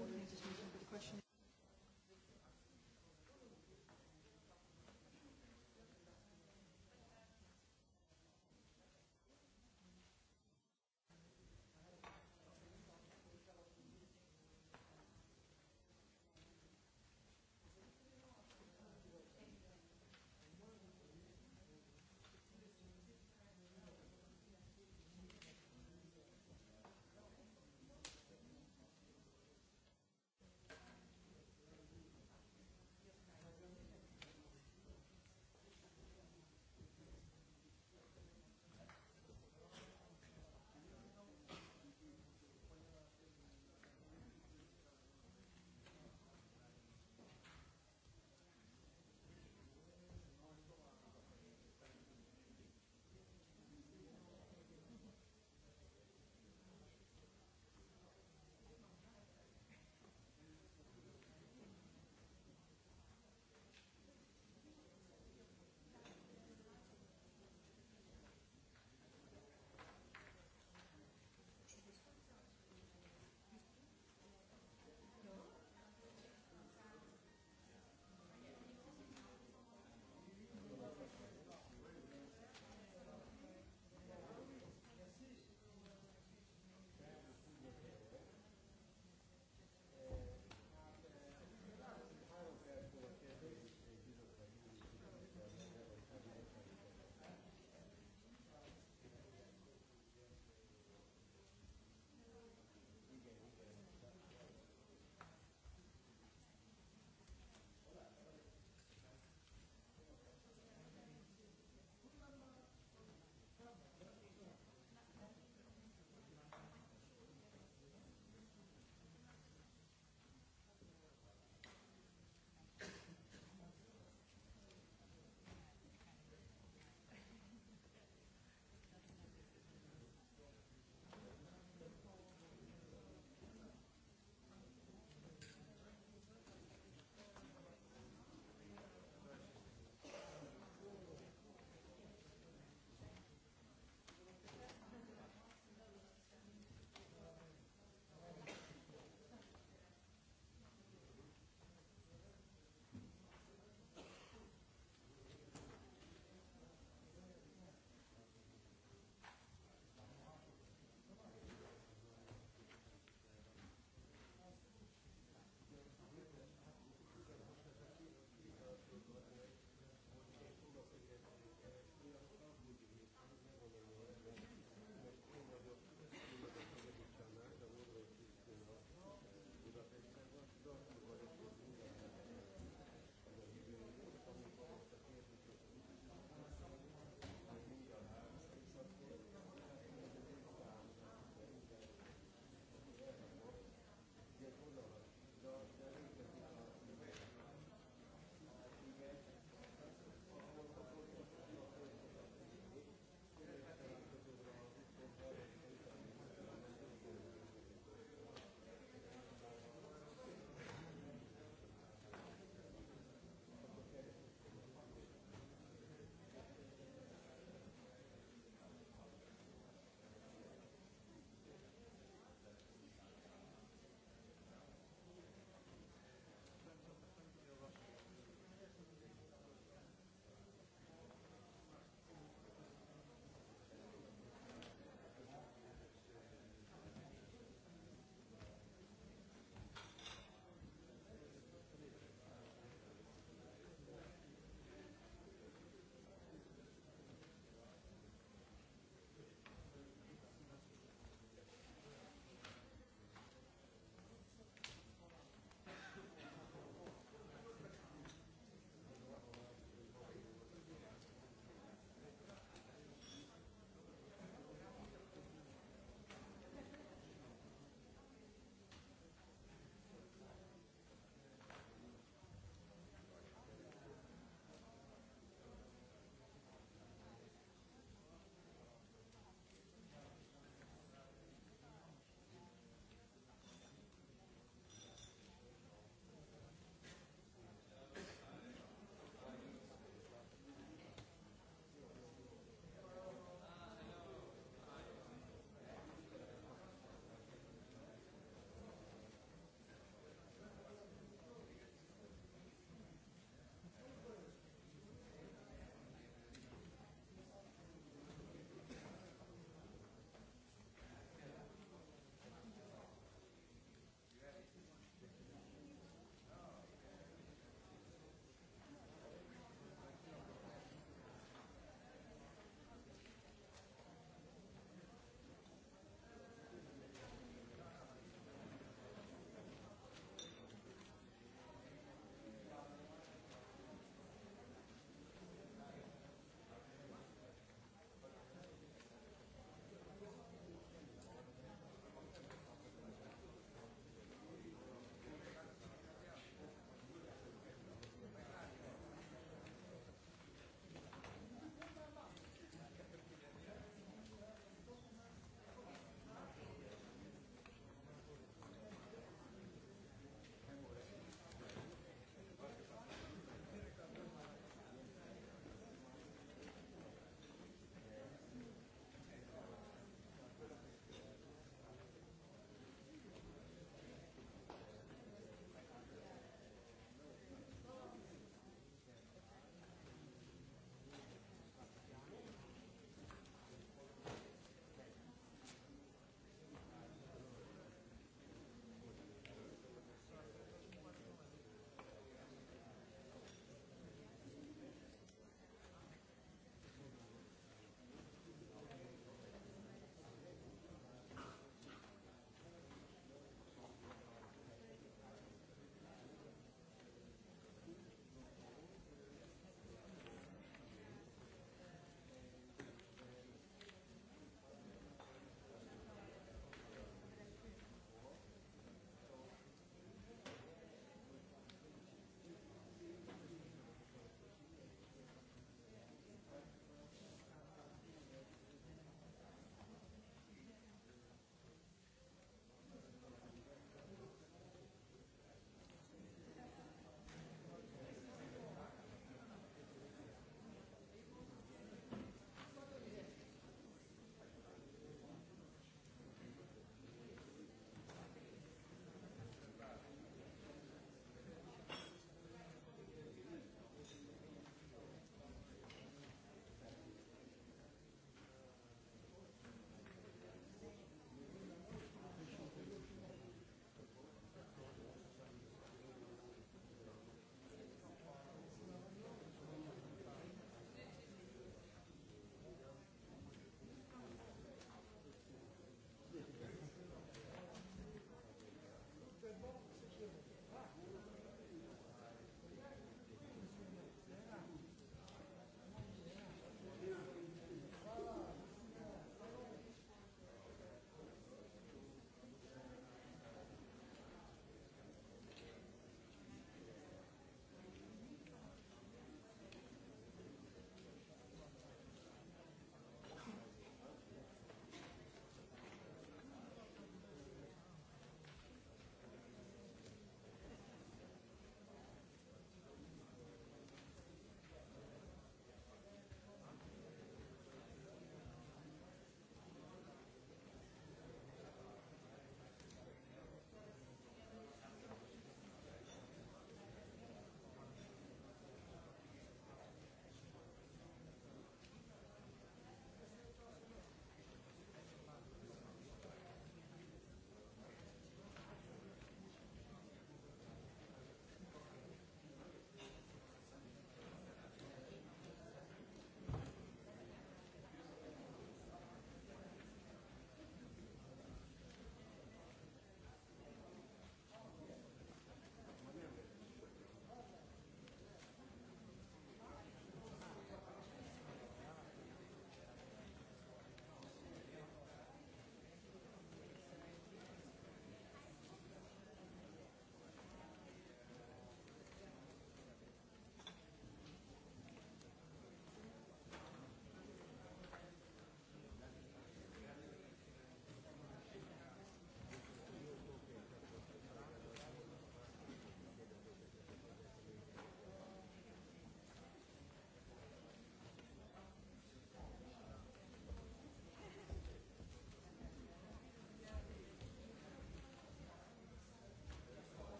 coordinators meeting, but the question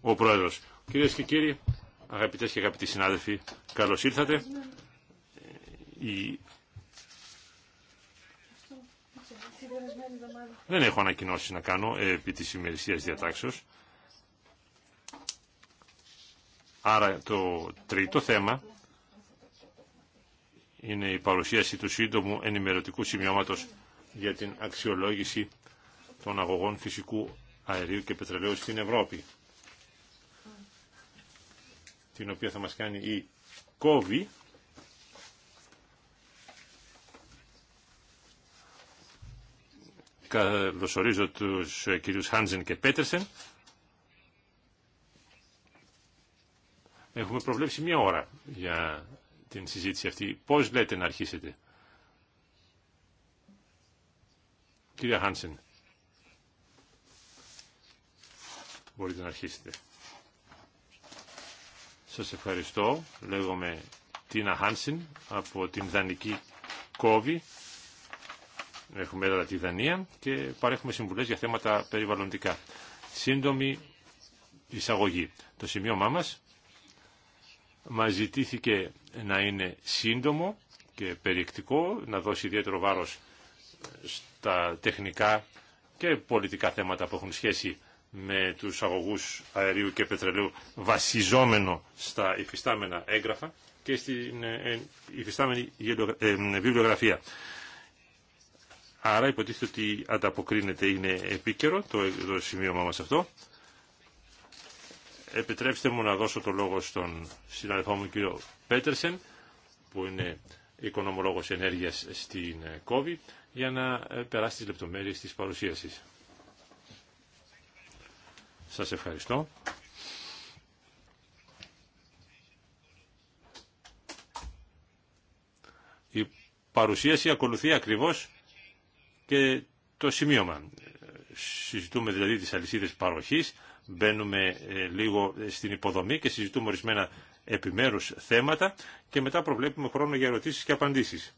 Ο Πρόεδρος. Κυρίες και κύριοι, αγαπητές και αγαπητοί συνάδελφοι, καλώς ήρθατε. Ε, Δεν έχω ανακοινώσει να κάνω ε, επί της ημερησίας διατάξεως. Άρα το τρίτο θέμα είναι η παρουσίαση του σύντομου ενημερωτικού σημειώματος για την αξιολόγηση των αγωγών φυσικού αερίου και πετρελαίου στην Ευρώπη, την οποία θα μας κάνει η κόβη, καλωσορίζω τους ε, κυρίους Χάντζεν και Πέτερσεν. Έχουμε προβλέψει μία ώρα για την συζήτηση αυτή. Πώς λέτε να αρχίσετε. Κυρία Χάνσεν. μπορείτε να αρχίσετε. Σας ευχαριστώ. Λέγομαι Τίνα Χάνσιν από την Δανική Κόβη. Έχουμε έδρα τη Δανία και παρέχουμε συμβουλές για θέματα περιβαλλοντικά. Σύντομη εισαγωγή. Το σημείωμά μας μας ζητήθηκε να είναι σύντομο και περιεκτικό, να δώσει ιδιαίτερο βάρος στα τεχνικά και πολιτικά θέματα που έχουν σχέση με τους αγωγούς αερίου και πετρελαίου βασιζόμενο στα υφιστάμενα έγγραφα και στην ε, ε, υφιστάμενη ε, βιβλιογραφία. Άρα υποτίθεται ότι ανταποκρίνεται, είναι επίκαιρο το, το σημείωμα μας αυτό. Επιτρέψτε μου να δώσω το λόγο στον συναδελφό μου κύριο Πέτερσεν, που είναι οικονομολόγος ενέργειας στην COVID για να περάσει τις λεπτομέρειες της παρουσίασης. Σας ευχαριστώ. Η παρουσίαση ακολουθεί ακριβώς και το σημείωμα. Συζητούμε δηλαδή τις αλυσίδες παροχής, μπαίνουμε ε, λίγο ε, στην υποδομή και συζητούμε ορισμένα επιμέρους θέματα και μετά προβλέπουμε χρόνο για ερωτήσεις και απαντήσεις.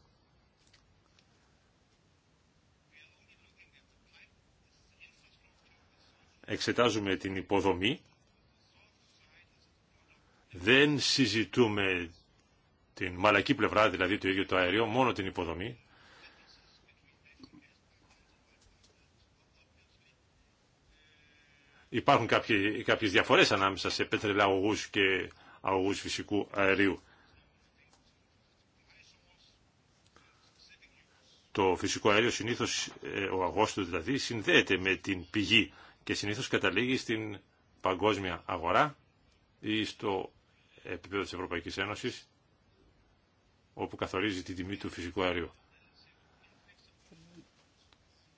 εξετάζουμε την υποδομή, δεν συζητούμε την μαλακή πλευρά, δηλαδή το ίδιο το αέριο, μόνο την υποδομή. Υπάρχουν κάποιοι, κάποιες διαφορές ανάμεσα σε πετρελαγωγούς και αγωγούς φυσικού αερίου. Το φυσικό αέριο συνήθως, ε, ο αγώστος δηλαδή, συνδέεται με την πηγή και συνήθως καταλήγει στην παγκόσμια αγορά ή στο επίπεδο της Ευρωπαϊκής Ένωσης όπου καθορίζει τη τιμή του φυσικού αερίου.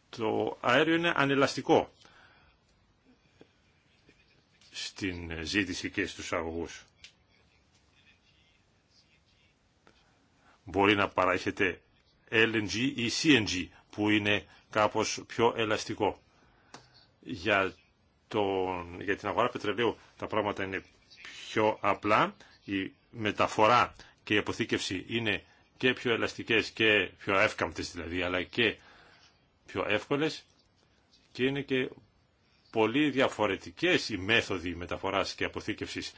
Το αέριο είναι ανελαστικό στην ζήτηση και στους αγωγούς. Μπορεί να παράγεται LNG ή CNG που είναι κάπως πιο ελαστικό. Για, τον, για την αγορά πετρελαίου τα πράγματα είναι πιο απλά. Η μεταφορά και η αποθήκευση είναι και πιο ελαστικές και πιο εύκαμπτες δηλαδή, αλλά και πιο εύκολες και είναι και πολύ διαφορετικές οι μέθοδοι μεταφοράς και αποθήκευσης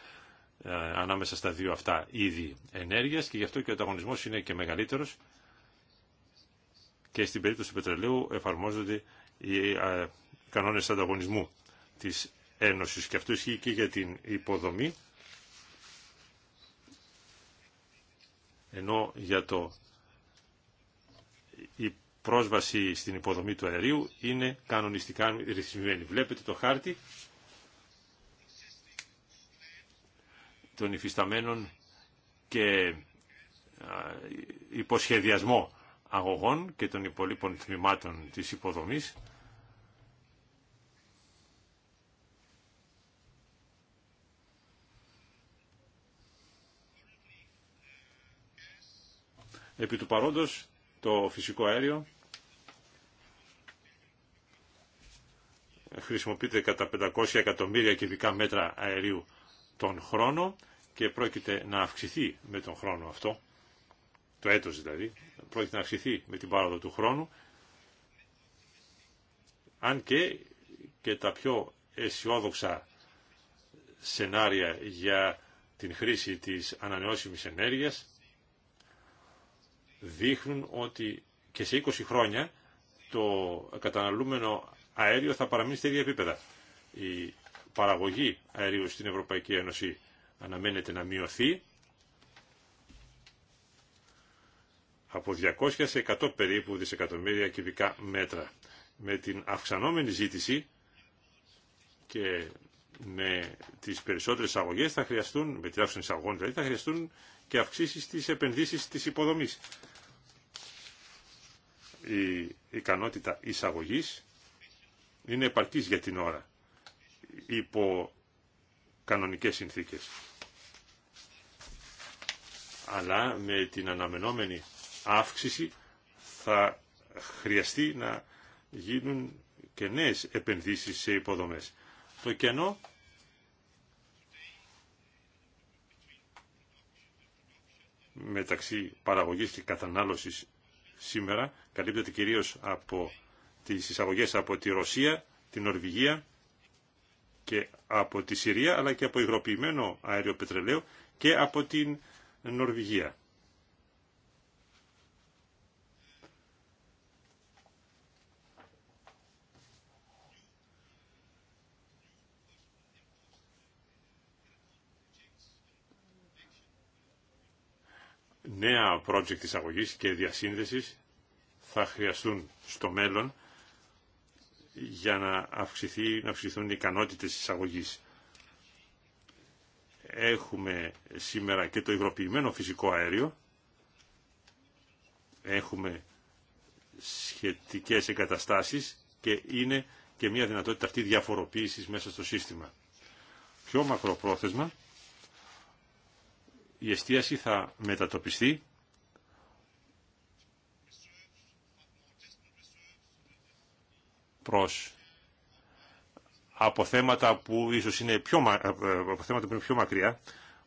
ε, ανάμεσα στα δύο αυτά είδη ενέργειας και γι' αυτό και ο ανταγωνισμός είναι και μεγαλύτερος και στην περίπτωση του πετρελαίου εφαρμόζονται οι ε, κανόνες ανταγωνισμού της Ένωσης και αυτό ισχύει και για την υποδομή ενώ για το η πρόσβαση στην υποδομή του αερίου είναι κανονιστικά ρυθμισμένη. Βλέπετε το χάρτη των υφισταμένων και υποσχεδιασμό αγωγών και των υπολείπων τμήματων της υποδομής Επί του παρόντος το φυσικό αέριο χρησιμοποιείται κατά 500 εκατομμύρια κυβικά μέτρα αερίου τον χρόνο και πρόκειται να αυξηθεί με τον χρόνο αυτό, το έτος δηλαδή, πρόκειται να αυξηθεί με την πάροδο του χρόνου, αν και και τα πιο αισιόδοξα σενάρια για την χρήση της ανανεώσιμης ενέργειας δείχνουν ότι και σε 20 χρόνια το καταναλούμενο αέριο θα παραμείνει στα ίδια επίπεδα. Η παραγωγή αερίου στην Ευρωπαϊκή Ένωση αναμένεται να μειωθεί από 200 σε 100 περίπου δισεκατομμύρια κυβικά μέτρα. Με την αυξανόμενη ζήτηση και με τις περισσότερες αγωγές θα χρειαστούν, με την δηλαδή, θα χρειαστούν και αυξήσεις στις επενδύσεις της υποδομής η ικανότητα εισαγωγής είναι επαρκής για την ώρα υπό κανονικές συνθήκες. Αλλά με την αναμενόμενη αύξηση θα χρειαστεί να γίνουν και νέες επενδύσεις σε υποδομές. Το κενό μεταξύ παραγωγής και κατανάλωσης σήμερα καλύπτεται κυρίως από τις εισαγωγές από τη Ρωσία, την Νορβηγία και από τη Συρία, αλλά και από υγροποιημένο αέριο και από την Νορβηγία. νέα project εισαγωγής και διασύνδεσης θα χρειαστούν στο μέλλον για να, αυξηθεί, να αυξηθούν οι ικανότητες εισαγωγής. Έχουμε σήμερα και το υγροποιημένο φυσικό αέριο. Έχουμε σχετικές εγκαταστάσεις και είναι και μια δυνατότητα αυτή διαφοροποίησης μέσα στο σύστημα. Πιο μακροπρόθεσμα η εστίαση θα μετατοπιστεί προς αποθέματα που ίσως είναι πιο, θέματα που είναι πιο μακριά,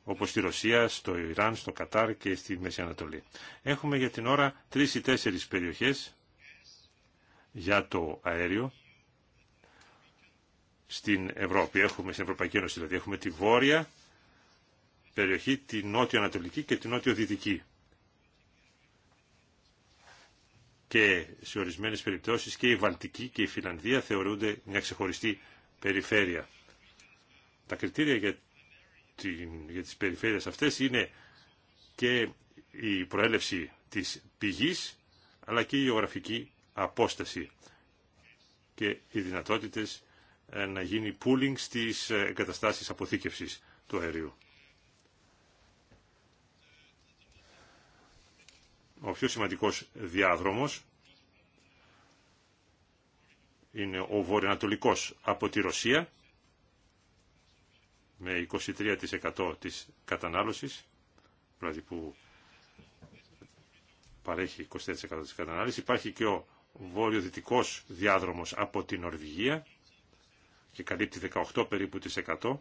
όπως στη Ρωσία, στο Ιράν, στο Κατάρ και στη Μέση Ανατολή. Έχουμε για την ώρα τρεις ή τέσσερις περιοχές για το αέριο στην Ευρώπη. Έχουμε στην Ευρωπαϊκή Ένωση, δηλαδή έχουμε τη Βόρεια, περιοχή, τη νότιο-ανατολική και την νότιο-δυτική. Και σε ορισμένες περιπτώσεις και η Βαλτική και η Φιλανδία θεωρούνται μια ξεχωριστή περιφέρεια. Τα κριτήρια για, την, για τις περιφέρειες αυτές είναι και η προέλευση της πηγής, αλλά και η γεωγραφική απόσταση και οι δυνατότητες ε, να γίνει pooling στις ε, εγκαταστάσεις αποθήκευσης του αερίου. Ο πιο σημαντικός διάδρομος είναι ο βορειοανατολικός από τη Ρωσία με 23% της κατανάλωσης, δηλαδή που παρέχει 24% της κατανάλωσης. Υπάρχει και ο βορειο διάδρομος από την Ορβηγία και καλύπτει 18 περίπου της 100.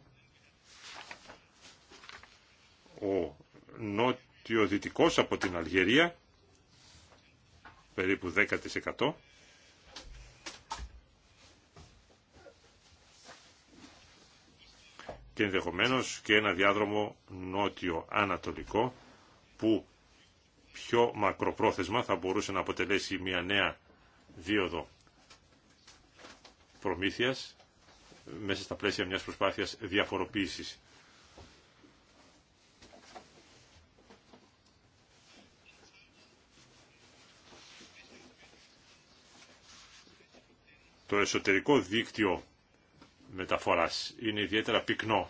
Ο νοτιο από την Αλγερία περίπου 10%. και ενδεχομένως και ένα διάδρομο νότιο-ανατολικό που πιο μακροπρόθεσμα θα μπορούσε να αποτελέσει μια νέα δίωδο προμήθειας μέσα στα πλαίσια μιας προσπάθειας διαφοροποίησης το εσωτερικό δίκτυο μεταφοράς είναι ιδιαίτερα πυκνό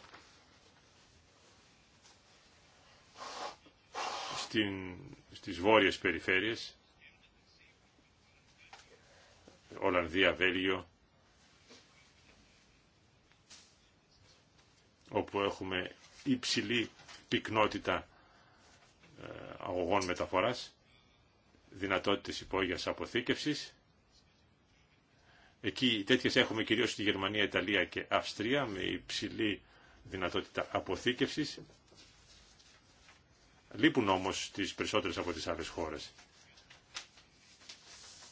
στην, στις βόρειες περιφέρειες Ολλανδία, Βέλγιο όπου έχουμε υψηλή πυκνότητα ε, αγωγών μεταφοράς δυνατότητες υπόγειας αποθήκευσης Εκεί τέτοιες έχουμε κυρίως στη Γερμανία, Ιταλία και Αυστρία με υψηλή δυνατότητα αποθήκευσης. Λείπουν όμως τις περισσότερες από τις άλλες χώρες.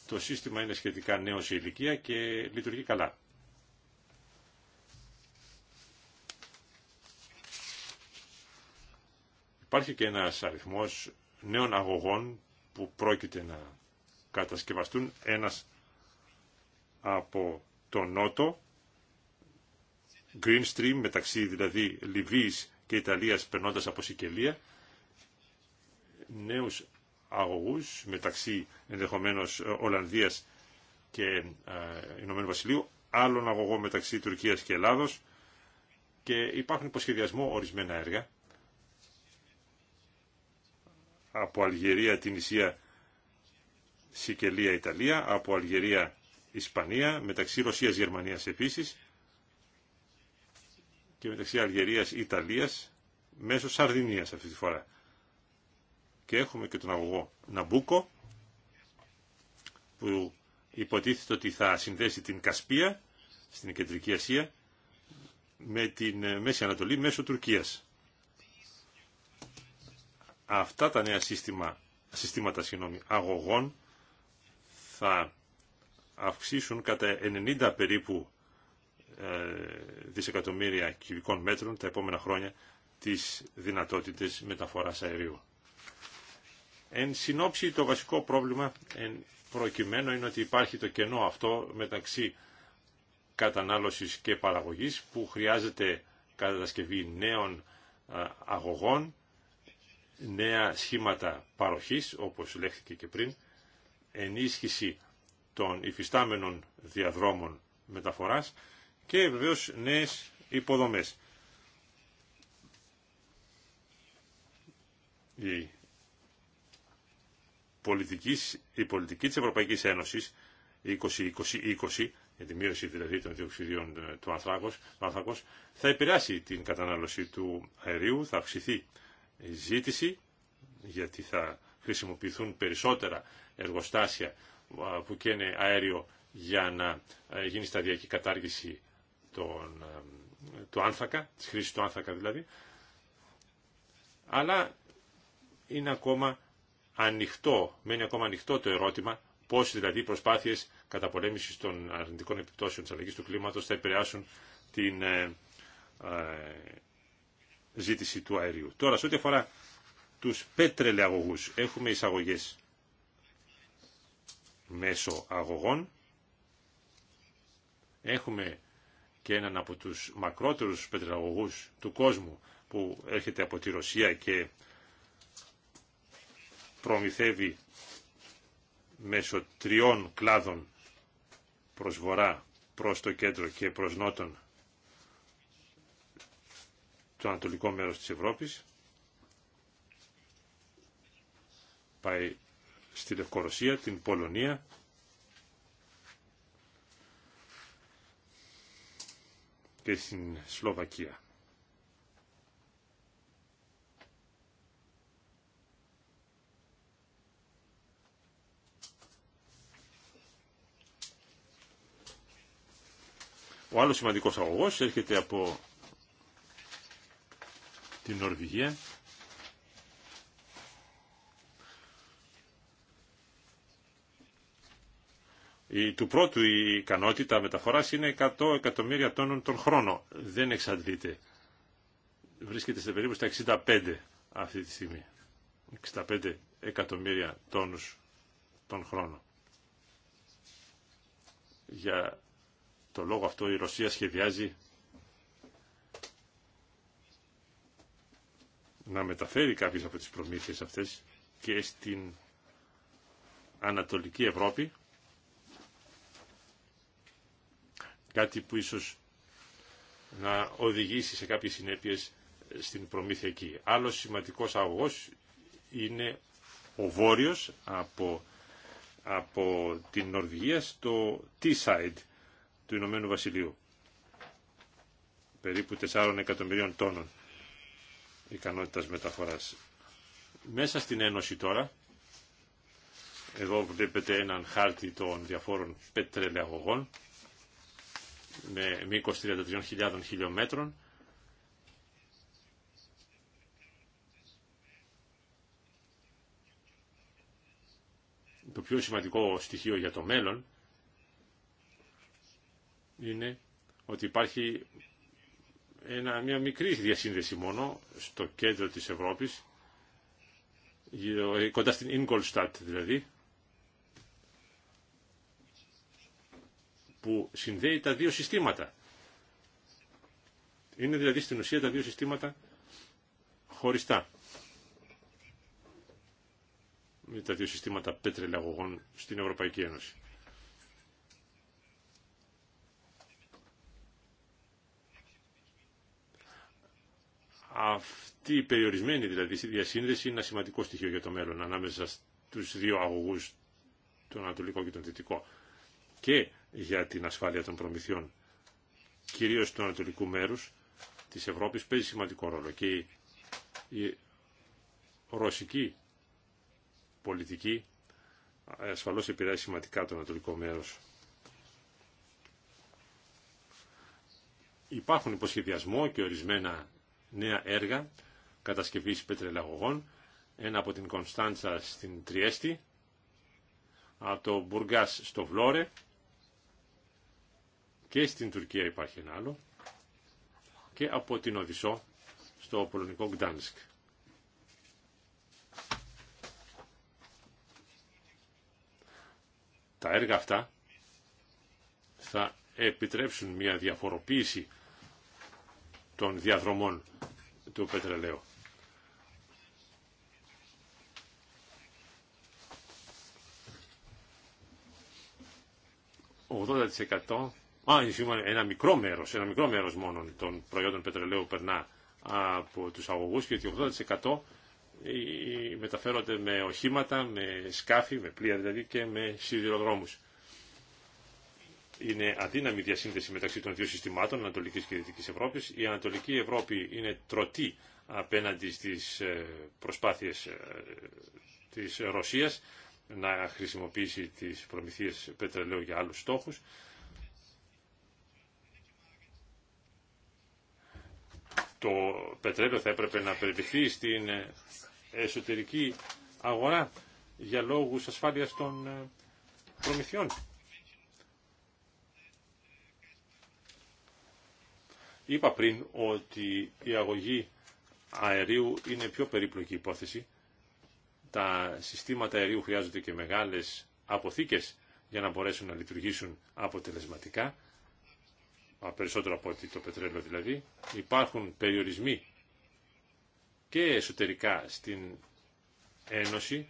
Το σύστημα είναι σχετικά νέο σε ηλικία και λειτουργεί καλά. Υπάρχει και ένας αριθμός νέων αγωγών που πρόκειται να κατασκευαστούν ένας από τον Νότο, Green Stream μεταξύ δηλαδή Λιβύης και Ιταλίας περνώντας από Σικελία, νέους αγωγούς μεταξύ ενδεχομένως Ολλανδίας και ε, Ηνωμένου Βασιλείου, άλλον αγωγό μεταξύ Τουρκίας και Ελλάδος και υπάρχουν υποσχεδιασμό ορισμένα έργα από Αλγερία την Ισία Σικελία Ιταλία, από Αλγερία Ισπανία, μεταξύ Ρωσίας-Γερμανίας επίσης και μεταξύ Αλγερίας-Ιταλίας μέσω Σαρδινίας αυτή τη φορά. Και έχουμε και τον αγωγό Ναμπούκο που υποτίθεται ότι θα συνδέσει την Κασπία στην Κεντρική Ασία με την Μέση Ανατολή μέσω Τουρκίας. Αυτά τα νέα σύστημα, συστήματα συγγνώμη, αγωγών θα αυξήσουν κατά 90 περίπου ε, δισεκατομμύρια κυβικών μέτρων τα επόμενα χρόνια της δυνατότητες μεταφοράς αερίου. Εν συνόψη το βασικό πρόβλημα εν προκειμένου είναι ότι υπάρχει το κενό αυτό μεταξύ κατανάλωσης και παραγωγής που χρειάζεται κατασκευή νέων ε, αγωγών, νέα σχήματα παροχής όπως λέχθηκε και πριν, ενίσχυση των υφιστάμενων διαδρόμων μεταφοράς και βεβαίως νέες υποδομές. Η πολιτική, η πολιτική της Ευρωπαϊκής Ένωσης 2020, 20, για τη μείωση δηλαδή των διοξιδίων ε, του ανθράκος, θα επηρεάσει την κατανάλωση του αερίου, θα αυξηθεί η ζήτηση, γιατί θα χρησιμοποιηθούν περισσότερα εργοστάσια που καίνε αέριο για να ε, γίνει σταδιακή κατάργηση των, ε, του άνθρακα, της χρήσης του άνθρακα δηλαδή, αλλά είναι ακόμα ανοιχτό, μένει ακόμα ανοιχτό το ερώτημα πώς δηλαδή οι προσπάθειες καταπολέμησης των αρνητικών επιπτώσεων της αλλαγής του κλίματος θα επηρεάσουν την ε, ζήτηση του αερίου. Τώρα, σε ό,τι αφορά τους πετρελαιαγωγούς, έχουμε εισαγωγές μέσω αγωγών. Έχουμε και έναν από τους μακρότερους πετρελαγωγούς του κόσμου που έρχεται από τη Ρωσία και προμηθεύει μέσω τριών κλάδων προς βορρά, προς το κέντρο και προς νότον το ανατολικό μέρος της Ευρώπης. Πάει στη Λευκορωσία, την Πολωνία. και στην Σλοβακία. Ο άλλος σημαντικός αγωγός έρχεται από την Νορβηγία η, του πρώτου η ικανότητα μεταφοράς είναι 100 εκατομμύρια τόνων τον χρόνο. Δεν εξαντλείται. Βρίσκεται σε περίπου στα 65 αυτή τη στιγμή. 65 εκατομμύρια τόνους τον χρόνο. Για το λόγο αυτό η Ρωσία σχεδιάζει να μεταφέρει κάποιες από τις προμήθειες αυτές και στην Ανατολική Ευρώπη Κάτι που ίσως να οδηγήσει σε κάποιες συνέπειες στην προμήθεια εκεί. Άλλος σημαντικός αγωγός είναι ο βόρειος από, από την Νορβηγία στο T-side του Ηνωμένου Βασιλείου. Περίπου 4 εκατομμυρίων τόνων ικανότητας μεταφοράς. Μέσα στην Ένωση τώρα, εδώ βλέπετε έναν χάρτη των διαφόρων πετρελαγωγών, με μήκος 33.000 χιλιόμετρων το πιο σημαντικό στοιχείο για το μέλλον είναι ότι υπάρχει μια μικρή διασύνδεση μόνο στο κέντρο της Ευρώπης, κοντά στην Ingolstadt δηλαδή, που συνδέει τα δύο συστήματα. Είναι δηλαδή στην ουσία τα δύο συστήματα χωριστά. Με τα δύο συστήματα πετρελαγωγών στην Ευρωπαϊκή Ένωση. Αυτή η περιορισμένη δηλαδή διασύνδεση είναι ένα σημαντικό στοιχείο για το μέλλον ανάμεσα στους δύο αγωγούς, τον Ανατολικό και τον Δυτικό. Και για την ασφάλεια των προμηθειών, κυρίως του ανατολικού μέρους της Ευρώπης, παίζει σημαντικό ρόλο. Και η ρωσική πολιτική ασφαλώς επηρεάζει σημαντικά το ανατολικό μέρος. Υπάρχουν υποσχεδιασμό και ορισμένα νέα έργα κατασκευής πετρελαγωγών, ένα από την Κωνσταντσα στην Τριέστη, από το Μπουργκάς στο Βλόρε, και στην Τουρκία υπάρχει ένα άλλο και από την Οδυσσό στο πολωνικό Γκτάνσκ. Τα έργα αυτά θα επιτρέψουν μια διαφοροποίηση των διαδρομών του πετρελαίου. Ο 80% ένα μικρό μέρο, ένα μικρό μέρο μόνο των προϊόντων πετρελαίου περνά από του αγωγού και ότι 80% ε, ε, μεταφέρονται με οχήματα, με σκάφη, με πλοία δηλαδή και με σιδηροδρόμους. Είναι αδύναμη διασύνδεση μεταξύ των δύο συστημάτων Ανατολικής και Δυτικής Ευρώπης. Η Ανατολική Ευρώπη είναι τρωτή απέναντι στις ε, προσπάθειες της Ρωσίας να χρησιμοποιήσει τις προμηθείες πετρελαίου για άλλους στόχους το πετρέλαιο θα έπρεπε να περιληφθεί στην ε, εσωτερική αγορά για λόγους ασφάλειας των ε, προμηθειών. Είπα πριν ότι η αγωγή αερίου είναι πιο περίπλοκη υπόθεση. Τα συστήματα αερίου χρειάζονται και μεγάλες αποθήκες για να μπορέσουν να λειτουργήσουν αποτελεσματικά περισσότερο από ότι το πετρέλαιο δηλαδή, υπάρχουν περιορισμοί και εσωτερικά στην Ένωση,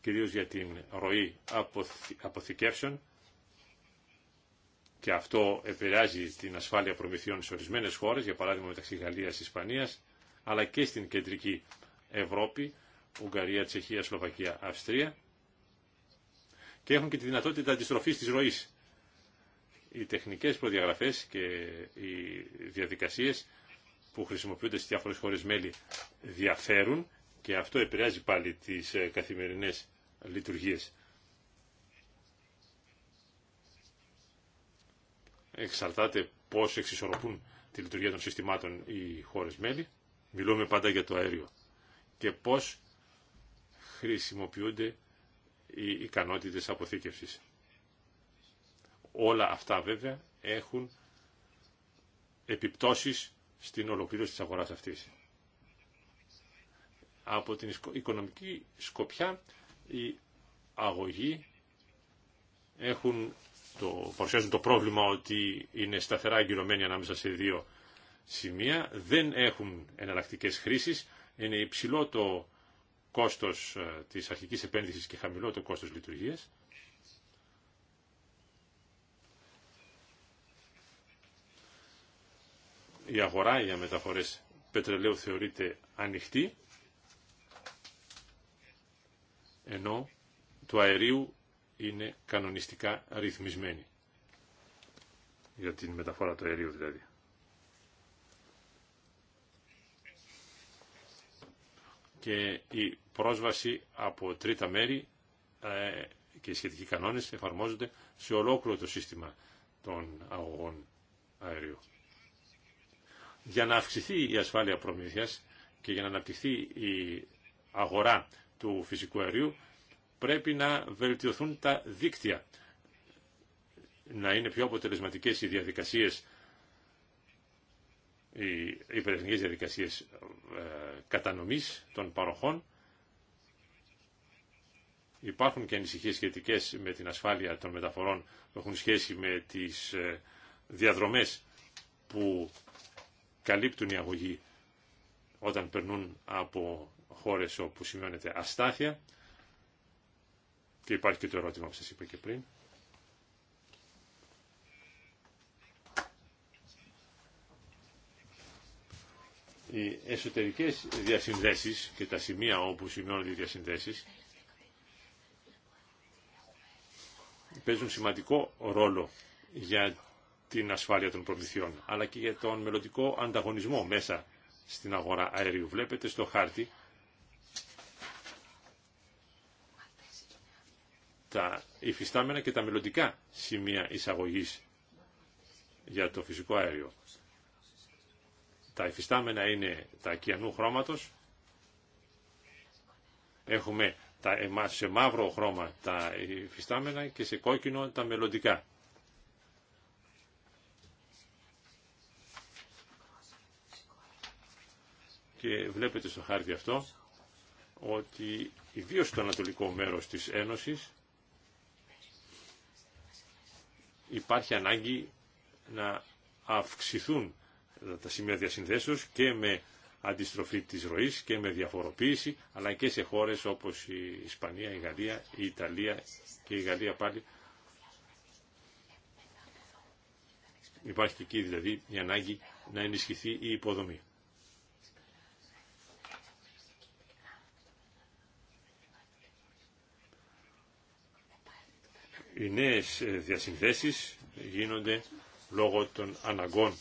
κυρίως για την ροή αποθηκεύσεων και αυτό επηρεάζει την ασφάλεια προμηθειών σε ορισμένες χώρες, για παράδειγμα μεταξύ Γαλλίας και Ισπανίας, αλλά και στην κεντρική Ευρώπη, Ουγγαρία, Τσεχία, Σλοβακία, Αυστρία και έχουν και τη δυνατότητα αντιστροφής της ροής οι τεχνικές προδιαγραφές και οι διαδικασίες που χρησιμοποιούνται στις διάφορες χώρες μέλη διαφέρουν και αυτό επηρεάζει πάλι τις ε, καθημερινές λειτουργίες. Εξαρτάται πώς εξισορροπούν τη λειτουργία των συστημάτων οι χώρες μέλη. Μιλούμε πάντα για το αέριο. Και πώς χρησιμοποιούνται οι ικανότητες αποθήκευσης. Όλα αυτά βέβαια έχουν επιπτώσεις στην ολοκλήρωση της αγοράς αυτής. Από την οικονομική σκοπιά οι αγωγοί έχουν το, παρουσιάζουν το πρόβλημα ότι είναι σταθερά εγκυρωμένοι ανάμεσα σε δύο σημεία, δεν έχουν εναλλακτικές χρήσεις, είναι υψηλό το κόστος ε, της αρχικής επένδυσης και χαμηλό το κόστος λειτουργίας η αγορά για μεταφορές πετρελαίου θεωρείται ανοιχτή, ενώ του αερίου είναι κανονιστικά ρυθμισμένη. Για την μεταφορά του αερίου δηλαδή. Και η πρόσβαση από τρίτα μέρη ε, και οι σχετικοί κανόνες εφαρμόζονται σε ολόκληρο το σύστημα των αγωγών αερίου. Για να αυξηθεί η ασφάλεια προμήθειας και για να αναπτυχθεί η αγορά του φυσικού αερίου πρέπει να βελτιωθούν τα δίκτυα, να είναι πιο αποτελεσματικές οι διαδικασίες, οι υπερεθνικές διαδικασίες ε, κατανομής των παροχών. Υπάρχουν και ανησυχίες σχετικές με την ασφάλεια των μεταφορών που έχουν σχέση με τις ε, διαδρομές που καλύπτουν οι αγωγοί όταν περνούν από χώρες όπου σημειώνεται αστάθεια και υπάρχει και το ερώτημα που σας είπα και πριν. Οι εσωτερικές διασυνδέσεις και τα σημεία όπου σημειώνονται οι διασυνδέσεις παίζουν σημαντικό ρόλο για την ασφάλεια των προμηθειών, αλλά και για τον μελλοντικό ανταγωνισμό μέσα στην αγορά αερίου. Βλέπετε στο χάρτη τα υφιστάμενα και τα μελλοντικά σημεία εισαγωγής για το φυσικό αέριο. Τα υφιστάμενα είναι τα ακιανού χρώματος. Έχουμε τα, σε μαύρο χρώμα τα υφιστάμενα και σε κόκκινο τα μελλοντικά. και βλέπετε στο χάρτη αυτό ότι ιδίω στο ανατολικό μέρος της Ένωσης υπάρχει ανάγκη να αυξηθούν τα σημεία διασυνδέσεως και με αντιστροφή της ροής και με διαφοροποίηση, αλλά και σε χώρες όπως η Ισπανία, η Γαλλία, η Ιταλία και η Γαλλία πάλι. Υπάρχει και εκεί δηλαδή η ανάγκη να ενισχυθεί η υποδομή. Οι νέες ε, διασυνδέσεις γίνονται λόγω των αναγκών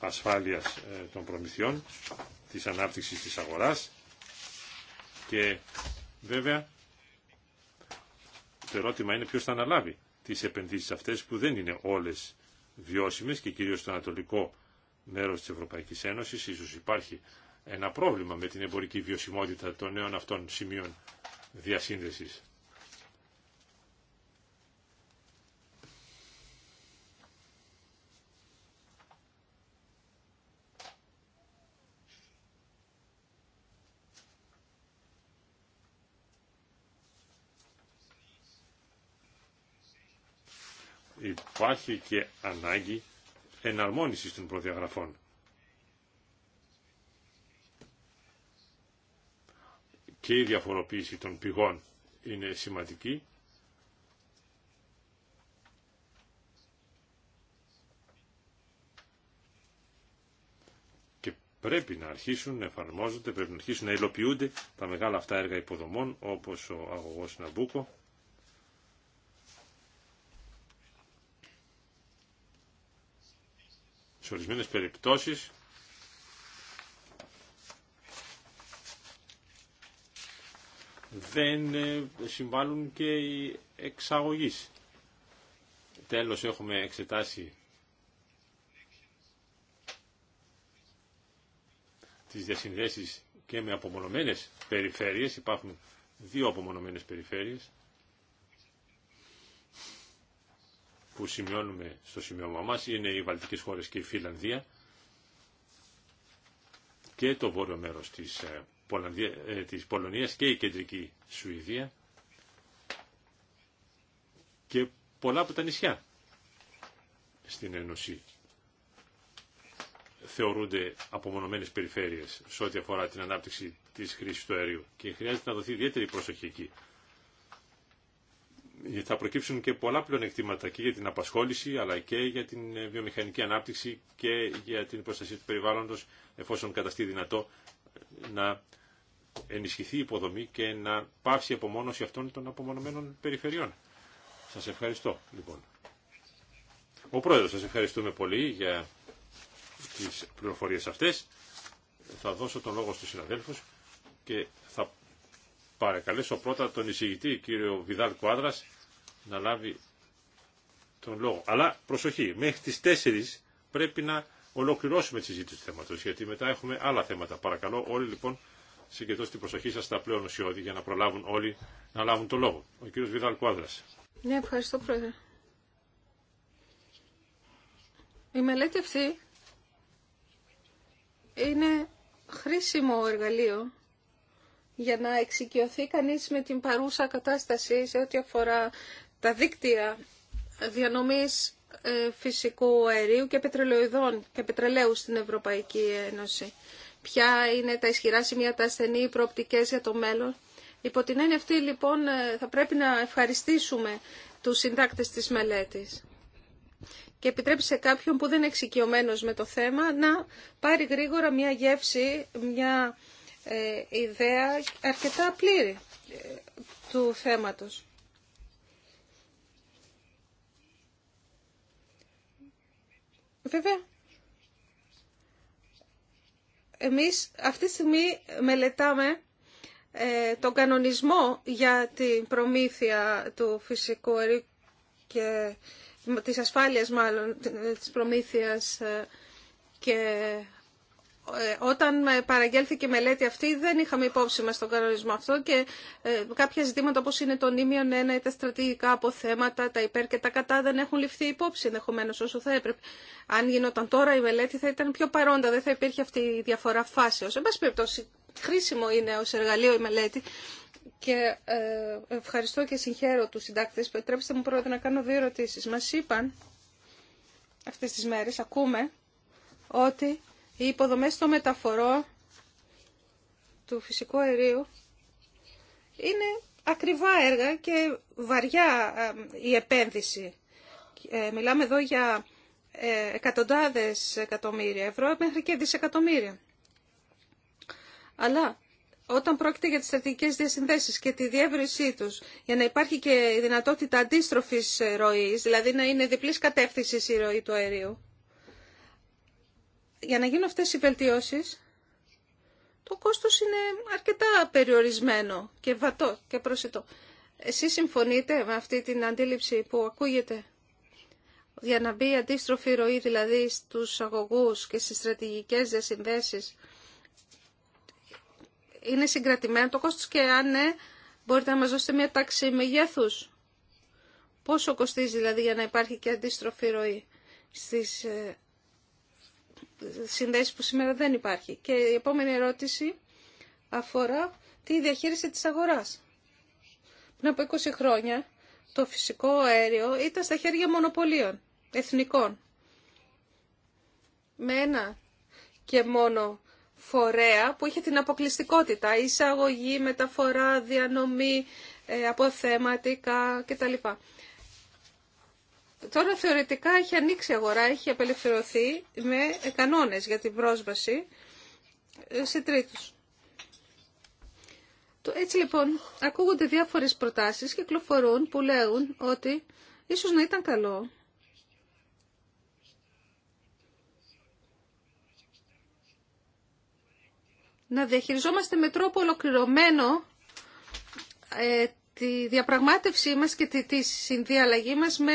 ασφάλειας ε, των προμηθειών, της ανάπτυξης της αγοράς και βέβαια το ερώτημα είναι ποιος θα αναλάβει τις επενδύσεις αυτές που δεν είναι όλες βιώσιμες και κυρίως στο ανατολικό μέρος της Ευρωπαϊκής Ένωσης ίσως υπάρχει ένα πρόβλημα με την εμπορική βιωσιμότητα των νέων αυτών σημείων διασύνδεσης. υπάρχει και ανάγκη εναρμόνισης των προδιαγραφών. Και η διαφοροποίηση των πηγών είναι σημαντική. Και πρέπει να αρχίσουν να εφαρμόζονται, πρέπει να αρχίσουν να υλοποιούνται τα μεγάλα αυτά έργα υποδομών όπως ο αγωγός Ναμπούκο σε ορισμένες περιπτώσεις δεν ε, συμβάλλουν και οι εξαγωγείς. Τέλος έχουμε εξετάσει τις διασυνδέσεις και με απομονωμένες περιφέρειες. Υπάρχουν δύο απομονωμένες περιφέρειες. που σημειώνουμε στο σημείωμα μας είναι οι Βαλτικές χώρες και η Φιλανδία και το βόρειο μέρος της, ε, Πολανδία, ε, της Πολωνίας και η κεντρική Σουηδία και πολλά από τα νησιά στην Ένωση θεωρούνται απομονωμένες περιφέρειες σε ό,τι αφορά την ανάπτυξη της χρήσης του αερίου και χρειάζεται να δοθεί ιδιαίτερη προσοχή εκεί θα προκύψουν και πολλά πλεονεκτήματα και για την απασχόληση αλλά και για την ε, βιομηχανική ανάπτυξη και για την προστασία του περιβάλλοντος εφόσον καταστεί δυνατό να ενισχυθεί η υποδομή και να πάψει η απομόνωση αυτών των απομονωμένων περιφερειών. Σας ευχαριστώ λοιπόν. Ο Πρόεδρος, σας ευχαριστούμε πολύ για τις πληροφορίες αυτές. Θα δώσω τον λόγο στους συναδέλφους και θα παρακαλέσω πρώτα τον εισηγητή κύριο Βιδάλ Κουάδρας να λάβει τον λόγο. Αλλά προσοχή, μέχρι τις 4 πρέπει να ολοκληρώσουμε τη συζήτηση του θέματος, γιατί μετά έχουμε άλλα θέματα. Παρακαλώ όλοι λοιπόν συγκεντρώστε την προσοχή σας στα πλέον ουσιώδη για να προλάβουν όλοι να λάβουν τον λόγο. Ο κύριος Βιδάλ Κουάδρας. Ναι, ευχαριστώ πρόεδρε. Η μελέτη αυτή είναι χρήσιμο εργαλείο για να εξοικειωθεί κανείς με την παρούσα κατάσταση σε ό,τι αφορά τα δίκτυα διανομής ε, φυσικού αερίου και πετρελαιοειδών και πετρελαίου στην Ευρωπαϊκή Ένωση. Ποια είναι τα ισχυρά σημεία, τα ασθενή, προοπτικές για το μέλλον. Υπό την έννοια αυτή λοιπόν ε, θα πρέπει να ευχαριστήσουμε τους συντάκτες της μελέτης και επιτρέπει σε κάποιον που δεν είναι εξοικειωμένος με το θέμα να πάρει γρήγορα μια γεύση, μια ε, ιδέα αρκετά πλήρη ε, του θέματος. Βέβαια, εμείς αυτή τη στιγμή μελετάμε ε, τον κανονισμό για την προμήθεια του φυσικού αερίου και της ασφάλειας μάλλον της προμήθειας και ε, όταν παραγγέλθηκε η μελέτη αυτή δεν είχαμε υπόψη μας τον κανονισμό αυτό και ε, κάποια ζητήματα όπως είναι το νήμιον 1 ή τα στρατηγικά αποθέματα, τα υπέρ και τα κατά δεν έχουν ληφθεί υπόψη ενδεχομένω όσο θα έπρεπε. Αν γινόταν τώρα η μελέτη θα ήταν πιο παρόντα, δεν θα υπήρχε αυτή η διαφορά φάσεως. Εν πάση περιπτώσει χρήσιμο είναι ως εργαλείο η μελέτη και ε, ευχαριστώ και συγχαίρω τους συντάκτες. Επιτρέψτε μου πρώτα να κάνω δύο ερωτήσεις. Μας είπαν αυτές τις μέρες, ακούμε, ότι οι υποδομές στο μεταφορό του φυσικού αερίου είναι ακριβά έργα και βαριά η επένδυση. Ε, μιλάμε εδώ για ε, εκατοντάδες εκατομμύρια ευρώ μέχρι και δισεκατομμύρια. Αλλά όταν πρόκειται για τις στρατηγικές διασυνδέσεις και τη διεύρυνσή τους, για να υπάρχει και η δυνατότητα αντίστροφης ροής, δηλαδή να είναι διπλής κατεύθυνσης η ροή του αερίου, για να γίνουν αυτές οι βελτιώσεις, το κόστος είναι αρκετά περιορισμένο και βατό και προσιτό. Εσείς συμφωνείτε με αυτή την αντίληψη που ακούγεται για να μπει η αντίστροφη ροή δηλαδή στους αγωγούς και στις στρατηγικές διασυνδέσεις είναι συγκρατημένο το κόστος και αν ναι, μπορείτε να μας δώσετε μια τάξη μεγέθους. Πόσο κοστίζει δηλαδή για να υπάρχει και αντίστροφη ροή στις ε, συνδέσεις που σήμερα δεν υπάρχει. Και η επόμενη ερώτηση αφορά τη διαχείριση της αγοράς. Πριν από 20 χρόνια το φυσικό αέριο ήταν στα χέρια μονοπωλίων, εθνικών. Με ένα και μόνο φορέα που είχε την αποκλειστικότητα, εισαγωγή, μεταφορά, διανομή, ε, αποθέματικα κτλ. Τώρα θεωρητικά έχει ανοίξει η αγορά, έχει απελευθερωθεί με κανόνες για την πρόσβαση ε, σε τρίτους. Έτσι λοιπόν ακούγονται διάφορες προτάσεις και κυκλοφορούν που λέγουν ότι ίσως να ήταν καλό να διαχειριζόμαστε με τρόπο ολοκληρωμένο ε, τη διαπραγμάτευσή μας και τη, τη συνδιαλλαγή μας με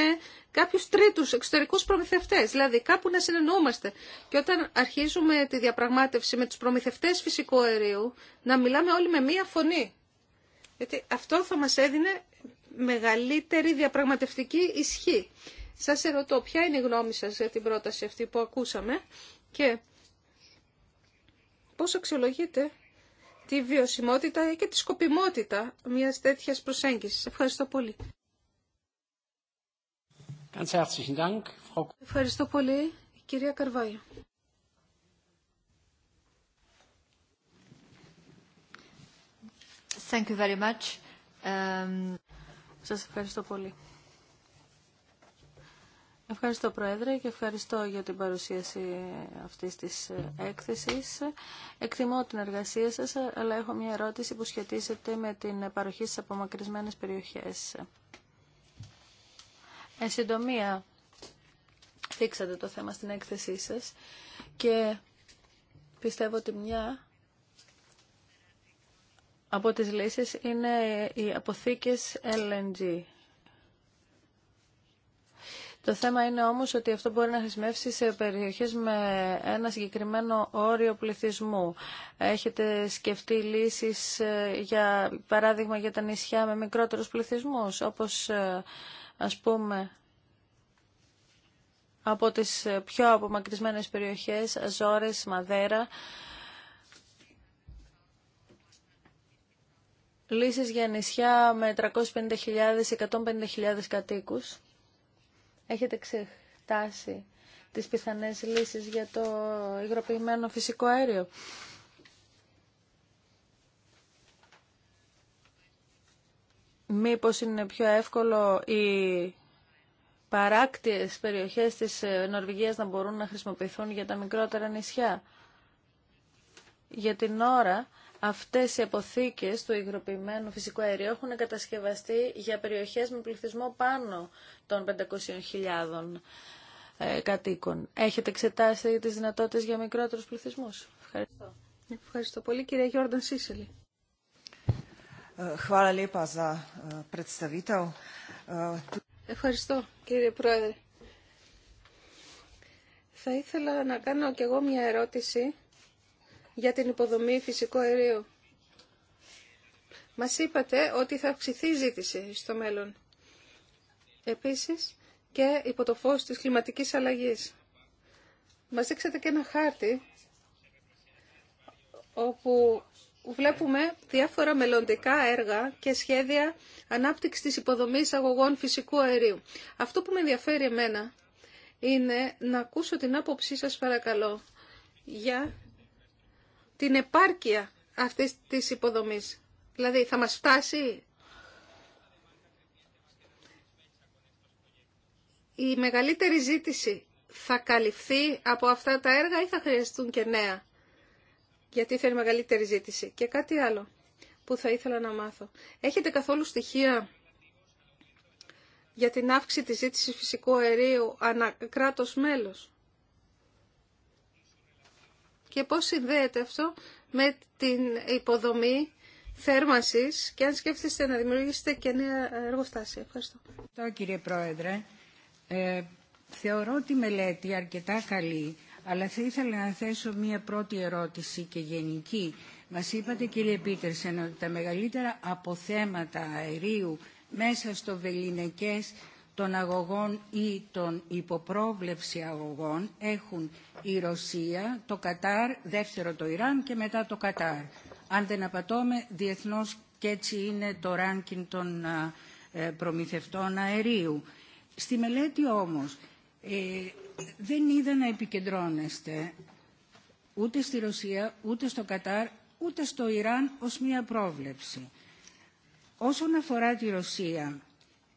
Κάποιου τρίτου εξωτερικούς προμηθευτές. Δηλαδή κάπου να συνεννοούμαστε. Και όταν αρχίζουμε τη διαπραγμάτευση με τους προμηθευτές φυσικού αερίου, να μιλάμε όλοι με μία φωνή. Γιατί αυτό θα μας έδινε μεγαλύτερη διαπραγματευτική ισχύ. Σας ερωτώ ποια είναι η γνώμη σας για την πρόταση αυτή που ακούσαμε και πώς αξιολογείτε τη βιωσιμότητα και τη σκοπιμότητα μιας τέτοιας προσέγγισης. Ευχαριστώ πολύ. Ευχαριστώ πολύ, κυρία Καρβάιο. Thank um, Σας ευχαριστώ πολύ. Ευχαριστώ Πρόεδρε και ευχαριστώ για την παρουσίαση αυτής της ε, έκθεσης. Εκτιμώ την εργασία σας, αλλά έχω μια ερώτηση που σχετίζεται με την παροχή στις απομακρυσμένες περιοχές. Εν συντομία, θίξατε το θέμα στην έκθεσή σας και πιστεύω ότι μια από τις λύσεις είναι οι αποθήκες LNG. Το θέμα είναι όμως ότι αυτό μπορεί να χρησιμεύσει σε περιοχές με ένα συγκεκριμένο όριο πληθυσμού. Έχετε σκεφτεί λύσεις, ε, για παράδειγμα, για τα νησιά με μικρότερους πληθυσμούς, όπως ε, ας πούμε, από τις πιο απομακρυσμένες περιοχές, Αζόρες, Μαδέρα, λύσεις για νησιά με 350.000-150.000 κατοίκους. Έχετε ξεχτάσει τις πιθανές λύσεις για το υγροποιημένο φυσικό αέριο. μήπως είναι πιο εύκολο οι παράκτιες περιοχές της ε, Νορβηγίας να μπορούν να χρησιμοποιηθούν για τα μικρότερα νησιά. Για την ώρα αυτές οι αποθήκες του υγροποιημένου φυσικού αερίου έχουν κατασκευαστεί για περιοχές με πληθυσμό πάνω των 500.000 ε, κατοίκων. Έχετε εξετάσει τις δυνατότητες για μικρότερους πληθυσμούς. Ευχαριστώ. Ευχαριστώ πολύ κυρία Γιόρνταν Σίσελη. Eh, eh, Ευχαριστώ κύριε Πρόεδρε. Θα ήθελα να κάνω κι εγώ μια ερώτηση για την υποδομή φυσικού αερίου. Μας είπατε ότι θα αυξηθεί η ζήτηση στο μέλλον. Επίσης και υπό το φως της κλιματικής αλλαγής. Μας δείξατε και ένα χάρτη όπου βλέπουμε διάφορα μελλοντικά έργα και σχέδια ανάπτυξης της υποδομής αγωγών φυσικού αερίου. Αυτό που με ενδιαφέρει εμένα είναι να ακούσω την άποψή σας παρακαλώ για την επάρκεια αυτής της υποδομής. Δηλαδή θα μας φτάσει η μεγαλύτερη ζήτηση θα καλυφθεί από αυτά τα έργα ή θα χρειαστούν και νέα γιατί θέλει μεγαλύτερη ζήτηση. Και κάτι άλλο που θα ήθελα να μάθω. Έχετε καθόλου στοιχεία για την αύξηση της ζήτησης φυσικού αερίου ανά κράτος μέλος. Και πώς συνδέεται αυτό με την υποδομή θέρμανσης και αν σκέφτεστε να δημιουργήσετε και νέα εργοστάσια. Ευχαριστώ. Ευχαριστώ κύριε Πρόεδρε. Ε, θεωρώ τη μελέτη αρκετά καλή αλλά θα ήθελα να θέσω μία πρώτη ερώτηση και γενική. Μας είπατε κύριε Πίτερσεν ότι τα μεγαλύτερα αποθέματα αερίου μέσα στο βελινεκές των αγωγών ή των υποπρόβλεψη αγωγών έχουν η Ρωσία, το Κατάρ, δεύτερο το Ιράν και μετά το Κατάρ. Αν δεν απατώμε, διεθνώς και έτσι είναι το ράνκιν των ε, προμηθευτών αερίου. Στη μελέτη όμως ε, δεν είδα να επικεντρώνεστε ούτε στη Ρωσία, ούτε στο Κατάρ, ούτε στο Ιράν ως μία πρόβλεψη. Όσον αφορά τη Ρωσία,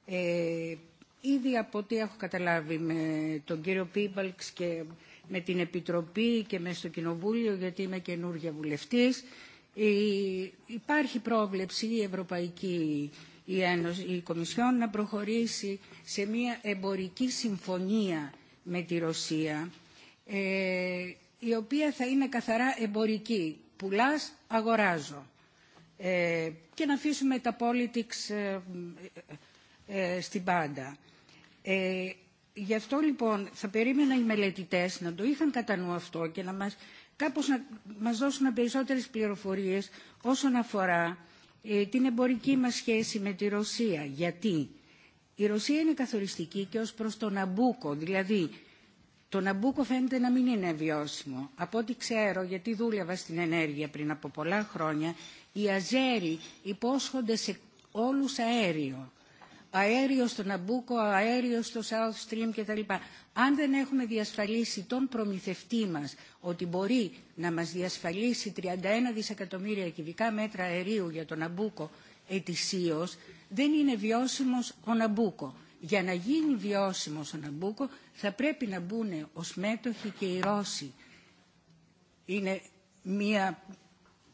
ε, ήδη από ό,τι έχω καταλάβει με τον κύριο Πίμπαλξ και με την Επιτροπή και με στο Κοινοβούλιο, γιατί είμαι καινούργια βουλευτής, ε, υπάρχει πρόβλεψη η Ευρωπαϊκή η, Ένωση, η Κομισιόν να προχωρήσει σε μια εμπορική συμφωνία με τη Ρωσία, ε, η οποία θα είναι καθαρά εμπορική. Πουλάς, αγοράζω. Ε, και να αφήσουμε τα politics ε, ε, στην πάντα. Γι' αυτό λοιπόν θα περίμενα οι μελετητές να το είχαν κατά νου αυτό και να μας, κάπως να μας δώσουν περισσότερες πληροφορίες όσον αφορά την εμπορική μας σχέση με τη Ρωσία. Γιατί η Ρωσία είναι καθοριστική και ως προς το Ναμπούκο, δηλαδή το Ναμπούκο φαίνεται να μην είναι βιώσιμο. Από ό,τι ξέρω, γιατί δούλευα στην ενέργεια πριν από πολλά χρόνια, οι Αζέροι υπόσχονται σε όλους αέριο. Αέριο στο Ναμπούκο, αέριο στο South Stream κτλ. Αν δεν έχουμε διασφαλίσει τον προμηθευτή μας ότι μπορεί να μας διασφαλίσει 31 δισεκατομμύρια κυβικά μέτρα αερίου για τον Ναμπούκο ετησίως, δεν είναι βιώσιμος ο Ναμπούκο. Για να γίνει βιώσιμος ο Ναμπούκο θα πρέπει να μπουν ως μέτοχοι και οι Ρώσοι. Είναι μία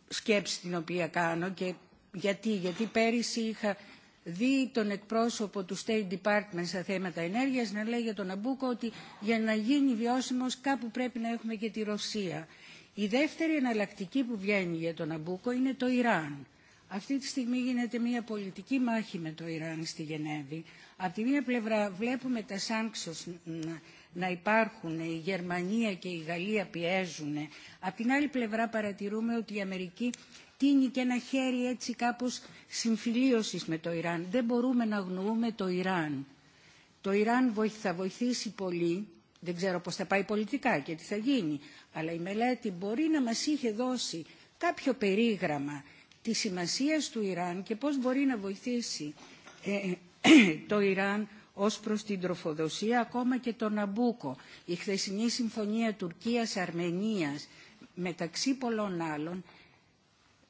σκέψη την οποία κάνω και γιατί, γιατί πέρυσι είχα δει τον εκπρόσωπο του State Department στα θέματα ενέργειας να λέει για τον Ναμπούκο ότι για να γίνει βιώσιμος κάπου πρέπει να έχουμε και τη Ρωσία. Η δεύτερη εναλλακτική που βγαίνει για τον Ναμπούκο είναι το Ιράν. Αυτή τη στιγμή γίνεται μια πολιτική μάχη με το Ιράν στη Γενέβη. Από τη μία πλευρά βλέπουμε τα σάνξος να υπάρχουν, η Γερμανία και η Γαλλία πιέζουν. Από την άλλη πλευρά παρατηρούμε ότι η Αμερική τίνει και ένα χέρι έτσι κάπως συμφιλίωσης με το Ιράν. Δεν μπορούμε να αγνοούμε το Ιράν. Το Ιράν θα βοηθήσει πολύ, δεν ξέρω πώς θα πάει πολιτικά και τι θα γίνει, αλλά η μελέτη μπορεί να μας είχε δώσει κάποιο περίγραμμα τη σημασία του Ιράν και πώς μπορεί να βοηθήσει ε, το Ιράν ως προς την τροφοδοσία, ακόμα και τον Αμπούκο. Η χθεσινή συμφωνία Τουρκίας-Αρμενίας, μεταξύ πολλών άλλων,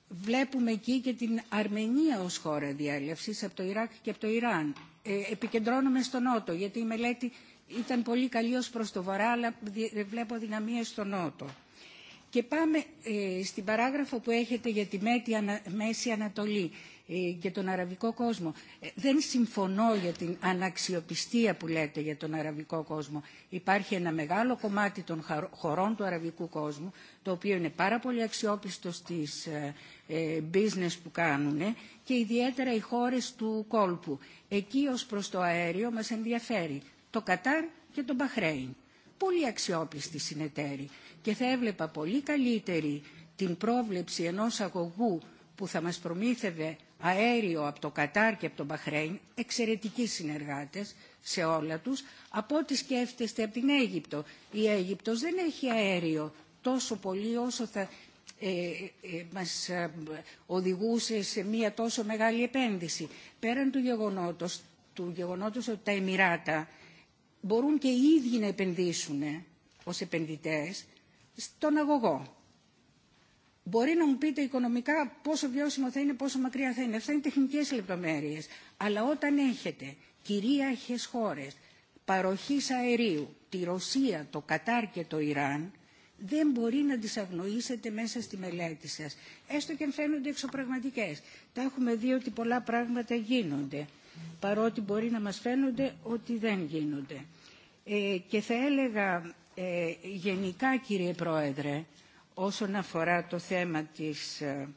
βλέπουμε εκεί και την Αρμενία ως χώρα διάλευσης από το Ιράκ και από το Ιράν. Ε, επικεντρώνομαι στο Νότο, γιατί η μελέτη ήταν πολύ καλή ως προς το Βορρά, αλλά βλέπω δυναμίες στο Νότο. Και πάμε ε, στην παράγραφο που έχετε για τη Μέση Ανατολή ε, και τον Αραβικό κόσμο. Ε, δεν συμφωνώ για την αναξιοπιστία που λέτε για τον Αραβικό κόσμο. Υπάρχει ένα μεγάλο κομμάτι των χωρών του Αραβικού κόσμου, το οποίο είναι πάρα πολύ αξιόπιστο στις ε, business που κάνουν και ιδιαίτερα οι χώρες του κόλπου. Εκεί ως προς το αέριο μας ενδιαφέρει το Κατάρ και το Μπαχρέιν πολύ αξιόπιστη συνεταίρη και θα έβλεπα πολύ καλύτερη την πρόβλεψη ενός αγωγού που θα μας προμήθευε αέριο από το Κατάρ και από τον Μπαχρέιν, εξαιρετικοί συνεργάτες σε όλα τους, από ό,τι σκέφτεστε από την Αίγυπτο. Η Αίγυπτος δεν έχει αέριο τόσο πολύ όσο θα ε, ε μας ε, οδηγούσε σε μία τόσο μεγάλη επένδυση. Πέραν του γεγονότος, του γεγονότος ότι τα Εμμυράτα μπορούν και οι ίδιοι να επενδύσουν ως επενδυτές στον αγωγό. Μπορεί να μου πείτε οικονομικά πόσο βιώσιμο θα είναι, πόσο μακριά θα είναι. Αυτά είναι τεχνικές λεπτομέρειες. Αλλά όταν έχετε κυρίαρχες χώρες παροχής αερίου, τη Ρωσία, το Κατάρ και το Ιράν, δεν μπορεί να τις αγνοήσετε μέσα στη μελέτη σας. Έστω και αν φαίνονται εξωπραγματικές. Τα έχουμε δει ότι πολλά πράγματα γίνονται, παρότι μπορεί να μας φαίνονται ότι δεν γίνονται. Ε, και θα έλεγα ε, γενικά κύριε Πρόεδρε όσον αφορά το θέμα της ε,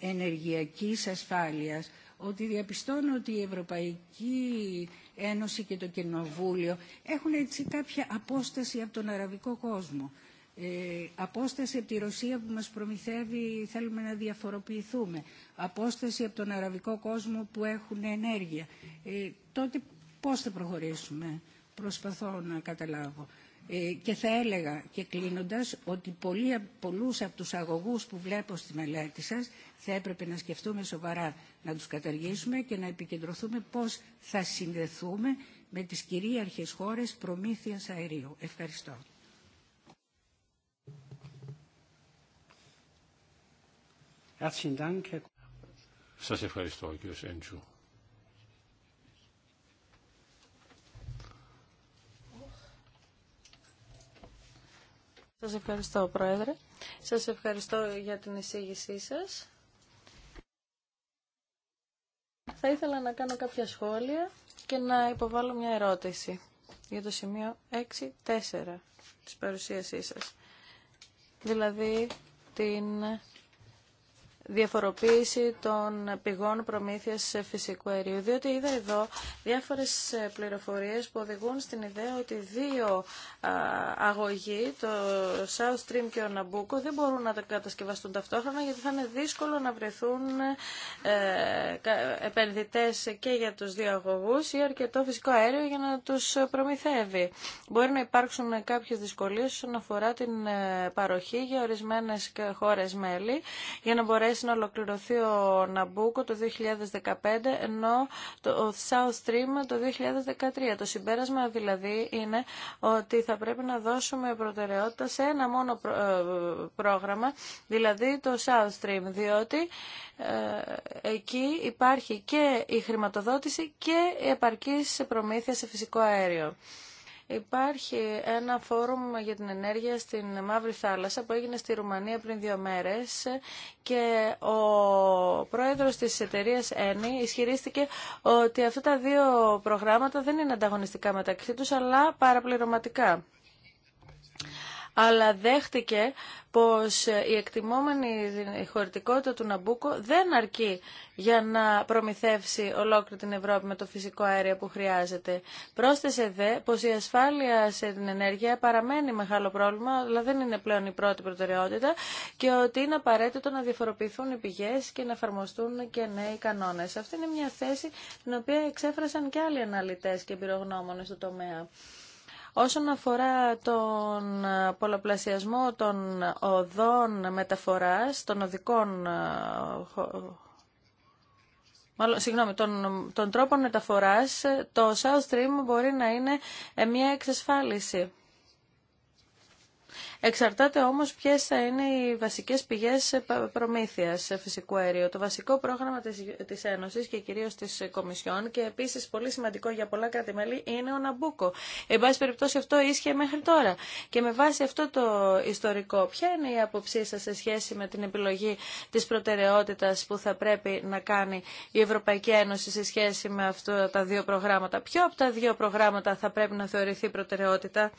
ενεργειακής ασφάλειας ότι διαπιστώνω ότι η Ευρωπαϊκή Ένωση και το Κοινοβούλιο έχουν έτσι κάποια απόσταση από τον αραβικό κόσμο. Ε, απόσταση από τη Ρωσία που μας προμηθεύει θέλουμε να διαφοροποιηθούμε. Απόσταση από τον αραβικό κόσμο που έχουν ενέργεια. Ε, τότε πώς θα προχωρήσουμε προσπαθώ να καταλάβω. Ε, και θα έλεγα και κλείνοντας ότι πολλοί, πολλούς από τους αγωγούς που βλέπω στη μελέτη σας θα έπρεπε να σκεφτούμε σοβαρά να τους καταργήσουμε και να επικεντρωθούμε πώς θα συνδεθούμε με τις κυρίαρχες χώρες προμήθειας αερίου. Ευχαριστώ. Σας ευχαριστώ κύριος Σέντσου. Σας ευχαριστώ, Πρόεδρε. Σας ευχαριστώ για την εισήγησή σας. Θα ήθελα να κάνω κάποια σχόλια και να υποβάλω μια ερώτηση για το σημείο 6-4 της παρουσίασής σας. Δηλαδή την διαφοροποίηση των πηγών προμήθειας φυσικού αερίου. Διότι είδα εδώ διάφορες πληροφορίες που οδηγούν στην ιδέα ότι δύο αγωγοί, το South Stream και ο Ναμπούκο, δεν μπορούν να τα κατασκευαστούν ταυτόχρονα γιατί θα είναι δύσκολο να βρεθούν ε, επενδυτές και για τους δύο αγωγούς ή αρκετό φυσικό αέριο για να τους προμηθεύει. Μπορεί να υπάρξουν κάποιες δυσκολίες όσον αφορά την ε, παροχή για ορισμένες χώρες μέλη για να να ολοκληρωθεί ο Ναμπούκο το 2015 ενώ το South Stream το 2013. Το συμπέρασμα δηλαδή είναι ότι θα πρέπει να δώσουμε προτεραιότητα σε ένα μόνο ε, πρόγραμμα, δηλαδή το South Stream, διότι ε, εκεί υπάρχει και η χρηματοδότηση και η επαρκής προμήθεια σε φυσικό αέριο. Υπάρχει ένα φόρουμ για την ενέργεια στην Μαύρη Θάλασσα που έγινε στη Ρουμανία πριν δύο μέρες και ο πρόεδρος της εταιρείας ΕΝΗ ισχυρίστηκε ότι αυτά τα δύο προγράμματα δεν είναι ανταγωνιστικά μεταξύ τους αλλά παραπληρωματικά αλλά δέχτηκε πως η εκτιμόμενη χωρητικότητα του Ναμπούκο δεν αρκεί για να προμηθεύσει ολόκληρη την Ευρώπη με το φυσικό αέριο που χρειάζεται. Πρόσθεσε δε πως η ασφάλεια σε την ενέργεια παραμένει μεγάλο πρόβλημα, αλλά δεν είναι πλέον η πρώτη προτεραιότητα και ότι είναι απαραίτητο να διαφοροποιηθούν οι πηγές και να εφαρμοστούν και νέοι κανόνες. Αυτή είναι μια θέση την οποία εξέφρασαν και άλλοι αναλυτές και εμπειρογνώμονες στο τομέα. Όσον αφορά τον πολλαπλασιασμό των οδών μεταφοράς, των οδικών ε, Μάλλον, συγγνώμη, των, των τρόπων μεταφοράς, το South Stream μπορεί να είναι ε, μια εξασφάλιση. Εξαρτάται όμω, ποιε θα είναι οι βασικές πηγές προμήθειας φυσικού αερίου. Το βασικό πρόγραμμα τη Ένωση και κυρίω τη Κομισιόν και επίση πολύ σημαντικό για πολλά κράτη-μέλη είναι ο Ναμπούκο. Εν πάση περιπτώσει αυτό ίσχυε μέχρι τώρα. Και με βάση αυτό το ιστορικό, ποια είναι η άποψή σα σε σχέση με την επιλογή τη προτεραιότητα που θα πρέπει να κάνει η Ευρωπαϊκή Ένωση σε σχέση με αυτά τα δύο προγράμματα. Ποιο από τα δύο προγράμματα θα πρέπει να θεωρηθεί προτεραιότητα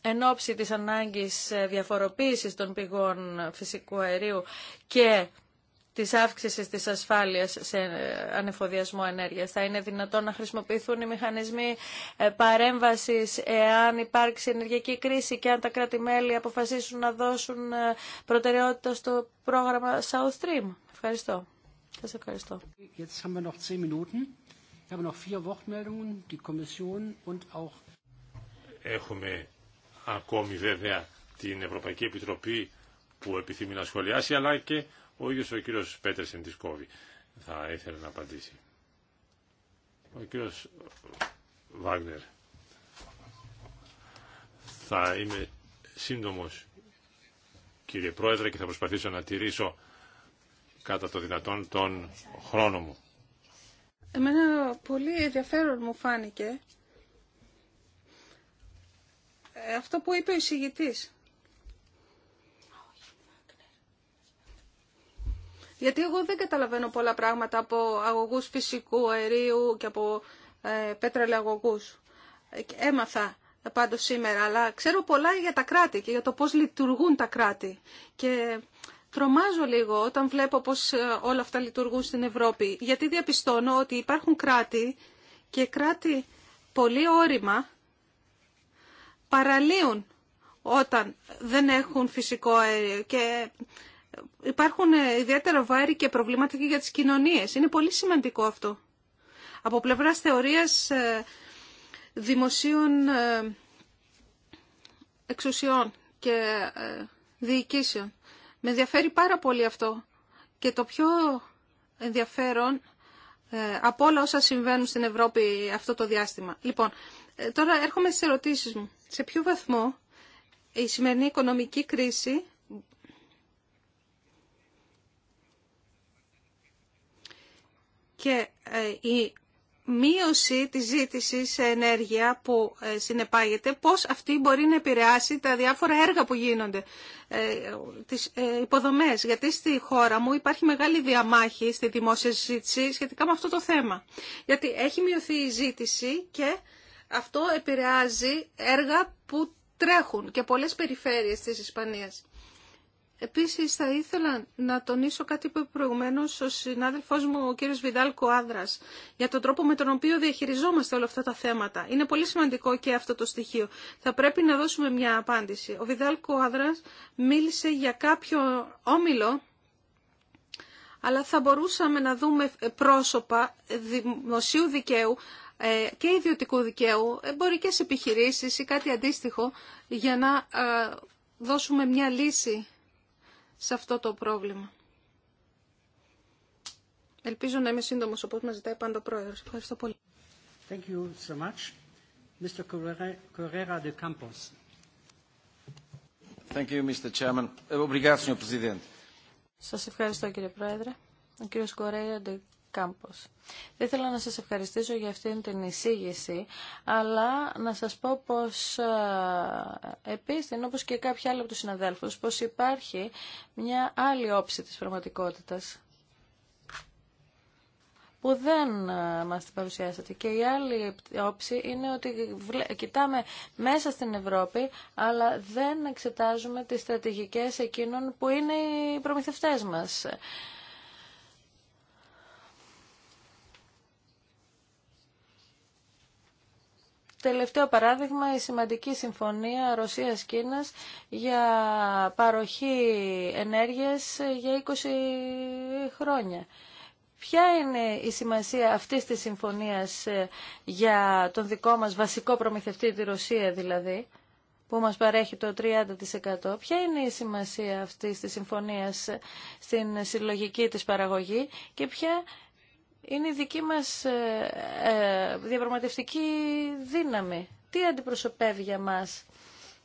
εν ώψη της ανάγκης ε, διαφοροποίησης των πηγών φυσικού αερίου και της αύξησης της ασφάλειας σε ε, ανεφοδιασμό ενέργειας. Θα είναι δυνατόν να χρησιμοποιηθούν οι μηχανισμοί ε, παρέμβασης εάν υπάρξει ενεργειακή κρίση και αν τα κράτη-μέλη αποφασίσουν να δώσουν προτεραιότητα στο πρόγραμμα South Stream. Ευχαριστώ. Σας ευχαριστώ. 10 Έχουμε ακόμη βέβαια την Ευρωπαϊκή Επιτροπή που επιθυμεί να σχολιάσει, αλλά και ο ίδιος ο κύριος Πέτερσεν της θα ήθελε να απαντήσει. Ο κύριος Βάγνερ. Θα είμαι σύντομος κύριε Πρόεδρε και θα προσπαθήσω να τηρήσω κατά το δυνατόν τον χρόνο μου. Εμένα πολύ ενδιαφέρον μου φάνηκε ε, αυτό που είπε ο εισηγητής. Γιατί εγώ δεν καταλαβαίνω πολλά πράγματα από αγωγούς φυσικού αερίου και από ε, πέτρελαγωγούς. Έμαθα πάντως σήμερα, αλλά ξέρω πολλά για τα κράτη και για το πώς λειτουργούν τα κράτη. Και τρομάζω λίγο όταν βλέπω πώς ε, όλα αυτά λειτουργούν στην Ευρώπη. Γιατί διαπιστώνω ότι υπάρχουν κράτη και κράτη πολύ όρημα παραλύουν όταν δεν έχουν φυσικό αέριο και υπάρχουν ιδιαίτερα βάρη και προβλήματα και για τις κοινωνίες. Είναι πολύ σημαντικό αυτό. Από πλευράς θεωρίας ε, δημοσίων ε, εξουσιών και ε, διοικήσεων. Με ενδιαφέρει πάρα πολύ αυτό. Και το πιο ενδιαφέρον από όλα όσα συμβαίνουν στην Ευρώπη αυτό το διάστημα. Λοιπόν, τώρα έρχομαι στις ερωτήσεις μου σε ποιο βαθμό η σημερινή οικονομική κρίση και ε, η μείωση της ζήτησης σε ενέργεια που ε, συνεπάγεται, πώς αυτή μπορεί να επηρεάσει τα διάφορα έργα που γίνονται, ε, τις υποδομές. Γιατί στη χώρα μου υπάρχει μεγάλη διαμάχη στη δημόσια ζήτηση σχετικά με αυτό το θέμα. Γιατί έχει μειωθεί η ζήτηση και αυτό επηρεάζει έργα που τρέχουν και πολλές περιφέρειες της Ισπανίας. Επίσης θα ήθελα να τονίσω κάτι που είπε προηγουμένως ο συνάδελφός μου ο κύριος Βιντάλ άδρας για τον τρόπο με τον οποίο διαχειριζόμαστε όλα αυτά τα θέματα. Είναι πολύ σημαντικό και αυτό το στοιχείο. Θα πρέπει να δώσουμε μια απάντηση. Ο Βιντάλ Άδρας μίλησε για κάποιο όμιλο αλλά θα μπορούσαμε να δούμε πρόσωπα δημοσίου δικαίου ε, και ιδιωτικού δικαίου, εμπορικές επιχειρήσεις ή κάτι αντίστοιχο για να ε, δώσουμε μια λύση σε αυτό το πρόβλημα. Ελπίζω να είμαι σύντομος όπως μα ζητάει πάντα ο πρόεδρο. Ευχαριστώ πολύ. Thank you so much. Mr. Correra de Campos. Thank you, Mr. Chairman. Obrigado, Sr. Presidente. Σας ευχαριστώ κύριε Πρόεδρε. Ο κύριος Correra de Κάμπος. Θα ήθελα να σας ευχαριστήσω για αυτήν την εισήγηση, αλλά να σας πω πως ε, επίσης, όπως και κάποιοι άλλοι από τους συναδέλφους, πως υπάρχει μια άλλη όψη της πραγματικότητας που δεν ε, μας την παρουσιάσατε. Και η άλλη όψη είναι ότι κοιτάμε μέσα στην Ευρώπη, αλλά δεν εξετάζουμε τις στρατηγικές εκείνων που είναι οι προμηθευτές μας. Τελευταίο παράδειγμα, η σημαντική συμφωνία Ρωσίας-Κίνας για παροχή ενέργειας για 20 χρόνια. Ποια είναι η σημασία αυτής της συμφωνίας ε, για τον δικό μας βασικό προμηθευτή, τη Ρωσία δηλαδή, που μας παρέχει το 30%. Ποια είναι η σημασία αυτής της συμφωνίας ε, στην συλλογική της παραγωγή και ποια είναι η δική μας ε, ε, διαπραγματευτική δύναμη. Τι αντιπροσωπεύει για μας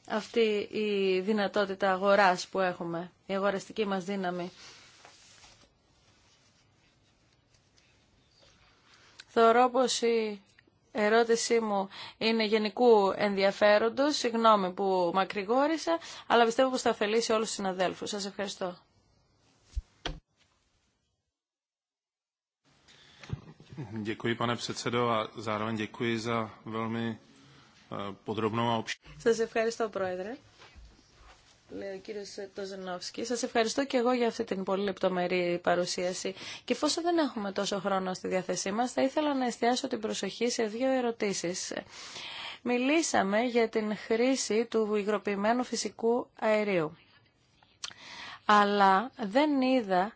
αυτή η δυνατότητα αγοράς που έχουμε, η αγοραστική μας δύναμη. Θεωρώ πως η ερώτησή μου είναι γενικού ενδιαφέροντος, συγγνώμη που μακρηγόρησα, αλλά πιστεύω πως θα ωφελήσει όλους τους συναδέλφους. Σας ευχαριστώ. Σας ευχαριστώ, Πρόεδρε. Λέει ο Σας ευχαριστώ και εγώ για αυτή την πολύ λεπτομερή παρουσίαση. Και εφόσον δεν έχουμε τόσο χρόνο στη διάθεσή μα, θα ήθελα να εστιάσω την προσοχή σε δύο ερωτήσει. Μιλήσαμε για την χρήση του υγροποιημένου φυσικού αερίου. Αλλά δεν είδα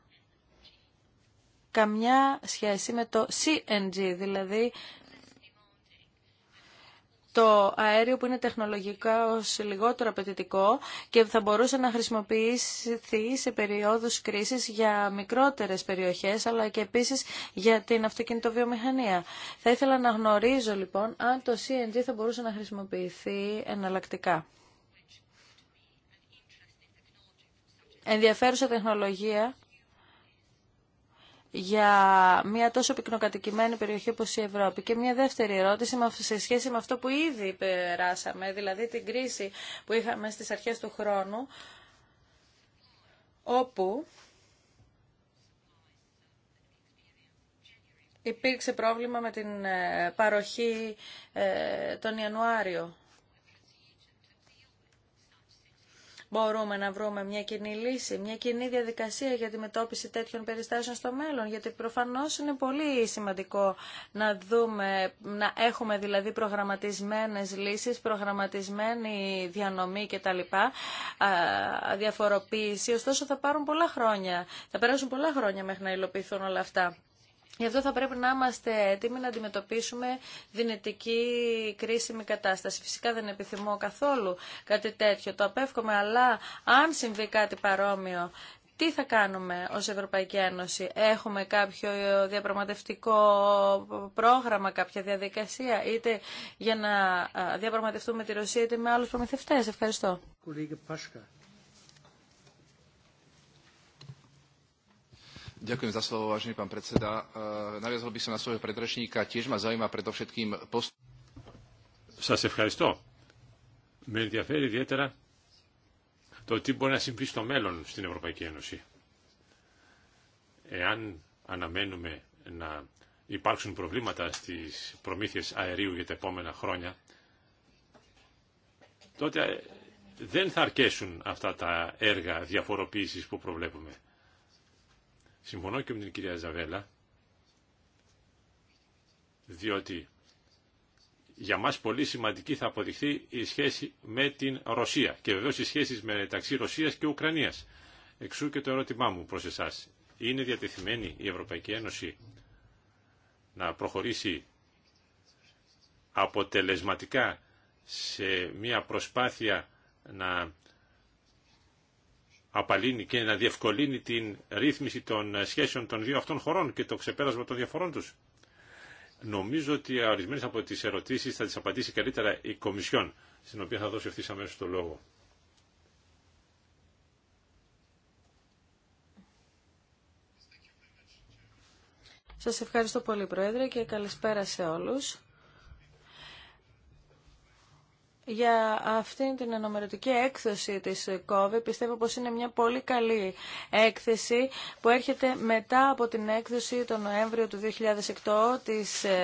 καμιά σχέση με το CNG, δηλαδή το αέριο που είναι τεχνολογικά ως λιγότερο απαιτητικό και θα μπορούσε να χρησιμοποιηθεί σε περιόδους κρίσης για μικρότερες περιοχές αλλά και επίσης για την αυτοκινητοβιομηχανία. Θα ήθελα να γνωρίζω λοιπόν αν το CNG θα μπορούσε να χρησιμοποιηθεί εναλλακτικά. Ενδιαφέρουσα τεχνολογία για μια τόσο πυκνοκατοικημένη περιοχή όπως η Ευρώπη. Και μια δεύτερη ερώτηση σε σχέση με αυτό που ήδη περάσαμε, δηλαδή την κρίση που είχαμε στις αρχές του χρόνου, όπου υπήρξε πρόβλημα με την ε, παροχή ε, τον Ιανουάριο μπορούμε να βρούμε μια κοινή λύση, μια κοινή διαδικασία για τη μετώπιση τέτοιων περιστάσεων στο μέλλον. Γιατί προφανώ είναι πολύ σημαντικό να δούμε, να έχουμε δηλαδή προγραμματισμένες λύσεις, προγραμματισμένη διανομή κτλ. Διαφοροποίηση. Ωστόσο θα πάρουν πολλά χρόνια. Θα περάσουν πολλά χρόνια μέχρι να υλοποιηθούν όλα αυτά. Γι' αυτό θα πρέπει να είμαστε έτοιμοι να αντιμετωπίσουμε δυνητική κρίσιμη κατάσταση. Φυσικά δεν επιθυμώ καθόλου κάτι τέτοιο, το απεύχομαι, αλλά αν συμβεί κάτι παρόμοιο, τι θα κάνουμε ως Ευρωπαϊκή Ένωση. Έχουμε κάποιο διαπραγματευτικό πρόγραμμα, κάποια διαδικασία, είτε για να διαπραγματευτούμε τη Ρωσία, είτε με άλλους προμηθευτές. Ευχαριστώ. Ďakujem Σας ευχαριστώ. Με ενδιαφέρει ιδιαίτερα το τι μπορεί να συμβεί στο μέλλον στην Ευρωπαϊκή Ένωση. Εάν αναμένουμε να υπάρξουν προβλήματα στις προμήθειες αερίου για τα επόμενα χρόνια, τότε δεν θα αρκέσουν αυτά τα έργα διαφοροποίησης που προβλέπουμε. Συμφωνώ και με την κυρία Ζαβέλα, διότι για μας πολύ σημαντική θα αποδειχθεί η σχέση με την Ρωσία και βεβαίως οι σχέσεις μεταξύ Ρωσίας και Ουκρανίας. Εξού και το ερώτημά μου προς εσάς. Είναι διατεθειμένη η Ευρωπαϊκή Ένωση να προχωρήσει αποτελεσματικά σε μια προσπάθεια να απαλύνει και να διευκολύνει την ρύθμιση των σχέσεων των δύο αυτών χωρών και το ξεπέρασμα των διαφορών τους. Νομίζω ότι ορισμένε από τις ερωτήσεις θα τις απαντήσει καλύτερα η Κομισιόν, στην οποία θα δώσει ευθύ αμέσω το λόγο. Σας ευχαριστώ πολύ Πρόεδρε και καλησπέρα σε όλους για αυτή την ενομερωτική έκθεση της COVID. Πιστεύω πως είναι μια πολύ καλή έκθεση που έρχεται μετά από την έκθεση τον Νοέμβριο του 2008 της ε,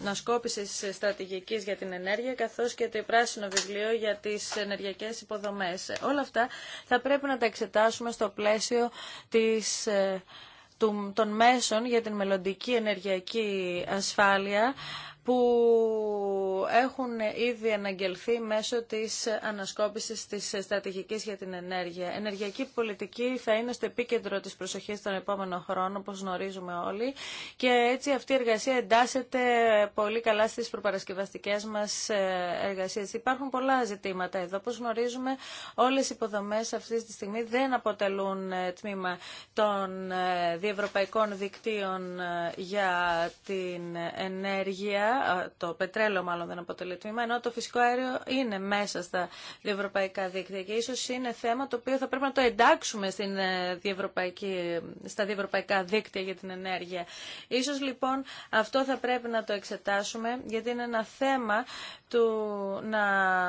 ανασκόπησης στρατηγικής για την ενέργεια καθώς και το πράσινο βιβλίο για τις ενεργειακές υποδομές. Όλα αυτά θα πρέπει να τα εξετάσουμε στο πλαίσιο ε, των μέσων για την μελλοντική ενεργειακή ασφάλεια που έχουν ήδη αναγγελθεί μέσω της ανασκόπησης της στρατηγικής για την ενέργεια. Ενεργειακή πολιτική θα είναι στο επίκεντρο της προσοχής των επόμενων χρόνων, όπως γνωρίζουμε όλοι, και έτσι αυτή η εργασία εντάσσεται πολύ καλά στις προπαρασκευαστικές μας ε, εργασίες. Υπάρχουν πολλά ζητήματα εδώ. Όπως γνωρίζουμε, όλες οι υποδομές αυτή τη στιγμή δεν αποτελούν ε, τμήμα των ε, διευρωπαϊκών δικτύων για την ενέργεια το πετρέλαιο μάλλον δεν αποτελεί τμήμα, ενώ το φυσικό αέριο είναι μέσα στα διευρωπαϊκά δίκτυα και ίσως είναι θέμα το οποίο θα πρέπει να το εντάξουμε στην ε, διευρωπαϊκή, στα διευρωπαϊκά δίκτυα για την ενέργεια. Ίσως λοιπόν αυτό θα πρέπει να το εξετάσουμε γιατί είναι ένα θέμα του να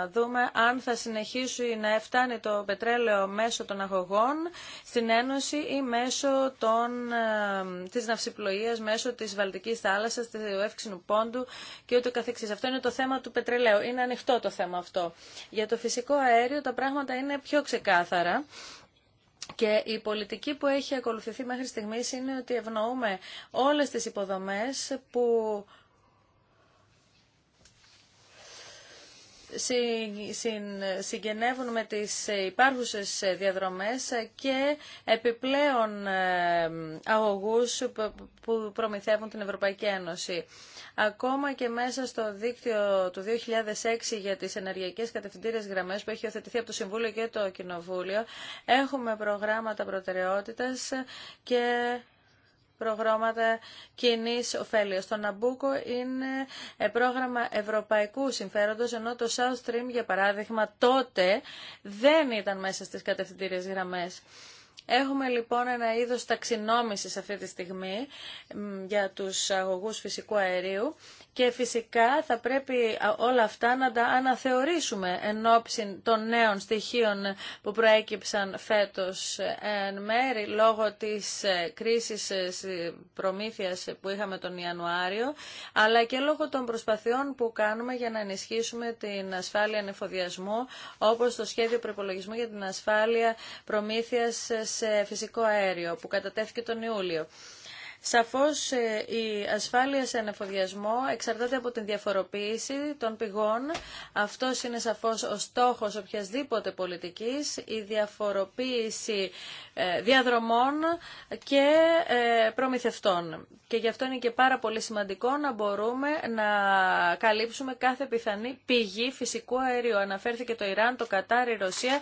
δούμε αν θα συνεχίσει να φτάνει το πετρέλαιο μέσω των αγωγών στην Ένωση ή μέσω των, ε, της ναυσιπλοείας, μέσω της Βαλτικής θάλασσας, του Εύξηνου Πόντου και ούτω καθεξής. Αυτό είναι το θέμα του πετρελαίου. Είναι ανοιχτό το θέμα αυτό. Για το φυσικό αέριο τα πράγματα είναι πιο ξεκάθαρα. Και η πολιτική που έχει ακολουθηθεί μέχρι στιγμής είναι ότι ευνοούμε όλες τις υποδομές που συγγενεύουν με τις υπάρχουσες διαδρομές και επιπλέον ε, αγωγούς που προμηθεύουν την Ευρωπαϊκή Ένωση ακόμα και μέσα στο δίκτυο του 2006 για τις ενεργειακές κατευθυντήριες γραμμές που έχει οθετηθεί από το Συμβούλιο και το Κοινοβούλιο, έχουμε προγράμματα προτεραιότητας και προγράμματα κοινή ωφέλεια. Το Ναμπούκο είναι πρόγραμμα ευρωπαϊκού συμφέροντο, ενώ το South Stream, για παράδειγμα, τότε δεν ήταν μέσα στι κατευθυντήριε γραμμέ. Έχουμε λοιπόν ένα είδος ταξινόμησης αυτή τη στιγμή για τους αγωγούς φυσικού αερίου και φυσικά θα πρέπει όλα αυτά να τα αναθεωρήσουμε εν ώψη των νέων στοιχείων που προέκυψαν φέτος εν μέρη λόγω της ε, κρίσης ε, προμήθειας που είχαμε τον Ιανουάριο αλλά και λόγω των προσπαθειών που κάνουμε για να ενισχύσουμε την ασφάλεια ανεφοδιασμού όπως το σχέδιο προπολογισμού για την ασφάλεια προμήθειας ε, σε φυσικό αέριο που κατατέθηκε τον Ιούλιο. Σαφώς ε, η ασφάλεια σε ανεφοδιασμό εξαρτάται από την διαφοροποίηση των πηγών. Αυτό είναι σαφώς ο στόχος οποιασδήποτε πολιτικής, η διαφοροποίηση ε, διαδρομών και ε, προμηθευτών. Και γι' αυτό είναι και πάρα πολύ σημαντικό να μπορούμε να καλύψουμε κάθε πιθανή πηγή φυσικού αερίου. Αναφέρθηκε το Ιράν, το Κατάρ, η Ρωσία.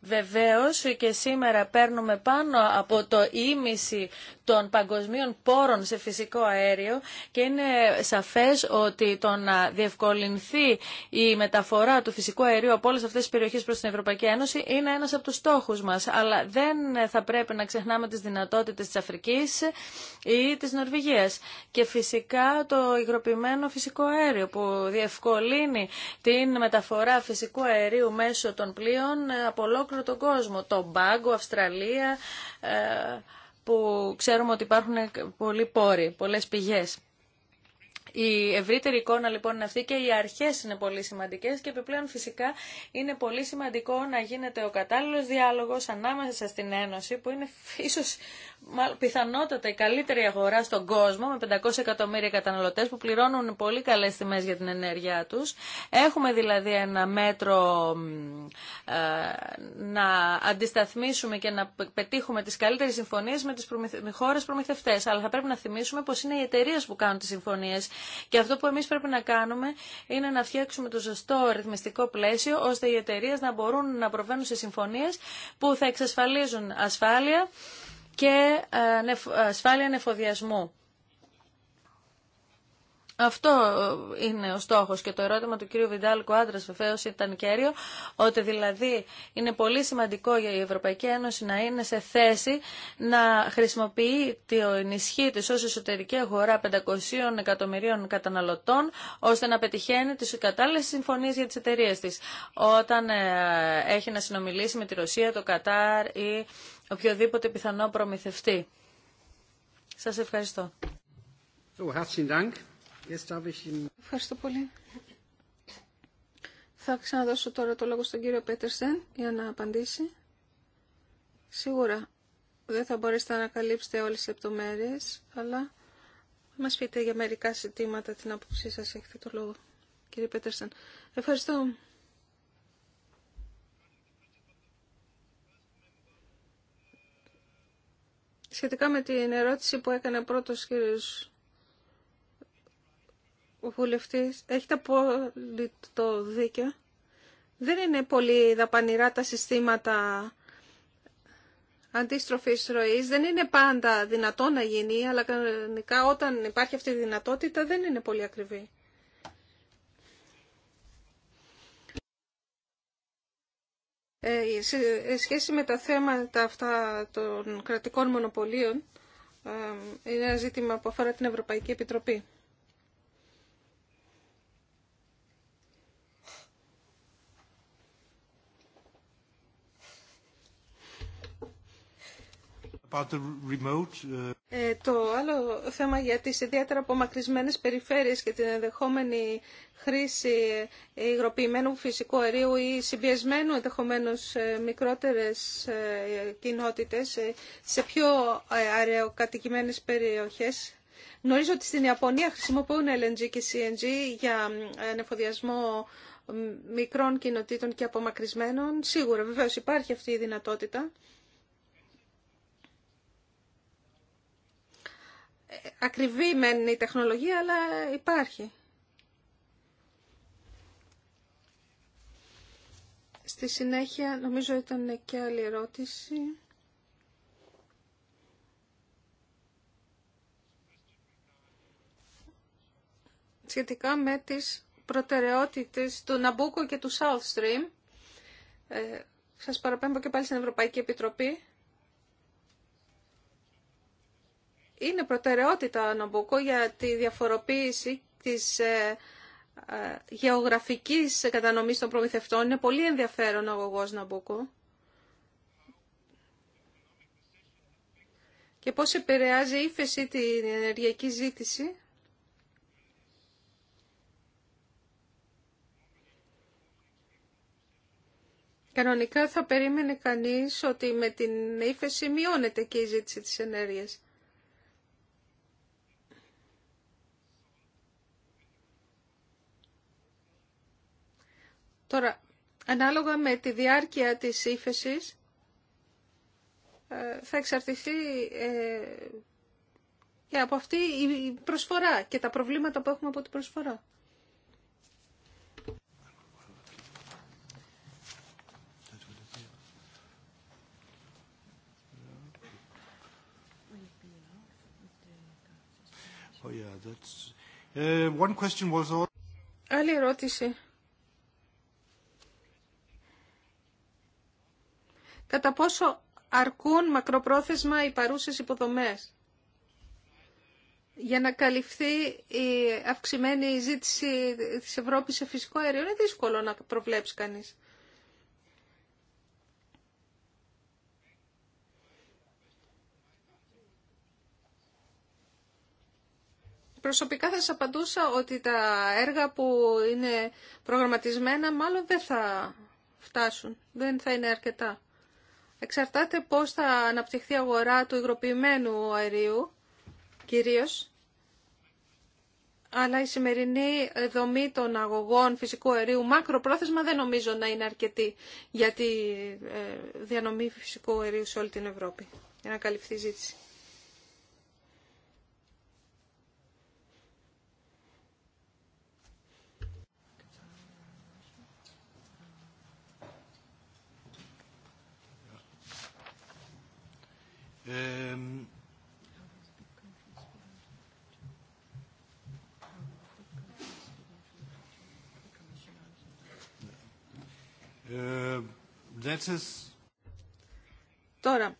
Βεβαίως και σήμερα παίρνουμε πάνω από το ίμιση των παγκοσμίων πόρων σε φυσικό αέριο και είναι σαφές ότι το να διευκολυνθεί η μεταφορά του φυσικού αερίου από όλες αυτές τις περιοχές προς την Ευρωπαϊκή Ένωση είναι ένας από τους στόχους μας. Αλλά δεν θα πρέπει να ξεχνάμε τις δυνατότητες της Αφρικής ή της Νορβηγίας. Και φυσικά το υγροποιημένο φυσικό αέριο που διευκολύνει την μεταφορά φυσικού αερίου μέσω των πλοίων από ολόκληρο τον κόσμο. Το Μπάγκο, Αυστραλία, ε, που ξέρουμε ότι υπάρχουν πολλοί πόροι, πολλές πηγές. Η ευρύτερη εικόνα λοιπόν είναι αυτή και οι αρχές είναι πολύ σημαντικές και επιπλέον φυσικά είναι πολύ σημαντικό να γίνεται ο κατάλληλος διάλογος ανάμεσα στην Ένωση που είναι ίσως πιθανότατα η καλύτερη αγορά στον κόσμο με 500 εκατομμύρια καταναλωτές που πληρώνουν πολύ καλές τιμές για την ενέργειά τους. Έχουμε δηλαδή ένα μέτρο ε, να αντισταθμίσουμε και να πετύχουμε τις καλύτερες συμφωνίες με τις χώρες προμηθευτές. Αλλά θα πρέπει να θυμίσουμε πως είναι οι εταιρείε που κάνουν τις συμφωνίες και αυτό που εμείς πρέπει να κάνουμε είναι να φτιάξουμε το σωστό ρυθμιστικό πλαίσιο, ώστε οι εταιρείε να μπορούν να προβαίνουν σε συμφωνίες που θα εξασφαλίζουν ασφάλεια και ε, ε, ασφάλεια νεφοδιασμού. Αυτό ε, είναι ο στόχος και το ερώτημα του κύριου Βιντάλκου, άντρα βεβαίω ήταν κέριο, ότι δηλαδή είναι πολύ σημαντικό για η Ευρωπαϊκή Ένωση να είναι σε θέση να χρησιμοποιεί την ισχύ της ω εσωτερική αγορά 500 εκατομμυρίων καταναλωτών, ώστε να πετυχαίνει τις κατάλληλε συμφωνίες για τις εταιρείε τη, Όταν ε, έχει να συνομιλήσει με τη Ρωσία, το Κατάρ ή οποιοδήποτε πιθανό προμηθευτή. Σα ευχαριστώ. Ευχαριστώ πολύ. Θα ξαναδώσω τώρα το λόγο στον κύριο Πέτερσεν για να απαντήσει. Σίγουρα δεν θα μπορέσετε να ανακαλύψετε όλες τις λεπτομέρειες, αλλά μας πείτε για μερικά ζητήματα την άποψή σας. Έχετε το λόγο, κύριε Πέτερσεν. Ευχαριστώ. Σχετικά με την ερώτηση που έκανε πρώτος κύριος βουλευτή. έχει τα το δίκιο. Δεν είναι πολύ δαπανηρά τα συστήματα αντίστροφης ροής. Δεν είναι πάντα δυνατό να γίνει, αλλά κανονικά όταν υπάρχει αυτή η δυνατότητα δεν είναι πολύ ακριβή. Ε, σε ε, σχέση με τα θέματα αυτά των κρατικών μονοπωλίων, ε, είναι ένα ζήτημα που αφορά την Ευρωπαϊκή Επιτροπή. Uh, ε, το άλλο θέμα για τις ιδιαίτερα απομακρυσμένες περιφέρειες και την ενδεχόμενη χρήση υγροποιημένου φυσικού αερίου ή συμπιεσμένου ενδεχομένως ε, μικρότερες ε, κοινότητες σε πιο αεροκατοικημένες περιοχές. Γνωρίζω ότι στην Ιαπωνία χρησιμοποιούν LNG και CNG για ανεφοδιασμό μικρών κοινοτήτων και απομακρυσμένων. Σίγουρα βεβαίως υπάρχει αυτή η δυνατότητα. ακριβή μεν η τεχνολογία, αλλά υπάρχει. Στη συνέχεια, νομίζω ήταν και άλλη ερώτηση. Σχετικά με τις προτεραιότητες του Ναμπούκο και του South Stream, ε, σας παραπέμπω και πάλι στην Ευρωπαϊκή Επιτροπή είναι προτεραιότητα νομπούκο για τη διαφοροποίηση της ε, ε, γεωγραφικής κατανομής των προμηθευτών. Είναι πολύ ενδιαφέρον ο αγωγός Ναμπούκο. Και πώς επηρεάζει η ύφεση την ενεργειακή ζήτηση. Κανονικά θα περίμενε κανείς ότι με την ύφεση μειώνεται και η ζήτηση της ενέργειας. Τώρα, ανάλογα με τη διάρκεια της ύφεση ε, θα εξαρτηθεί ε, από αυτή η προσφορά και τα προβλήματα που έχουμε από την προσφορά. Oh, uh, Άλλη ερώτηση κατά πόσο αρκούν μακροπρόθεσμα οι παρούσες υποδομές για να καλυφθεί η αυξημένη ζήτηση της Ευρώπης σε φυσικό αέριο. Είναι δύσκολο να προβλέψει κανείς. Προσωπικά θα σας απαντούσα ότι τα έργα που είναι προγραμματισμένα μάλλον δεν θα φτάσουν, δεν θα είναι αρκετά. Εξαρτάται πώς θα αναπτυχθεί η αγορά του υγροποιημένου αερίου, κυρίως. Αλλά η σημερινή δομή των αγωγών φυσικού αερίου μακροπρόθεσμα δεν νομίζω να είναι αρκετή για τη ε, διανομή φυσικού αερίου σε όλη την Ευρώπη για να καλυφθεί η ζήτηση. Ε, Τώρα,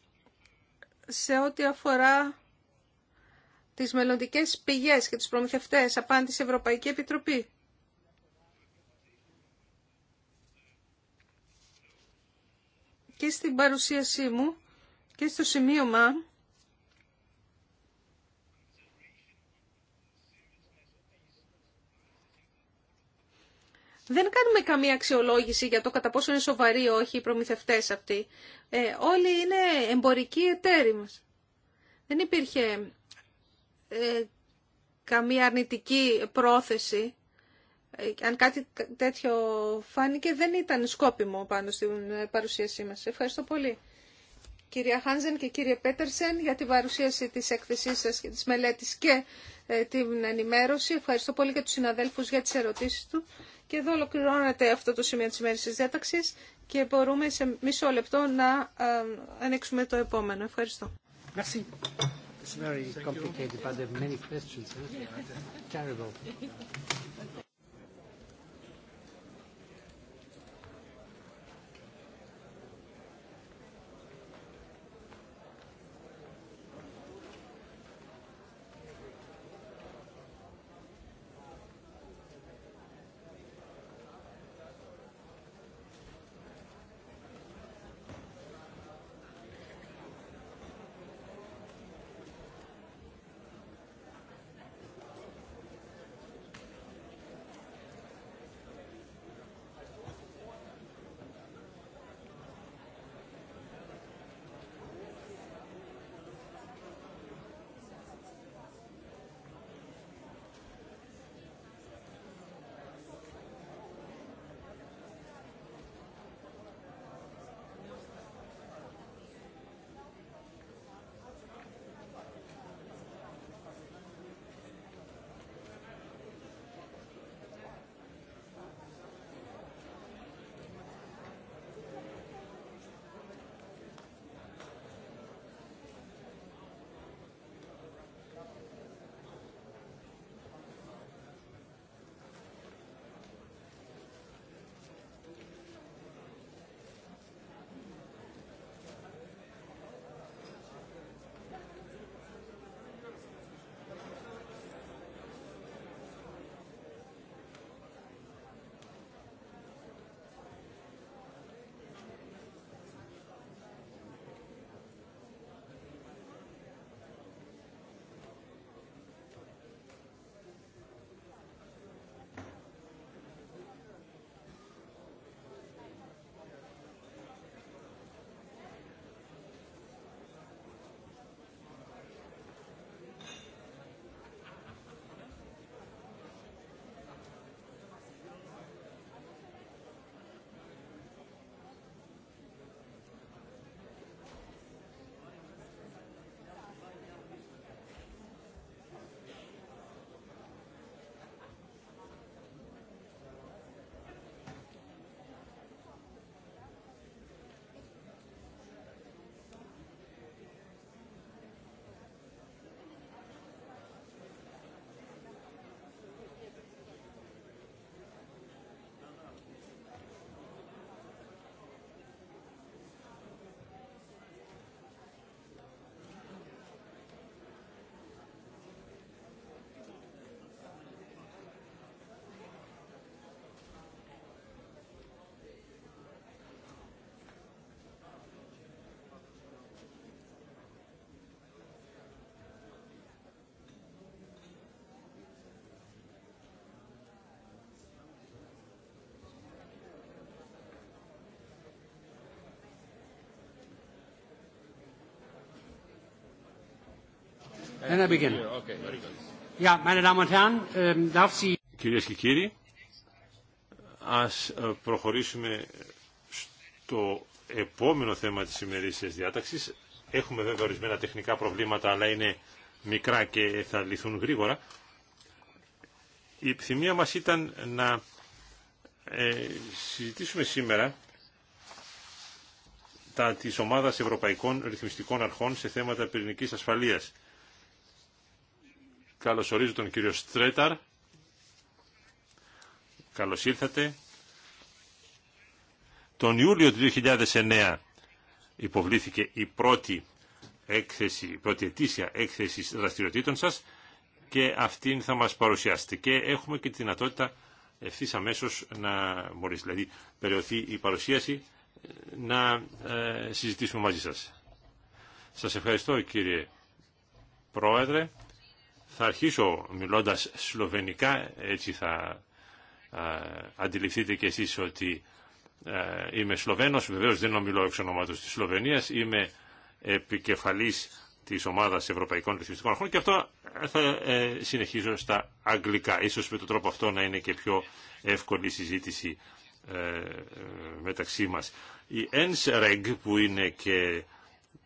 σε ό,τι αφορά τις μελλοντικές πηγές και τους προμηθευτές, απάντησε η Ευρωπαϊκή Επιτροπή. Και στην παρουσίασή μου και στο σημείωμα Δεν κάνουμε καμία αξιολόγηση για το κατά πόσο είναι σοβαροί όχι οι προμηθευτές αυτοί. Ε, όλοι είναι εμπορικοί εταίροι μας. Δεν υπήρχε ε, καμία αρνητική πρόθεση. Ε, αν κάτι τέτοιο φάνηκε δεν ήταν σκόπιμο πάνω στην παρουσίασή μας. Ευχαριστώ πολύ κυρία Χάνζεν και κύριε Πέτερσεν για την παρουσίαση της έκθεσής σας και της μελέτης και ε, την ενημέρωση. Ευχαριστώ πολύ και τους συναδέλφους για τις ερωτήσεις του. Και εδώ ολοκληρώνεται αυτό το σημείο της ημέρης της διάταξης και μπορούμε σε μισό λεπτό να ε, ανοίξουμε το επόμενο. Ευχαριστώ. It's very complicated, many questions. Terrible. Κυρίες και κύριοι, ας ε, προχωρήσουμε στο επόμενο θέμα της ημερήσιας διάταξης. Έχουμε βέβαια ορισμένα τεχνικά προβλήματα, αλλά είναι μικρά και θα λυθούν γρήγορα. Η επιθυμία μας ήταν να ε, συζητήσουμε σήμερα τα της Ομάδας Ευρωπαϊκών Ρυθμιστικών Αρχών σε θέματα πυρηνικής ασφαλείας. Καλωσορίζω τον κύριο Στρέταρ. Καλώς ήρθατε. Τον Ιούλιο του 2009 υποβλήθηκε η πρώτη έκθεση, πρώτη ετήσια έκθεση δραστηριοτήτων σας και αυτήν θα μας παρουσιάσετε. Και έχουμε και τη δυνατότητα ευθύ αμέσω να μόλις δηλαδή περιοθεί η παρουσίαση να ε, συζητήσουμε μαζί σας. Σας ευχαριστώ κύριε Πρόεδρε. Θα αρχίσω μιλώντας σλοβενικά, έτσι θα αντιληφθείτε κι εσείς ότι είμαι σλοβένος, βεβαίως δεν ομιλώ εξ ονόματος της Σλοβενίας, είμαι επικεφαλής της ομάδας Ευρωπαϊκών Ρυθμιστικών Αρχών και αυτό θα ε, συνεχίζω στα αγγλικά. Ίσως με τον τρόπο αυτό να είναι και πιο εύκολη η συζήτηση ε, ε, μεταξύ μας. Η ENSREG που είναι και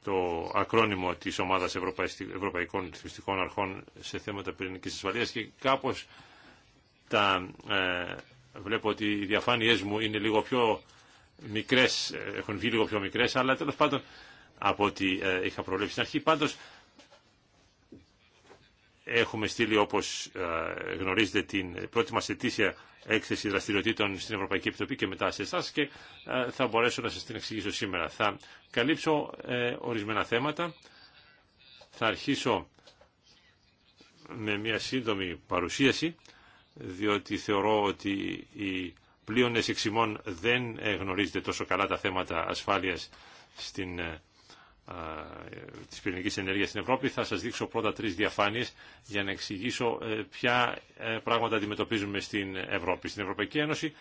το ακρόνιμο της Ομάδας Ευρωπαϊκών Ρυθμιστικών Αρχών σε θέματα πυρηνικής ασφαλείας και κάπως τα, ε, βλέπω ότι οι διαφάνειές μου είναι λίγο πιο μικρές, ε, έχουν βγει λίγο πιο μικρές, αλλά τέλος πάντων από ό,τι ε, είχα προβλέψει στην αρχή. Πάντως Έχουμε στείλει, όπως ε, γνωρίζετε, την πρώτη μας ετήσια έκθεση δραστηριοτήτων στην Ευρωπαϊκή Επιτροπή και μετά σε εσά και ε, θα μπορέσω να σας την εξηγήσω σήμερα. Θα καλύψω ε, ορισμένα θέματα. Θα αρχίσω με μια σύντομη παρουσίαση, διότι θεωρώ ότι οι πλοίονες εξημών δεν γνωρίζετε τόσο καλά τα θέματα ασφάλειας στην της πυρηνικής ενέργειας στην Ευρώπη. Θα σας δείξω πρώτα τρεις διαφάνειες για να εξηγήσω ε, ποια ε, πράγματα αντιμετωπίζουμε στην Ευρώπη. Στην Ευρωπαϊκή Ένωση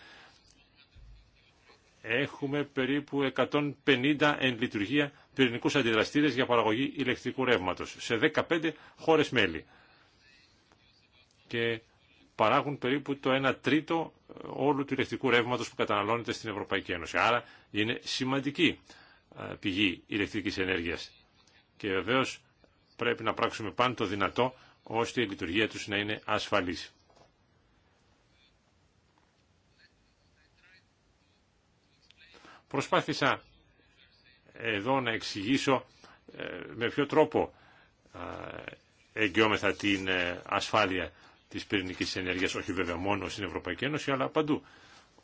έχουμε περίπου 150 εν λειτουργία πυρηνικούς αντιδραστήρες για παραγωγή ηλεκτρικού ρεύματος σε 15 χώρες μέλη. Και παράγουν περίπου το 1 τρίτο όλου του ηλεκτρικού ρεύματος που καταναλώνεται στην Ευρωπαϊκή Ένωση. Άρα είναι σημαντική ε, πηγή ηλεκτρικής ενέργειας. Και βεβαίως πρέπει να πράξουμε πάνω το δυνατό ώστε η λειτουργία τους να είναι ασφαλής. Προσπάθησα εδώ να εξηγήσω ε, με ποιο τρόπο ε, εγγυόμεθα την ασφάλεια της πυρηνικής ενέργειας, όχι βέβαια μόνο στην Ευρωπαϊκή Ένωση, αλλά παντού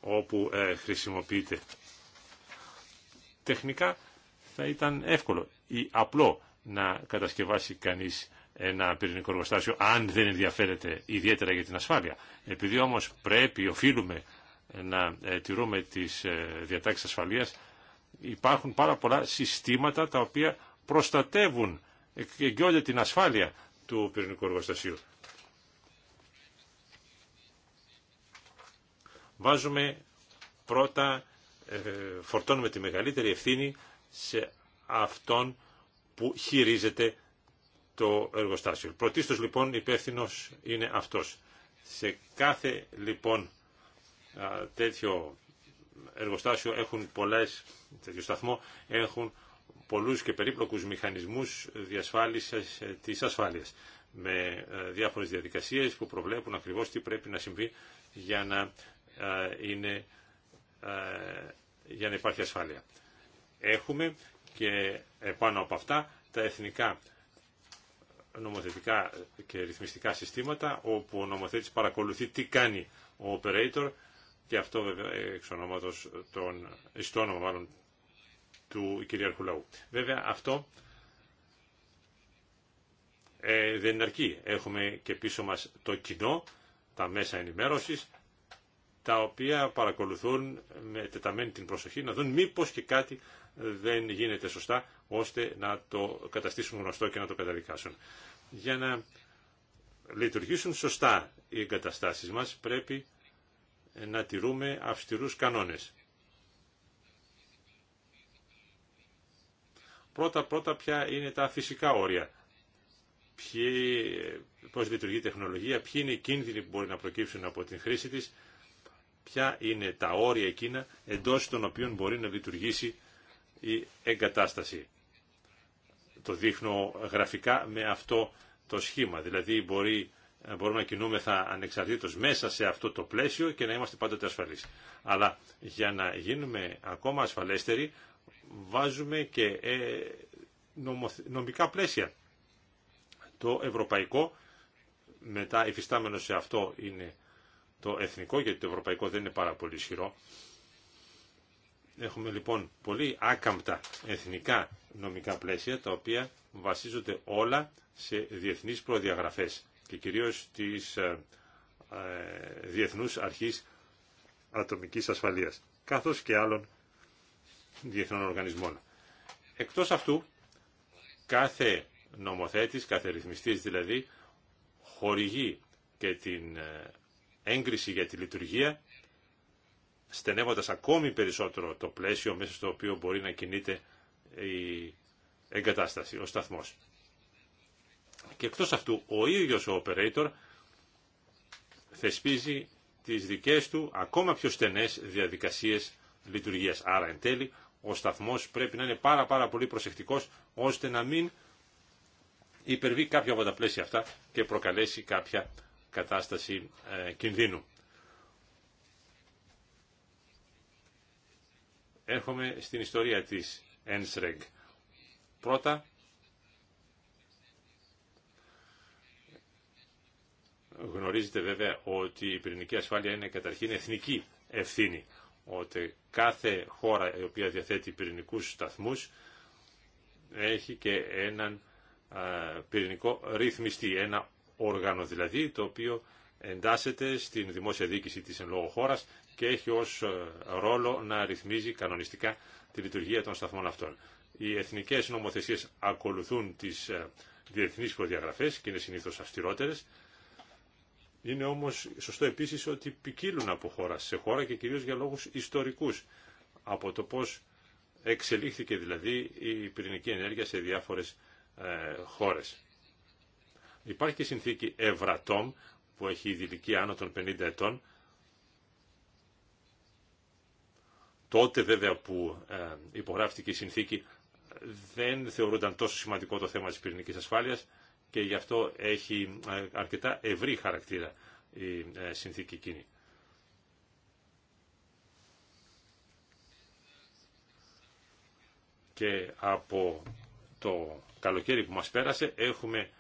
όπου χρησιμοποιείται τεχνικά θα ήταν εύκολο ή απλό να κατασκευάσει κανείς ένα πυρηνικό εργοστάσιο αν δεν ενδιαφέρεται ιδιαίτερα για την ασφάλεια. Επειδή όμως πρέπει, οφείλουμε να ε, τηρούμε τις ε, διατάξεις ασφαλείας, υπάρχουν πάρα πολλά συστήματα τα οποία προστατεύουν και ε, όλη την ασφάλεια του πυρηνικού εργοστασίου. Βάζουμε πρώτα ε, φορτώνουμε τη μεγαλύτερη ευθύνη σε αυτόν που χειρίζεται το εργοστάσιο. Πρωτίστως λοιπόν υπεύθυνο είναι αυτός. Σε κάθε λοιπόν τέτοιο εργοστάσιο έχουν πολλές, τέτοιο σταθμό έχουν πολλούς και περίπλοκους μηχανισμούς διασφάλισης ε, της ασφάλειας με ε, διάφορες διαδικασίες που προβλέπουν ακριβώς τι πρέπει να συμβεί για να είναι ε, για να υπάρχει ασφάλεια. Έχουμε και επάνω από αυτά τα εθνικά νομοθετικά και ρυθμιστικά συστήματα όπου ο νομοθέτης παρακολουθεί τι κάνει ο operator και αυτό βέβαια εξ ονόματος των, ιστόνομα μάλλον, του κυριαρχού λαού. Βέβαια αυτό ε, δεν αρκεί. Έχουμε και πίσω μας το κοινό, τα μέσα ενημέρωσης, τα οποία παρακολουθούν με τεταμένη την προσοχή να δουν μήπως και κάτι δεν γίνεται σωστά ώστε να το καταστήσουν γνωστό και να το καταδικάσουν. Για να λειτουργήσουν σωστά οι εγκαταστάσεις μας πρέπει να τηρούμε αυστηρούς κανόνες. Πρώτα πρώτα ποια είναι τα φυσικά όρια. Ποιοι, πώς λειτουργεί η τεχνολογία, ποιοι είναι οι κίνδυνοι που μπορεί να προκύψουν από την χρήση της ποια είναι τα όρια εκείνα εντός των οποίων μπορεί να λειτουργήσει η εγκατάσταση. Το δείχνω γραφικά με αυτό το σχήμα, δηλαδή μπορεί, μπορούμε να κινούμεθα ανεξαρτήτως μέσα σε αυτό το πλαίσιο και να είμαστε πάντοτε ασφαλείς. Αλλά για να γίνουμε ακόμα ασφαλέστεροι βάζουμε και ε, νομικά πλαίσια. Το ευρωπαϊκό, μετά υφιστάμενο σε αυτό είναι το εθνικό, γιατί το ευρωπαϊκό δεν είναι πάρα πολύ ισχυρό. Έχουμε λοιπόν πολύ άκαμπτα εθνικά νομικά πλαίσια, τα οποία βασίζονται όλα σε διεθνείς προδιαγραφές και κυρίως της ε, ε Διεθνούς Αρχής Ατομικής Ασφαλείας, καθώς και άλλων διεθνών οργανισμών. Εκτός αυτού, κάθε νομοθέτης, κάθε ρυθμιστής δηλαδή, χορηγεί και την ε, έγκριση για τη λειτουργία, στενεύοντας ακόμη περισσότερο το πλαίσιο μέσα στο οποίο μπορεί να κινείται η εγκατάσταση, ο σταθμός. Και εκτός αυτού, ο ίδιος ο operator θεσπίζει τις δικές του ακόμα πιο στενές διαδικασίες λειτουργίας. Άρα, εν τέλει, ο σταθμός πρέπει να είναι πάρα, πάρα πολύ προσεκτικός, ώστε να μην υπερβεί κάποια από τα πλαίσια αυτά και προκαλέσει κάποια κατάσταση ε, κινδύνου. Έρχομαι στην ιστορία της ΕΝΣΡΕΓ. Πρώτα, γνωρίζετε βέβαια ότι η πυρηνική ασφάλεια είναι καταρχήν εθνική ευθύνη, ότι κάθε χώρα η οποία διαθέτει πυρηνικούς σταθμούς έχει και έναν ε, πυρηνικό ρυθμιστή, ένα όργανο δηλαδή, το οποίο εντάσσεται στην δημόσια διοίκηση της εν λόγω χώρας και έχει ως ε, ρόλο να ρυθμίζει κανονιστικά τη λειτουργία των σταθμών αυτών. Οι εθνικές νομοθεσίες ακολουθούν τις ε, διεθνείς προδιαγραφές και είναι συνήθως αυστηρότερες. Είναι όμως σωστό επίσης ότι ποικίλουν από χώρα σε χώρα και κυρίως για λόγους ιστορικούς από το πώς εξελίχθηκε δηλαδή η πυρηνική ενέργεια σε διάφορες ε, χώρες. Υπάρχει και η συνθήκη Ευρατόμ που έχει η άνω των 50 ετών. Τότε βέβαια που ε, υπογράφτηκε η συνθήκη δεν θεωρούνταν τόσο σημαντικό το θέμα της πυρηνικής ασφάλειας και γι' αυτό έχει ε, αρκετά ευρύ χαρακτήρα η ε, συνθήκη εκείνη. Και από το καλοκαίρι που μας πέρασε έχουμε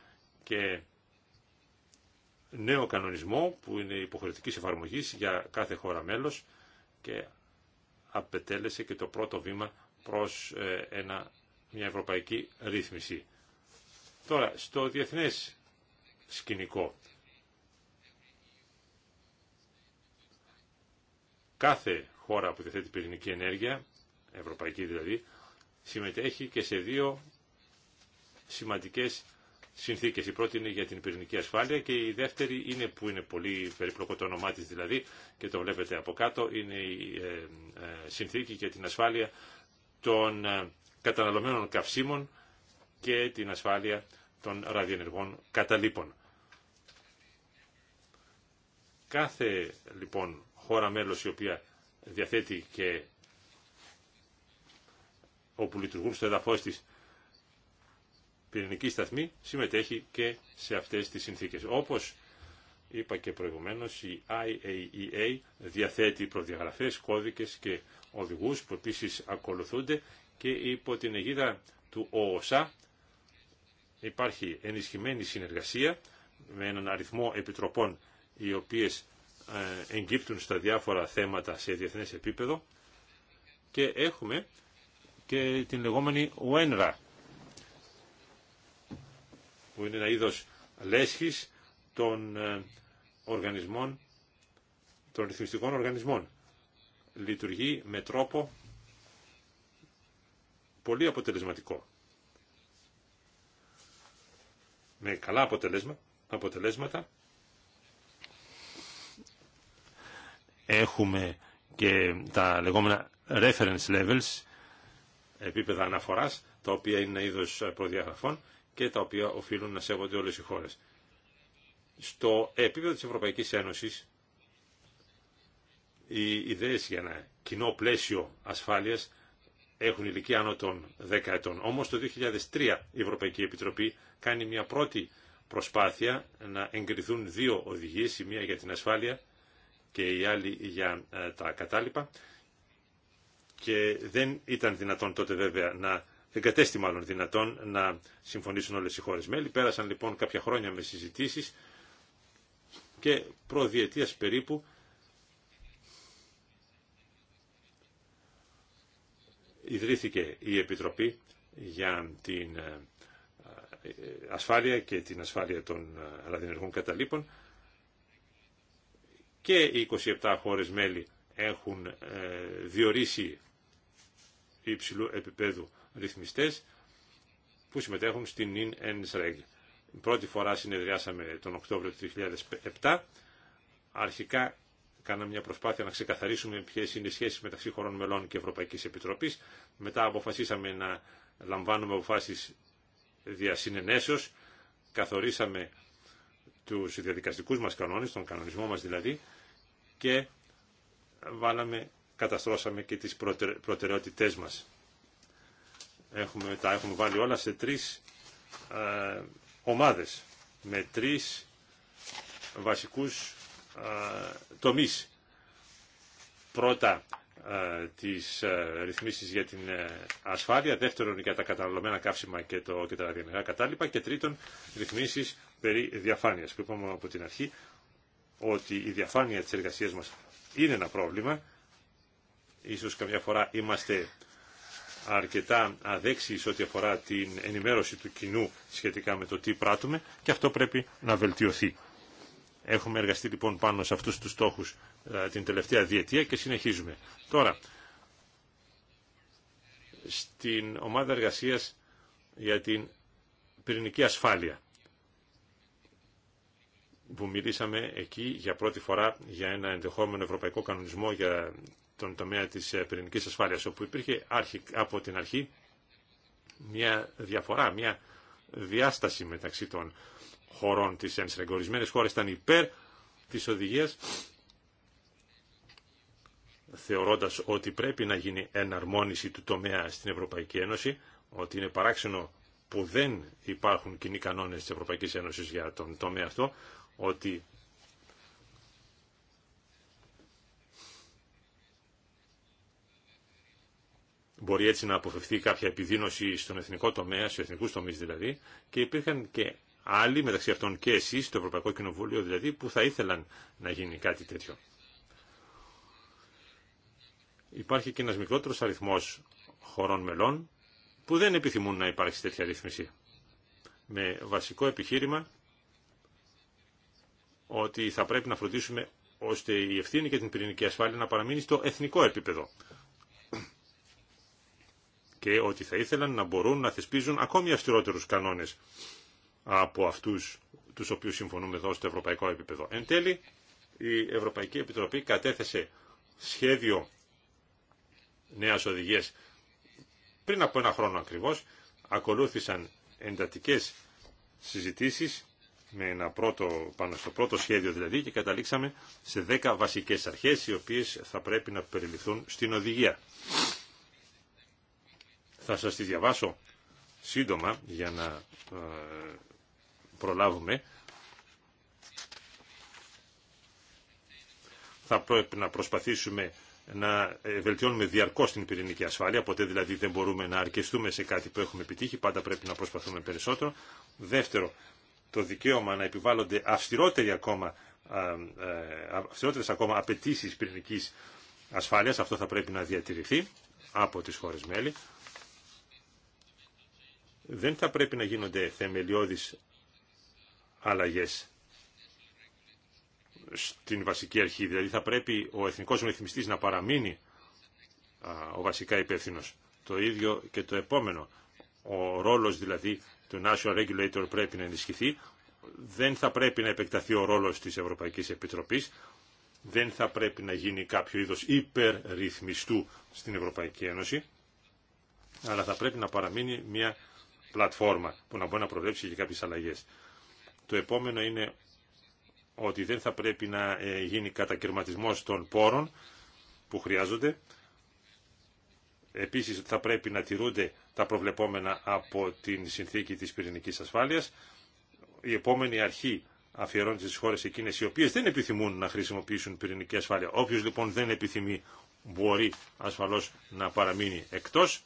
και νέο κανονισμό που είναι υποχρεωτικής εφαρμογής για κάθε χώρα μέλος και απετέλεσε και το πρώτο βήμα προς ε, ένα, μια ευρωπαϊκή ρύθμιση. Τώρα, στο διεθνές σκηνικό. Κάθε χώρα που διαθέτει πυρηνική ενέργεια, ευρωπαϊκή δηλαδή, συμμετέχει και σε δύο σημαντικές συνθήκες. Η πρώτη είναι για την πυρηνική ασφάλεια και η δεύτερη είναι που είναι πολύ περιπλοκό το όνομά της δηλαδή και το βλέπετε από κάτω, είναι η ε, ε, συνθήκη για την ασφάλεια των ε, καταναλωμένων καυσίμων και την ασφάλεια των ραδιενεργών καταλήπων. Κάθε λοιπόν χώρα μέλος η οποία διαθέτει και όπου λειτουργούν στο εδαφός της πυρηνική σταθμή συμμετέχει και σε αυτές τις συνθήκες. Όπως είπα και προηγουμένως, η IAEA e διαθέτει προδιαγραφές, κώδικες και οδηγούς που επίση ακολουθούνται και υπό την αιγίδα του ΟΟΣΑ υπάρχει ενισχυμένη συνεργασία με έναν αριθμό επιτροπών οι οποίες ε, εγκύπτουν στα διάφορα θέματα σε διεθνές επίπεδο και έχουμε και την λεγόμενη ΟΕΝΡΑ που είναι ένα είδος λέσχης των ε, οργανισμών, των ρυθμιστικών οργανισμών. Λειτουργεί με τρόπο πολύ αποτελεσματικό. Με καλά αποτελέσματα. Έχουμε και τα λεγόμενα reference levels, επίπεδα αναφοράς, τα οποία είναι ένα είδος προδιαγραφών και τα οποία οφείλουν να σέβονται όλες οι χώρες. Στο επίπεδο της Ευρωπαϊκής Ένωσης, οι ιδέες για ένα κοινό πλαίσιο ασφάλειας έχουν ηλικία άνω των 10 ετών. Όμως το 2003 η Ευρωπαϊκή Επιτροπή κάνει μια πρώτη προσπάθεια να εγκριθούν δύο οδηγίες, η μία για την ασφάλεια και η άλλη για ε, τα κατάλοιπα και δεν ήταν δυνατόν τότε βέβαια να εγκατέστη μάλλον δυνατόν να συμφωνήσουν όλες οι χώρες μέλη. Πέρασαν λοιπόν κάποια χρόνια με συζητήσεις και προδιετίας περίπου ιδρύθηκε η Επιτροπή για την ε, ε, ασφάλεια και την ασφάλεια των ε, ραδιενεργών καταλήπων και οι 27 χώρες μέλη έχουν διορίσει υψηλού επίπεδου ρυθμιστές που συμμετέχουν στην Εν Πρώτη φορά συνεδριάσαμε τον Οκτώβριο του 2007. Αρχικά κάναμε μια προσπάθεια να ξεκαθαρίσουμε ποιε είναι οι σχέσει μεταξύ χωρών μελών και Ευρωπαϊκή Επιτροπή. Μετά αποφασίσαμε να λαμβάνουμε αποφάσει διασυνενέσεω. Καθορίσαμε του διαδικαστικού μα κανόνε, τον κανονισμό μα δηλαδή, και βάλαμε, καταστρώσαμε και τι προτεραιότητέ μα. Έχουμε, τα έχουμε βάλει όλα σε τρεις ε, ομάδες με τρεις βασικούς ε, τομείς. Πρώτα ε, τις ε, ρυθμίσεις για την ε, ασφάλεια, δεύτερον για τα καταναλωμένα καύσιμα και, το, τα ραδιενεργά κατάλοιπα και τρίτον ρυθμίσεις περί διαφάνειας που είπαμε από την αρχή ότι η διαφάνεια της εργασίας μας είναι ένα πρόβλημα. Ίσως καμιά φορά είμαστε αρκετά αδέξιοι σε ό,τι αφορά την ενημέρωση του κοινού σχετικά με το τι πράττουμε και αυτό πρέπει να βελτιωθεί. Έχουμε εργαστεί λοιπόν πάνω σε αυτούς τους στόχους ε, την τελευταία διετία και συνεχίζουμε. Τώρα, στην ομάδα εργασίας για την πυρηνική ασφάλεια που μιλήσαμε εκεί για πρώτη φορά για ένα ενδεχόμενο ευρωπαϊκό κανονισμό για τον τομέα της ε, πυρηνικής ασφάλειας, όπου υπήρχε από την αρχή μια διαφορά, μια διάσταση μεταξύ των χωρών της Ένωσης. χώρας χώρες ήταν υπέρ της οδηγίας, θεωρώντας ότι πρέπει να γίνει εναρμόνιση του τομέα στην Ευρωπαϊκή Ένωση, ότι είναι παράξενο που δεν υπάρχουν κοινοί κανόνες της Ευρωπαϊκής Ένωσης για τον τομέα αυτό, ότι Μπορεί έτσι να αποφευθεί κάποια επιδείνωση στον εθνικό τομέα, στους εθνικούς τομείς δηλαδή, και υπήρχαν και άλλοι, μεταξύ αυτών και εσεί, το Ευρωπαϊκό Κοινοβούλιο δηλαδή, που θα ήθελαν να γίνει κάτι τέτοιο. Υπάρχει και ένας μικρότερος αριθμός χωρών μελών που δεν επιθυμούν να υπάρξει τέτοια ρύθμιση. Με βασικό επιχείρημα ότι θα πρέπει να φροντίσουμε ώστε η ευθύνη και την πυρηνική ασφάλεια να παραμείνει στο εθνικό επίπεδο και ότι θα ήθελαν να μπορούν να θεσπίζουν ακόμη αυστηρότερους κανόνες από αυτούς τους οποίους συμφωνούμε εδώ στο ευρωπαϊκό επίπεδο. Εν τέλει, η Ευρωπαϊκή Επιτροπή κατέθεσε σχέδιο νέας οδηγίας πριν από ένα χρόνο ακριβώς. Ακολούθησαν εντατικές συζητήσεις με ένα πρώτο, πάνω στο πρώτο σχέδιο δηλαδή και καταλήξαμε σε 10 βασικές αρχές οι οποίες θα πρέπει να περιληφθούν στην οδηγία. Θα σας τη διαβάσω σύντομα για να ε, προλάβουμε. Θα πρέπει να προσπαθήσουμε να ε, βελτιώνουμε διαρκώς την πυρηνική ασφάλεια. Ποτέ δηλαδή δεν μπορούμε να αρκεστούμε σε κάτι που έχουμε επιτύχει. Πάντα πρέπει να προσπαθούμε περισσότερο. Δεύτερο, το δικαίωμα να επιβάλλονται αυστηρότερες ακόμα, ε, αυστηρότερες ακόμα απαιτήσεις πυρηνικής ασφάλειας. Αυτό θα πρέπει να διατηρηθεί από τις χώρες μέλη δεν θα πρέπει να γίνονται θεμελιώδεις αλλαγές στην βασική αρχή. Δηλαδή θα πρέπει ο εθνικός μεθυμιστής να παραμείνει ο βασικά υπεύθυνο. Το ίδιο και το επόμενο. Ο ρόλος δηλαδή του National Regulator πρέπει να ενισχυθεί. Δεν θα πρέπει να επεκταθεί ο ρόλος της Ευρωπαϊκής Επιτροπής. Δεν θα πρέπει να γίνει κάποιο είδος υπερρυθμιστού στην Ευρωπαϊκή Ένωση. Αλλά θα πρέπει να παραμείνει μια πλατφόρμα που να μπορεί να προβλέψει και κάποιες αλλαγές. Το επόμενο είναι ότι δεν θα πρέπει να ε, γίνει κατακαιρματισμός των πόρων που χρειάζονται. Επίσης θα πρέπει να τηρούνται τα προβλεπόμενα από την συνθήκη της πυρηνικής ασφάλειας. Η επόμενη αρχή αφιερώνεται στις χώρες εκείνες οι οποίες δεν επιθυμούν να χρησιμοποιήσουν πυρηνική ασφάλεια. Όποιος λοιπόν δεν επιθυμεί μπορεί ασφαλώς να παραμείνει εκτός.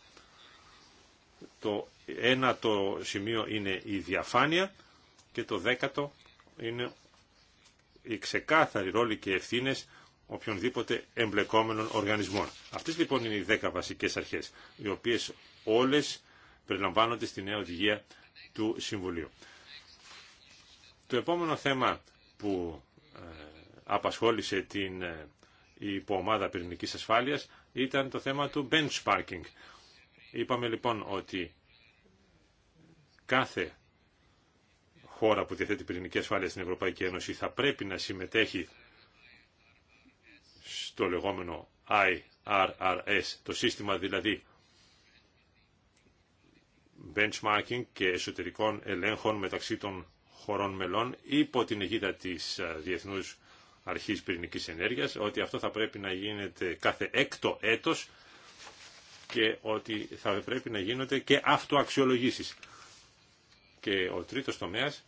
Το ένα το σημείο είναι η διαφάνεια και το δέκατο είναι η ξεκάθαροι ρόλοι και ευθύνες οποιονδήποτε εμπλεκόμενων οργανισμών. Αυτές λοιπόν είναι οι δέκα βασικές αρχές, οι οποίες όλες περιλαμβάνονται στη νέα οδηγία του Συμβουλίου. Το επόμενο θέμα που ε, απασχόλησε την ε, υποομάδα πυρηνικής ασφάλειας ήταν το θέμα του benchmarking, Είπαμε λοιπόν ότι κάθε χώρα που διαθέτει πυρηνική ασφάλεια στην Ευρωπαϊκή Ένωση θα πρέπει να συμμετέχει στο λεγόμενο IRRS, το σύστημα δηλαδή benchmarking και εσωτερικών ελέγχων μεταξύ των χωρών μελών υπό την αιγίδα της Διεθνούς Αρχής Πυρηνικής Ενέργειας, ότι αυτό θα πρέπει να γίνεται κάθε έκτο έτος και ότι θα πρέπει να γίνονται και αυτοαξιολογήσεις. Και ο τρίτος τομέας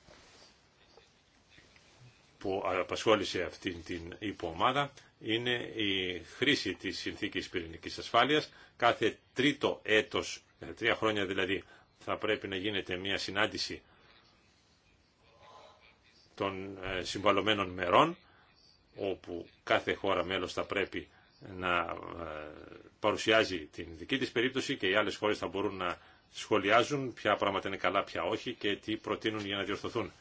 που απασχόλησε αυτή την υποομάδα είναι η χρήση της συνθήκης πυρηνικής ασφάλειας. Κάθε τρίτο έτος, ε, τρία χρόνια δηλαδή, θα πρέπει να γίνεται μια συνάντηση των ε, συμβαλωμένων μερών, όπου κάθε χώρα μέλος θα πρέπει να ε, παρουσιάζει την δική της περίπτωση και οι άλλες χώρες θα μπορούν να σχολιάζουν ποια πράγματα είναι καλά, ποια όχι και τι προτείνουν για να διορθωθούν.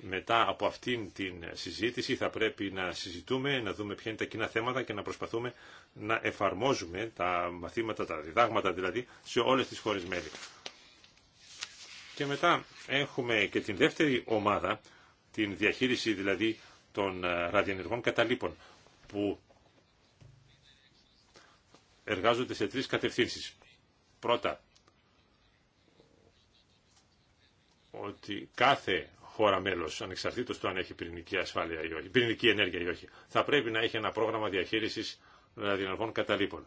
Μετά από αυτήν την συζήτηση θα πρέπει να συζητούμε, να δούμε ποια είναι τα κοινά θέματα και να προσπαθούμε να εφαρμόζουμε τα μαθήματα, τα διδάγματα δηλαδή, σε όλες τις χώρες μέλη. Και μετά έχουμε και την δεύτερη ομάδα, την διαχείριση δηλαδή των ραδιενεργών καταλήπων, που εργάζονται σε τρεις κατευθύνσεις. Πρώτα, ότι κάθε χώρα μέλος, ανεξαρτήτως του αν έχει πυρηνική ασφάλεια ή όχι, πυρηνική ενέργεια ή όχι, θα πρέπει να έχει ένα πρόγραμμα διαχείρισης ραδιενεργών καταλήπων.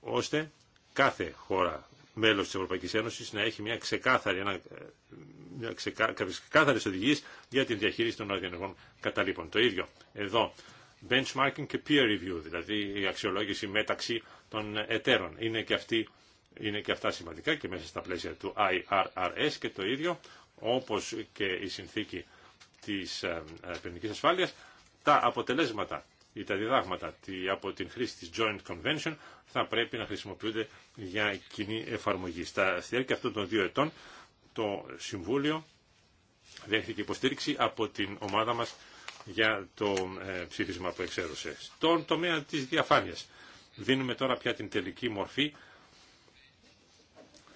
Ώστε κάθε χώρα μέλος της Ευρωπαϊκής Ένωσης να έχει μια ξεκάθαρη, ένα, μια ξεκα, για την διαχείριση των ραδιενεργών καταλήπων. Το ίδιο εδώ benchmarking και peer review, δηλαδή η αξιολόγηση μεταξύ των εταίρων. Είναι και, αυτή, είναι και αυτά σημαντικά και μέσα στα πλαίσια του IRRS και το ίδιο, όπως και η συνθήκη της επενδυτικής ε, ασφάλειας, τα αποτελέσματα ή τα διδάγματα από την χρήση της Joint Convention θα πρέπει να χρησιμοποιούνται για κοινή εφαρμογή. Στα διάρκεια αυτών των δύο ετών το Συμβούλιο δέχθηκε υποστήριξη από την ομάδα μας για το ε, ψήφισμα που εξέρωσε. Στον τομέα της διαφάνειας δίνουμε τώρα πια την τελική μορφή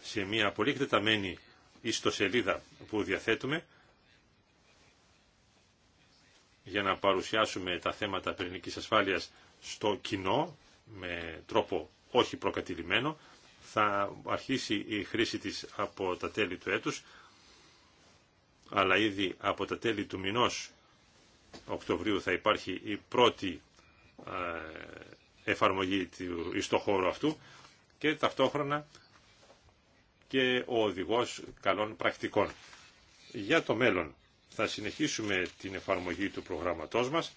σε μια πολύ εκτεταμένη ιστοσελίδα που διαθέτουμε για να παρουσιάσουμε τα θέματα πυρηνικής ασφάλειας στο κοινό με τρόπο όχι προκατηλημένο. Θα αρχίσει η χρήση της από τα τέλη του έτους, αλλά ήδη από τα τέλη του μηνός Οκτωβρίου θα υπάρχει η πρώτη ε, εφαρμογή στο χώρο αυτού και ταυτόχρονα και ο οδηγός καλών πρακτικών. Για το μέλλον θα συνεχίσουμε την εφαρμογή του προγραμματός μας,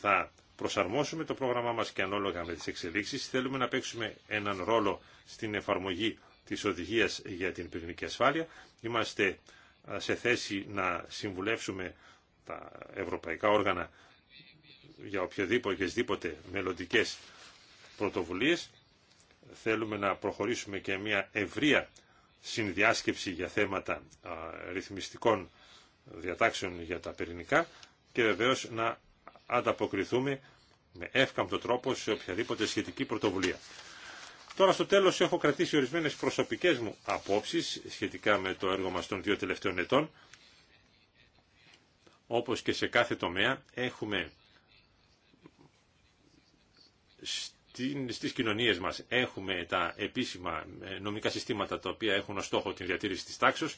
θα προσαρμόσουμε το πρόγραμμά μας και ανάλογα με τις εξελίξεις θέλουμε να παίξουμε έναν ρόλο στην εφαρμογή της οδηγίας για την πυρηνική ασφάλεια. Είμαστε ε, σε θέση να συμβουλεύσουμε τα ευρωπαϊκά όργανα για οποιοδήποτε μελλοντικέ πρωτοβουλίες. Θέλουμε να προχωρήσουμε και μια ευρεία συνδιάσκεψη για θέματα ρυθμιστικών διατάξεων για τα πυρηνικά και βεβαίως να ανταποκριθούμε με εύκαμπτο τρόπο σε οποιαδήποτε σχετική πρωτοβουλία. Τώρα στο τέλος έχω κρατήσει ορισμένες προσωπικές μου απόψεις σχετικά με το έργο μας των δύο τελευταίων ετών όπως και σε κάθε τομέα έχουμε στις κοινωνίες μας έχουμε τα επίσημα ε, νομικά συστήματα τα οποία έχουν ως στόχο την διατήρηση της τάξης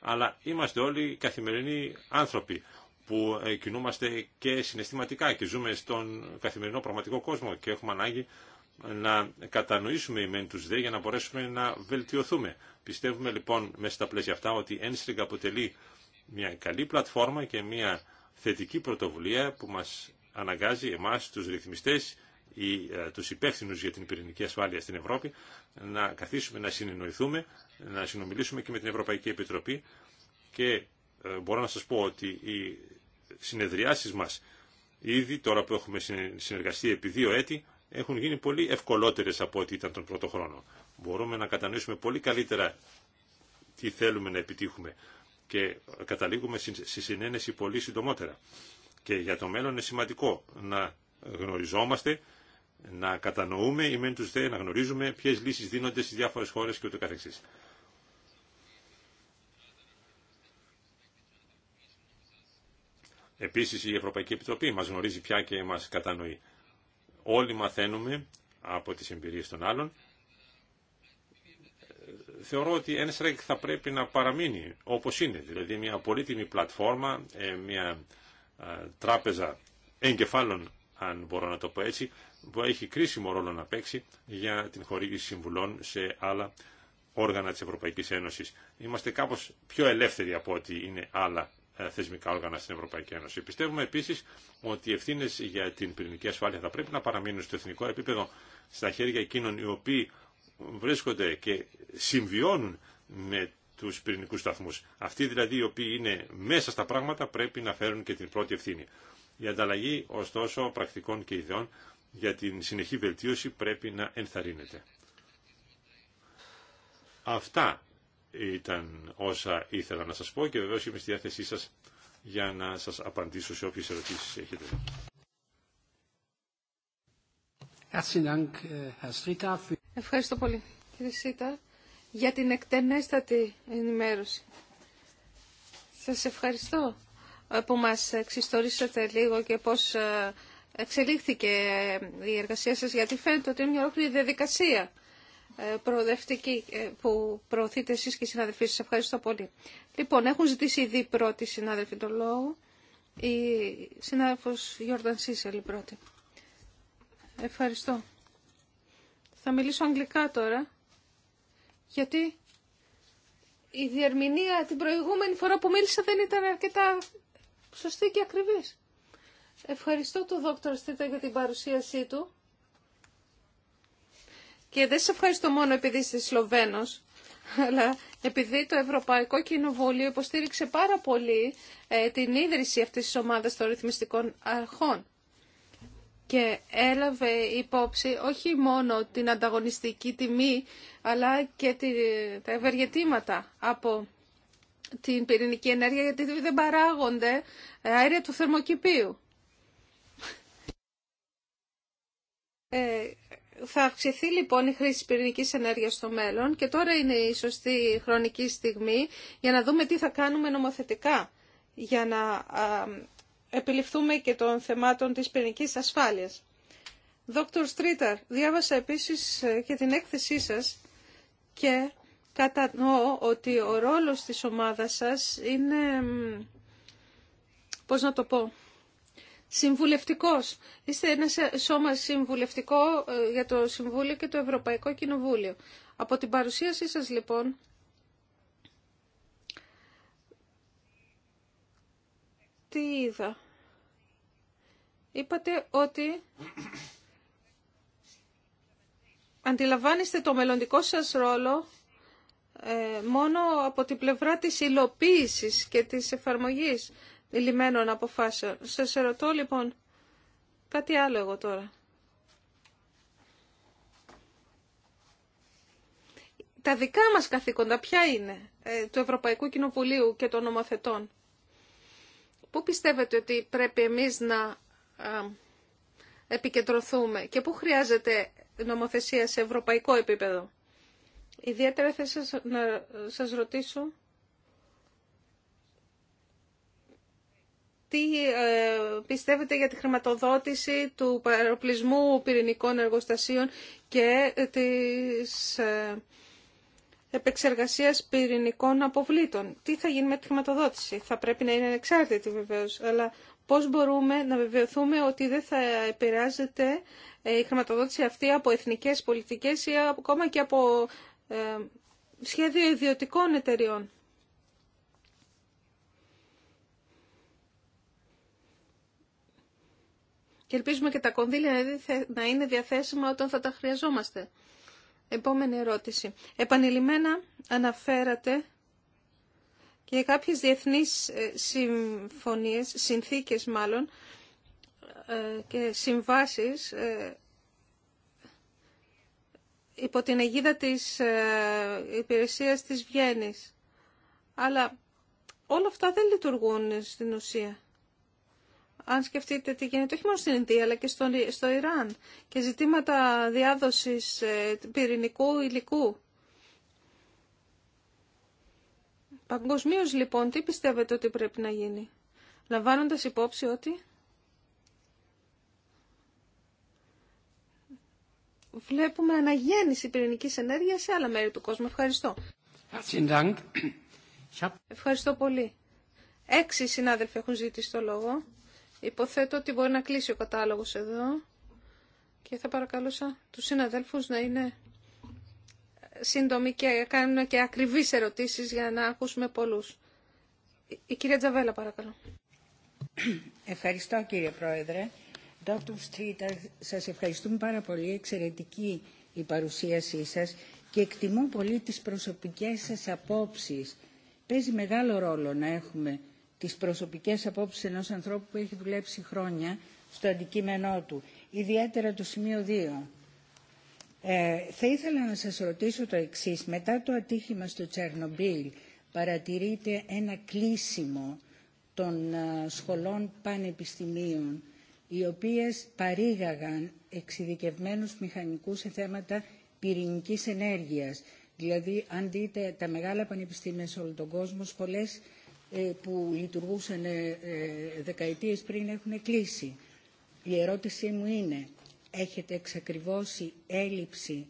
αλλά είμαστε όλοι καθημερινοί άνθρωποι που ε, κινούμαστε και συναισθηματικά και ζούμε στον καθημερινό πραγματικό κόσμο και έχουμε ανάγκη να κατανοήσουμε οι μεν τους δε για να μπορέσουμε να βελτιωθούμε. Πιστεύουμε λοιπόν μέσα στα πλαίσια αυτά ότι ένστριγγα αποτελεί μια καλή πλατφόρμα και μια θετική πρωτοβουλία που μας αναγκάζει εμάς τους ρυθμιστές ή ε, τους υπεύθυνους για την πυρηνική ασφάλεια στην Ευρώπη να καθίσουμε, να συνεννοηθούμε, να συνομιλήσουμε και με την Ευρωπαϊκή Επιτροπή και ε, μπορώ να σας πω ότι οι συνεδριάσεις μας ήδη τώρα που έχουμε συνεργαστεί επί δύο έτη έχουν γίνει πολύ ευκολότερες από ό,τι ήταν τον πρώτο χρόνο. Μπορούμε να κατανοήσουμε πολύ καλύτερα τι θέλουμε να επιτύχουμε και καταλήγουμε στη συνένεση πολύ συντομότερα. Και για το μέλλον είναι σημαντικό να γνωριζόμαστε, να κατανοούμε ή μεν τους δε, να γνωρίζουμε ποιες λύσεις δίνονται στις διάφορες χώρες και ούτω καθεξής. Επίσης η Ευρωπαϊκή Επιτροπή μας γνωρίζει πια και μας κατανοεί. Όλοι μαθαίνουμε από τις εμπειρίες των άλλων θεωρώ ότι η ρέγγ θα πρέπει να παραμείνει όπως είναι, δηλαδή μια πολύτιμη πλατφόρμα, ε, μια ε, τράπεζα εγκεφάλων, αν μπορώ να το πω έτσι, που έχει κρίσιμο ρόλο να παίξει για την χορήγηση συμβουλών σε άλλα όργανα της Ευρωπαϊκής Ένωσης. Είμαστε κάπως πιο ελεύθεροι από ότι είναι άλλα ε, θεσμικά όργανα στην Ευρωπαϊκή Ένωση. Πιστεύουμε επίσης ότι οι ευθύνε για την πυρηνική ασφάλεια θα πρέπει να παραμείνουν στο εθνικό επίπεδο στα χέρια εκείνων οι οποίοι βρίσκονται και συμβιώνουν με τους πυρηνικούς σταθμούς. Αυτοί δηλαδή οι οποίοι είναι μέσα στα πράγματα πρέπει να φέρουν και την πρώτη ευθύνη. Η ανταλλαγή ωστόσο πρακτικών και ιδεών για την συνεχή βελτίωση πρέπει να ενθαρρύνεται. Αυτά ήταν όσα ήθελα να σας πω και βεβαίως είμαι στη διάθεσή σας για να σας απαντήσω σε όποιες ερωτήσεις έχετε. Ευχαριστώ πολύ, κύριε Σίτα, για την εκτενέστατη ενημέρωση. Σας ευχαριστώ ε, που μας εξιστορίσατε λίγο και πώς ε, εξελίχθηκε ε, η εργασία σας, γιατί φαίνεται ότι είναι μια ολόκληρη διαδικασία προοδευτική που προωθείτε εσείς και οι συναδελφοί σας. Ευχαριστώ πολύ. Λοιπόν, έχουν ζητήσει ήδη πρώτοι συνάδελφοι τον λόγο. Η συνάδελφος Γιώργαν Σίσελη πρώτη. Ευχαριστώ. Θα μιλήσω αγγλικά τώρα, γιατί η διερμηνία την προηγούμενη φορά που μίλησα δεν ήταν αρκετά σωστή και ακριβής. Ευχαριστώ τον δόκτωρο στητα για την παρουσίασή του. Και δεν σε ευχαριστώ μόνο επειδή είσαι Σλοβαίνος, αλλά επειδή το Ευρωπαϊκό Κοινοβούλιο υποστήριξε πάρα πολύ ε, την ίδρυση αυτής της ομάδας των ρυθμιστικών αρχών και έλαβε υπόψη όχι μόνο την ανταγωνιστική τιμή αλλά και τα ευεργετήματα από την πυρηνική ενέργεια γιατί δεν παράγονται αέρια του θερμοκηπίου. Ε, θα αυξηθεί λοιπόν η χρήση πυρηνικής ενέργειας στο μέλλον και τώρα είναι η σωστή χρονική στιγμή για να δούμε τι θα κάνουμε νομοθετικά για να επιληφθούμε και των θεμάτων της πυρηνικής ασφάλειας. Δόκτωρ Στρίταρ, διάβασα επίσης ε, και την έκθεσή σας και κατανοώ ότι ο ρόλος της ομάδας σας είναι, πώς να το πω, συμβουλευτικός. Είστε ένα σώμα συμβουλευτικό ε, για το Συμβούλιο και το Ευρωπαϊκό Κοινοβούλιο. Από την παρουσίασή σας λοιπόν, τι είδα είπατε ότι αντιλαμβάνεστε το μελλοντικό σας ρόλο ε, μόνο από την πλευρά της υλοποίησης και της εφαρμογής λιμένων αποφάσεων. Σας ερωτώ λοιπόν κάτι άλλο εγώ τώρα. Τα δικά μας καθήκοντα ποια είναι ε, του Ευρωπαϊκού Κοινοβουλίου και των νομοθετών. Πού πιστεύετε ότι πρέπει εμείς να επικεντρωθούμε και πού χρειάζεται νομοθεσία σε ευρωπαϊκό επίπεδο. Ιδιαίτερα θα σας, να σας ρωτήσω τι ε, πιστεύετε για τη χρηματοδότηση του παροπλισμού πυρηνικών εργοστασίων και της ε, επεξεργασίας πυρηνικών αποβλήτων. Τι θα γίνει με τη χρηματοδότηση. Θα πρέπει να είναι εξάρτητη βεβαίως, αλλά πώς μπορούμε να βεβαιωθούμε ότι δεν θα επηρεάζεται ε, η χρηματοδότηση αυτή από εθνικές πολιτικές ή ακόμα και από ε, σχέδιο ιδιωτικών εταιριών. Και ελπίζουμε και τα κονδύλια να είναι διαθέσιμα όταν θα τα χρειαζόμαστε. Επόμενη ερώτηση. Επανειλημμένα αναφέρατε και κάποιες διεθνείς ε, συμφωνίες, συνθήκες μάλλον ε, και συμβάσεις ε, υπό την αιγίδα της υπηρεσίας της Βιέννης. Αλλά όλα αυτά δεν λειτουργούν στην ουσία. Αν σκεφτείτε τι γίνεται όχι μόνο στην Ινδία αλλά και στο, Ιράν και ζητήματα διάδοσης πυρηνικού υλικού Παγκοσμίω λοιπόν, τι πιστεύετε ότι πρέπει να γίνει, λαμβάνοντα υπόψη ότι βλέπουμε αναγέννηση πυρηνική ενέργεια σε άλλα μέρη του κόσμου. Ευχαριστώ. Ευχαριστώ πολύ. Έξι συνάδελφοι έχουν ζητήσει το λόγο. Υποθέτω ότι μπορεί να κλείσει ο κατάλογος εδώ και θα παρακαλούσα τους συναδέλφους να είναι σύντομη και κάνουν και ακριβείς ερωτήσεις για να ακούσουμε πολλούς. Η κυρία Τζαβέλα παρακαλώ. Ευχαριστώ κύριε Πρόεδρε. Dr. σας ευχαριστούμε πάρα πολύ. Εξαιρετική η παρουσίασή σας και εκτιμώ πολύ τις προσωπικές σας απόψεις. Παίζει μεγάλο ρόλο να έχουμε τις προσωπικές απόψεις ενός ανθρώπου που έχει δουλέψει χρόνια στο αντικείμενό του. Ιδιαίτερα το σημείο 2 ε, θα ήθελα να σας ρωτήσω το εξής. Μετά το ατύχημα στο Τσερνομπίλ παρατηρείται ένα κλείσιμο των ε, σχολών πανεπιστημίων οι οποίες παρήγαγαν εξειδικευμένους μηχανικούς σε θέματα πυρηνικής ενέργειας. Δηλαδή, αν δείτε τα μεγάλα πανεπιστήμια σε όλο τον κόσμο, σχολές ε, που λειτουργούσαν ε, δεκαετίες πριν έχουν κλείσει. Η ερώτησή μου είναι, έχετε εξακριβώσει έλλειψη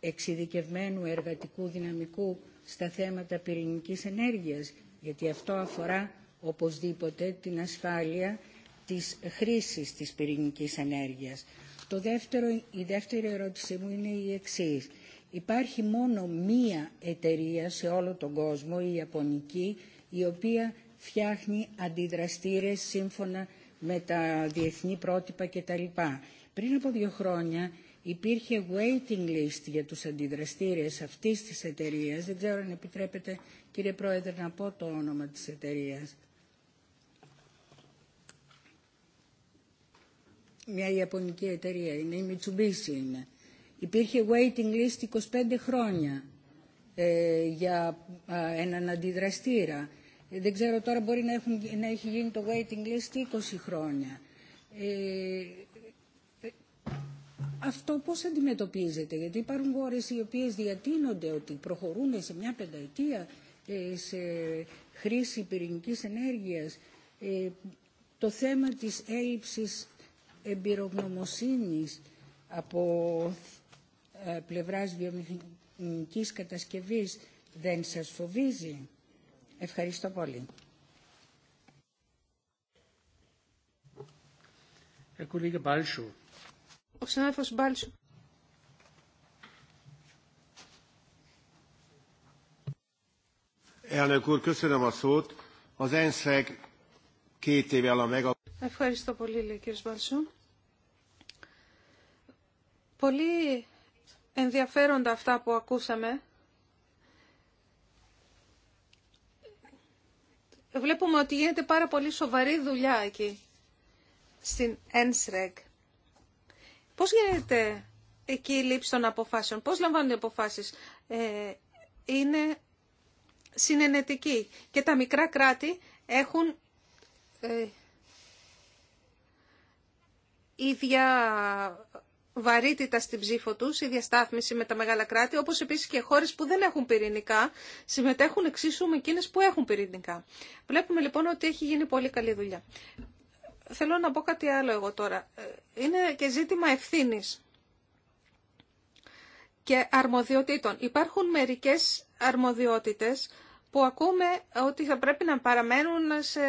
εξειδικευμένου εργατικού δυναμικού στα θέματα πυρηνικής ενέργειας, γιατί αυτό αφορά οπωσδήποτε την ασφάλεια της χρήσης της πυρηνικής ενέργειας. Το δεύτερο, η δεύτερη ερώτησή μου είναι η εξής. Υπάρχει μόνο μία εταιρεία σε όλο τον κόσμο, η Ιαπωνική, η οποία φτιάχνει αντιδραστήρες σύμφωνα με τα διεθνή πρότυπα κτλ. Πριν από δύο χρόνια υπήρχε waiting list για τους αντιδραστήρες αυτής της εταιρείας. Δεν ξέρω αν επιτρέπετε, κύριε Πρόεδρε, να πω το όνομα της εταιρείας. Μια Ιαπωνική εταιρεία είναι, η Mitsubishi είναι. Υπήρχε waiting list 25 χρόνια ε, για έναν αντιδραστήρα. Ε, δεν ξέρω τώρα μπορεί να, έχει γίνει το waiting list 20 χρόνια. Ε, αυτό πώς αντιμετωπίζεται, γιατί υπάρχουν χώρες οι οποίες διατείνονται ότι προχωρούν σε μια πενταετία ε, σε χρήση πυρηνικής ενέργειας. Ε, το θέμα της έλλειψης εμπειρογνωμοσύνης από ε, πλευράς βιομηχανικής κατασκευής δεν σας φοβίζει. Ευχαριστώ πολύ. Herr Kollege Balschow. Ο συνάδελφος Ευχαριστώ πολύ, λέει κύριος Μπάλσου. Πολύ ενδιαφέροντα αυτά που ακούσαμε. Βλέπουμε ότι γίνεται πάρα πολύ σοβαρή δουλειά εκεί, στην ΕΝΣΡΕΚ. Πώς γίνεται εκεί η λήψη των αποφάσεων, πώς λαμβάνουν οι αποφάσεις. Ε, είναι συνενετική και τα μικρά κράτη έχουν ε, ίδια βαρύτητα στην ψήφο του, ίδια στάθμιση με τα μεγάλα κράτη, όπω επίση και χώρε που δεν έχουν πυρηνικά συμμετέχουν εξίσου με εκείνε που έχουν πυρηνικά. Βλέπουμε λοιπόν ότι έχει γίνει πολύ καλή δουλειά. Θέλω να πω κάτι άλλο εγώ τώρα. Ε, είναι και ζήτημα ευθύνης και αρμοδιοτήτων. Υπάρχουν μερικές αρμοδιότητες που ακούμε ότι θα πρέπει να παραμένουν σε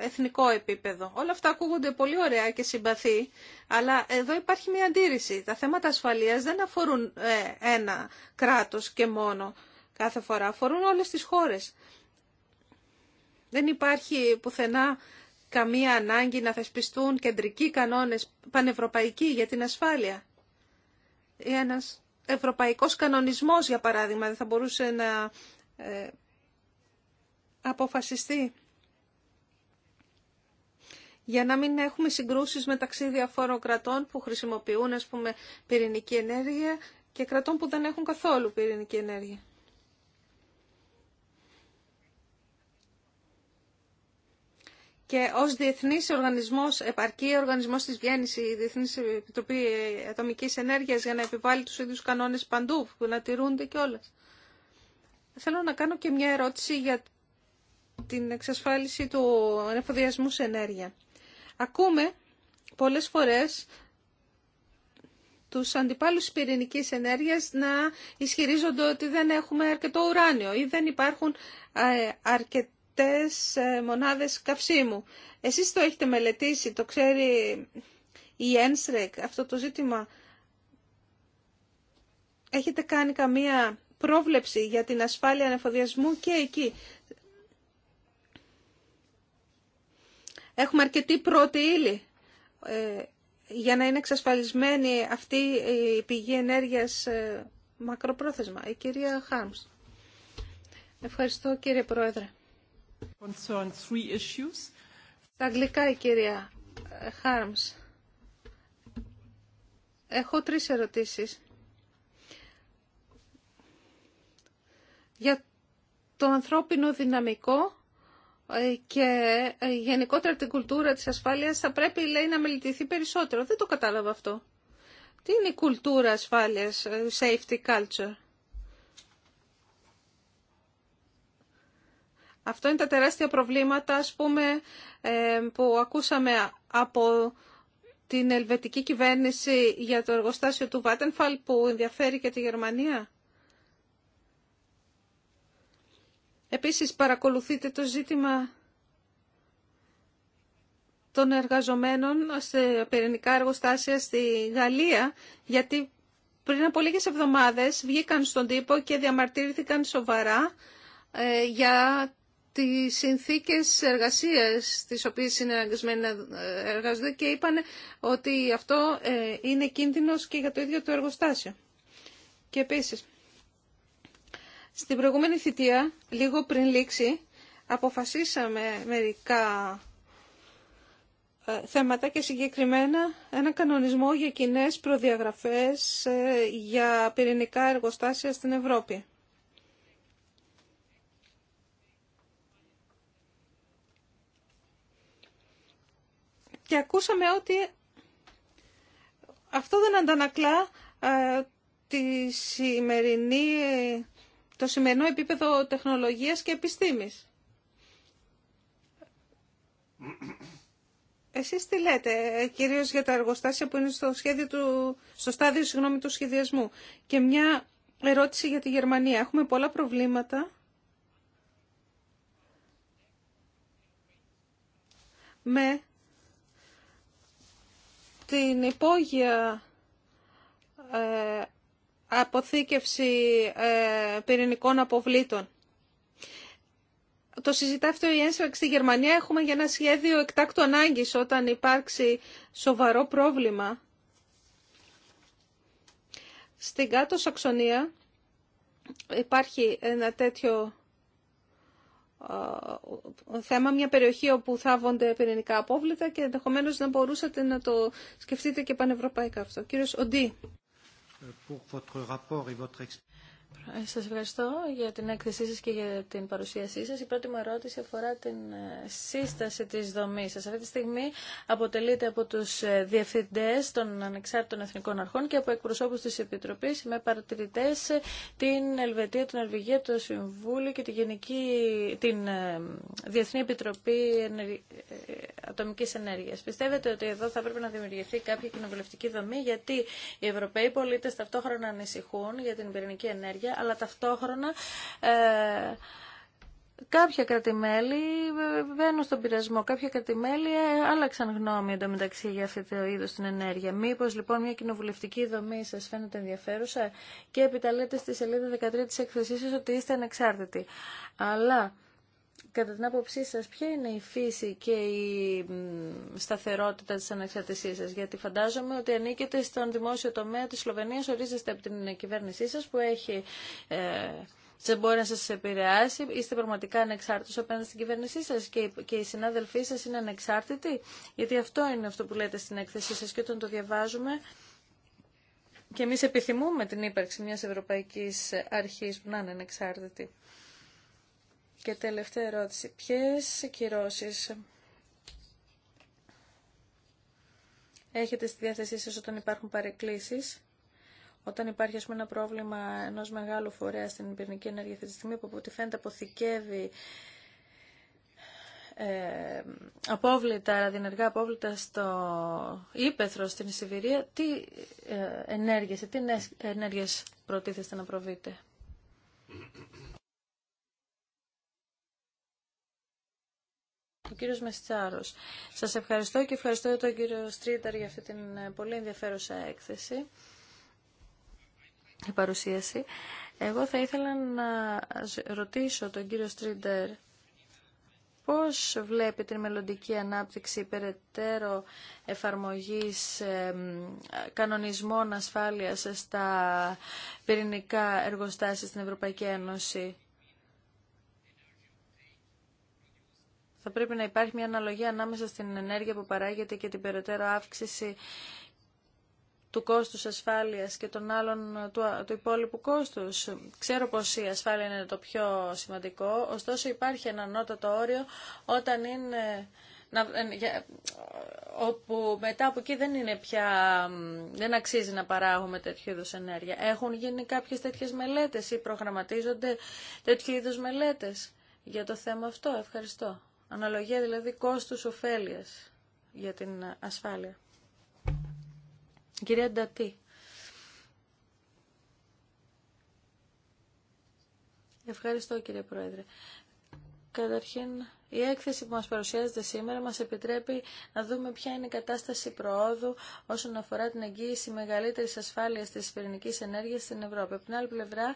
εθνικό επίπεδο. Όλα αυτά ακούγονται πολύ ωραία και συμπαθή, αλλά εδώ υπάρχει μια αντίρρηση. Τα θέματα ασφαλείας δεν αφορούν ε, ένα κράτος και μόνο κάθε φορά, αφορούν όλες τις χώρες. Δεν υπάρχει πουθενά καμία ανάγκη να θεσπιστούν κεντρικοί κανόνες πανευρωπαϊκοί για την ασφάλεια. Ή ένας ευρωπαϊκός κανονισμός, για παράδειγμα, δεν θα μπορούσε να ε, αποφασιστεί. Για να μην έχουμε συγκρούσεις μεταξύ διαφόρων κρατών που χρησιμοποιούν, ας πούμε, πυρηνική ενέργεια και κρατών που δεν έχουν καθόλου πυρηνική ενέργεια. και ως διεθνής οργανισμός, επαρκή οργανισμός της Βιέννη, η διεθνή Επιτροπή ατομική Ενέργειας για να επιβάλλει τους ίδιους κανόνες παντού, που να τηρούνται και όλες. Θέλω να κάνω και μια ερώτηση για την εξασφάλιση του εφοδιασμού σε ενέργεια. Ακούμε πολλές φορές τους αντιπάλους πυρηνικής ενέργειας να ισχυρίζονται ότι δεν έχουμε αρκετό ουράνιο ή δεν υπάρχουν ε, αρκετά αυτές ε, μονάδες καυσίμου. Εσείς το έχετε μελετήσει, το ξέρει η ΕΝΣΡΕΚ, αυτό το ζήτημα. Έχετε κάνει καμία πρόβλεψη για την ασφάλεια ανεφοδιασμού και εκεί. Έχουμε αρκετή πρώτη ύλη ε, για να είναι εξασφαλισμένη αυτή η πηγή ενέργειας ε, μακροπρόθεσμα. Η κυρία Χάρμς. Ευχαριστώ κύριε Πρόεδρε. Στα αγγλικά η κυρία ε, Χάρμς. Έχω τρεις ερωτήσεις. Για το ανθρώπινο δυναμικό ε, και ε, γενικότερα την κουλτούρα της ασφάλειας θα πρέπει λέει να μελετηθεί περισσότερο. Δεν το κατάλαβα αυτό. Τι είναι η κουλτούρα ασφάλειας, safety culture. Αυτό είναι τα τεράστια προβλήματα, ας πούμε, ε, που ακούσαμε από την ελβετική κυβέρνηση για το εργοστάσιο του Βάτενφαλ που ενδιαφέρει και τη Γερμανία. Επίσης παρακολουθείτε το ζήτημα των εργαζομένων σε πυρηνικά εργοστάσια στη Γαλλία, γιατί πριν από λίγες εβδομάδες βγήκαν στον τύπο και διαμαρτύρηθηκαν σοβαρά ε, για τις συνθήκες εργασίας τις οποίες είναι αναγκασμένοι να ε, εργάζονται και είπαν ότι αυτό ε, είναι κίνδυνος και για το ίδιο το εργοστάσιο. Και επίσης, στην προηγούμενη θητεία, λίγο πριν λήξει, αποφασίσαμε μερικά ε, θέματα και συγκεκριμένα ένα κανονισμό για κοινέ προδιαγραφές για πυρηνικά εργοστάσια στην Ευρώπη. και ακούσαμε ότι αυτό δεν αντανακλά ε, τη σημερινή, το σημερινό επίπεδο τεχνολογίας και επιστήμης. Εσείς τι λέτε, κυρίως για τα εργοστάσια που είναι στο, σχέδιο του, στο στάδιο συγγνώμη, του σχεδιασμού. Και μια ερώτηση για τη Γερμανία. Έχουμε πολλά προβλήματα με την υπόγεια ε, αποθήκευση ε, πυρηνικών αποβλήτων. Το συζητά αυτό η στη Γερμανία. Έχουμε για ένα σχέδιο εκτάκτου ανάγκης όταν υπάρξει σοβαρό πρόβλημα. Στην κάτω Σαξονία υπάρχει ένα τέτοιο θέμα μια περιοχή όπου θάβονται πυρηνικά απόβλητα και ενδεχομένω να μπορούσατε να το σκεφτείτε και πανευρωπαϊκά αυτό. Κύριος Οντή. Ε, Σα ευχαριστώ για την έκθεσή σα και για την παρουσίασή σα. Η πρώτη μου ερώτηση αφορά την ε, σύσταση τη δομή. σα. Αυτή τη στιγμή αποτελείται από του ε, διευθυντέ των ανεξάρτητων εθνικών αρχών και από εκπροσώπου τη Επιτροπή με παρατηρητέ την Ελβετία, την Ελβηγία, το Συμβούλιο και τη Γενική, την ε, Διεθνή Επιτροπή Ατομική Ενέργεια. Πιστεύετε ότι εδώ θα πρέπει να δημιουργηθεί κάποια κοινοβουλευτική δομή γιατί οι Ευρωπαίοι πολίτε ταυτόχρονα ανησυχούν για την πυρηνική ενέργεια αλλά ταυτόχρονα ε, κάποια κρατημέλη μπαίνουν στον πειρασμό. Κάποια κρατημέλη ε, άλλαξαν γνώμη εντωμεταξύ για αυτό το είδο την ενέργεια. Μήπως λοιπόν μια κοινοβουλευτική δομή σας φαίνεται ενδιαφέρουσα και επιταλέτε στη σελίδα 13 της εκθεσής σα ότι είστε ανεξάρτητοι. Αλλά Κατά την άποψή σας, ποια είναι η φύση και η σταθερότητα της ανεξαρτησίας σας, γιατί φαντάζομαι ότι ανήκετε στον δημόσιο τομέα της Σλοβενίας, ορίζεστε από την κυβέρνησή σας που έχει... Ε, δεν μπορεί να σας επηρεάσει, είστε πραγματικά ανεξάρτητος απέναντι στην κυβέρνησή σας και, και οι συνάδελφοί σας είναι ανεξάρτητοι, γιατί αυτό είναι αυτό που λέτε στην έκθεσή σας και όταν το διαβάζουμε και εμείς επιθυμούμε την ύπαρξη μιας ευρωπαϊκής αρχής που να είναι ανεξάρτητη. Και τελευταία ερώτηση. Ποιες κυρώσεις έχετε στη διάθεσή σας όταν υπάρχουν παρεκκλήσεις, όταν υπάρχει πούμε, ένα πρόβλημα ενός μεγάλου φορέα στην πυρηνική ενέργεια αυτή τη στιγμή που από ό,τι φαίνεται αποθηκεύει ε, απόβλητα, απόβλητα στο ύπεθρο στην Σιβηρία, τι ε, ενέργειες, τι ενέργειες προτίθεστε να προβείτε. Ο κύριος Μεστσάρος. Σας ευχαριστώ και ευχαριστώ τον κύριο Στρίταρ για αυτή την ε, πολύ ενδιαφέρουσα έκθεση, η παρουσίαση. Εγώ θα ήθελα να ρωτήσω τον κύριο Στρίντερ πώς βλέπει την μελλοντική ανάπτυξη περαιτέρω εφαρμογής κανονισμών ασφάλειας στα πυρηνικά εργοστάσια στην Ευρωπαϊκή Ένωση. Θα πρέπει να υπάρχει μια αναλογία ανάμεσα στην ενέργεια που παράγεται και την περαιτέρω αύξηση του κόστους ασφάλειας και των άλλων του, υπόλοιπου κόστους. Ξέρω πως η ασφάλεια είναι το πιο σημαντικό, ωστόσο υπάρχει ένα ανώτατο όριο όταν είναι να, για, όπου μετά από εκεί δεν είναι πια, δεν αξίζει να παράγουμε τέτοιου είδους ενέργεια. Έχουν γίνει κάποιες τέτοιες μελέτες ή προγραμματίζονται τέτοιου είδους μελέτες για το θέμα αυτό. Ευχαριστώ. Αναλογία δηλαδή κόστους ωφέλειας για την ασφάλεια. κυρία Ντατή. Ευχαριστώ κύριε Πρόεδρε. Καταρχήν, η έκθεση που μας παρουσιάζεται σήμερα μας επιτρέπει να δούμε ποια είναι η κατάσταση προόδου όσον αφορά την εγγύηση μεγαλύτερης ασφάλειας της πυρηνικής ενέργειας στην Ευρώπη. Από την άλλη πλευρά,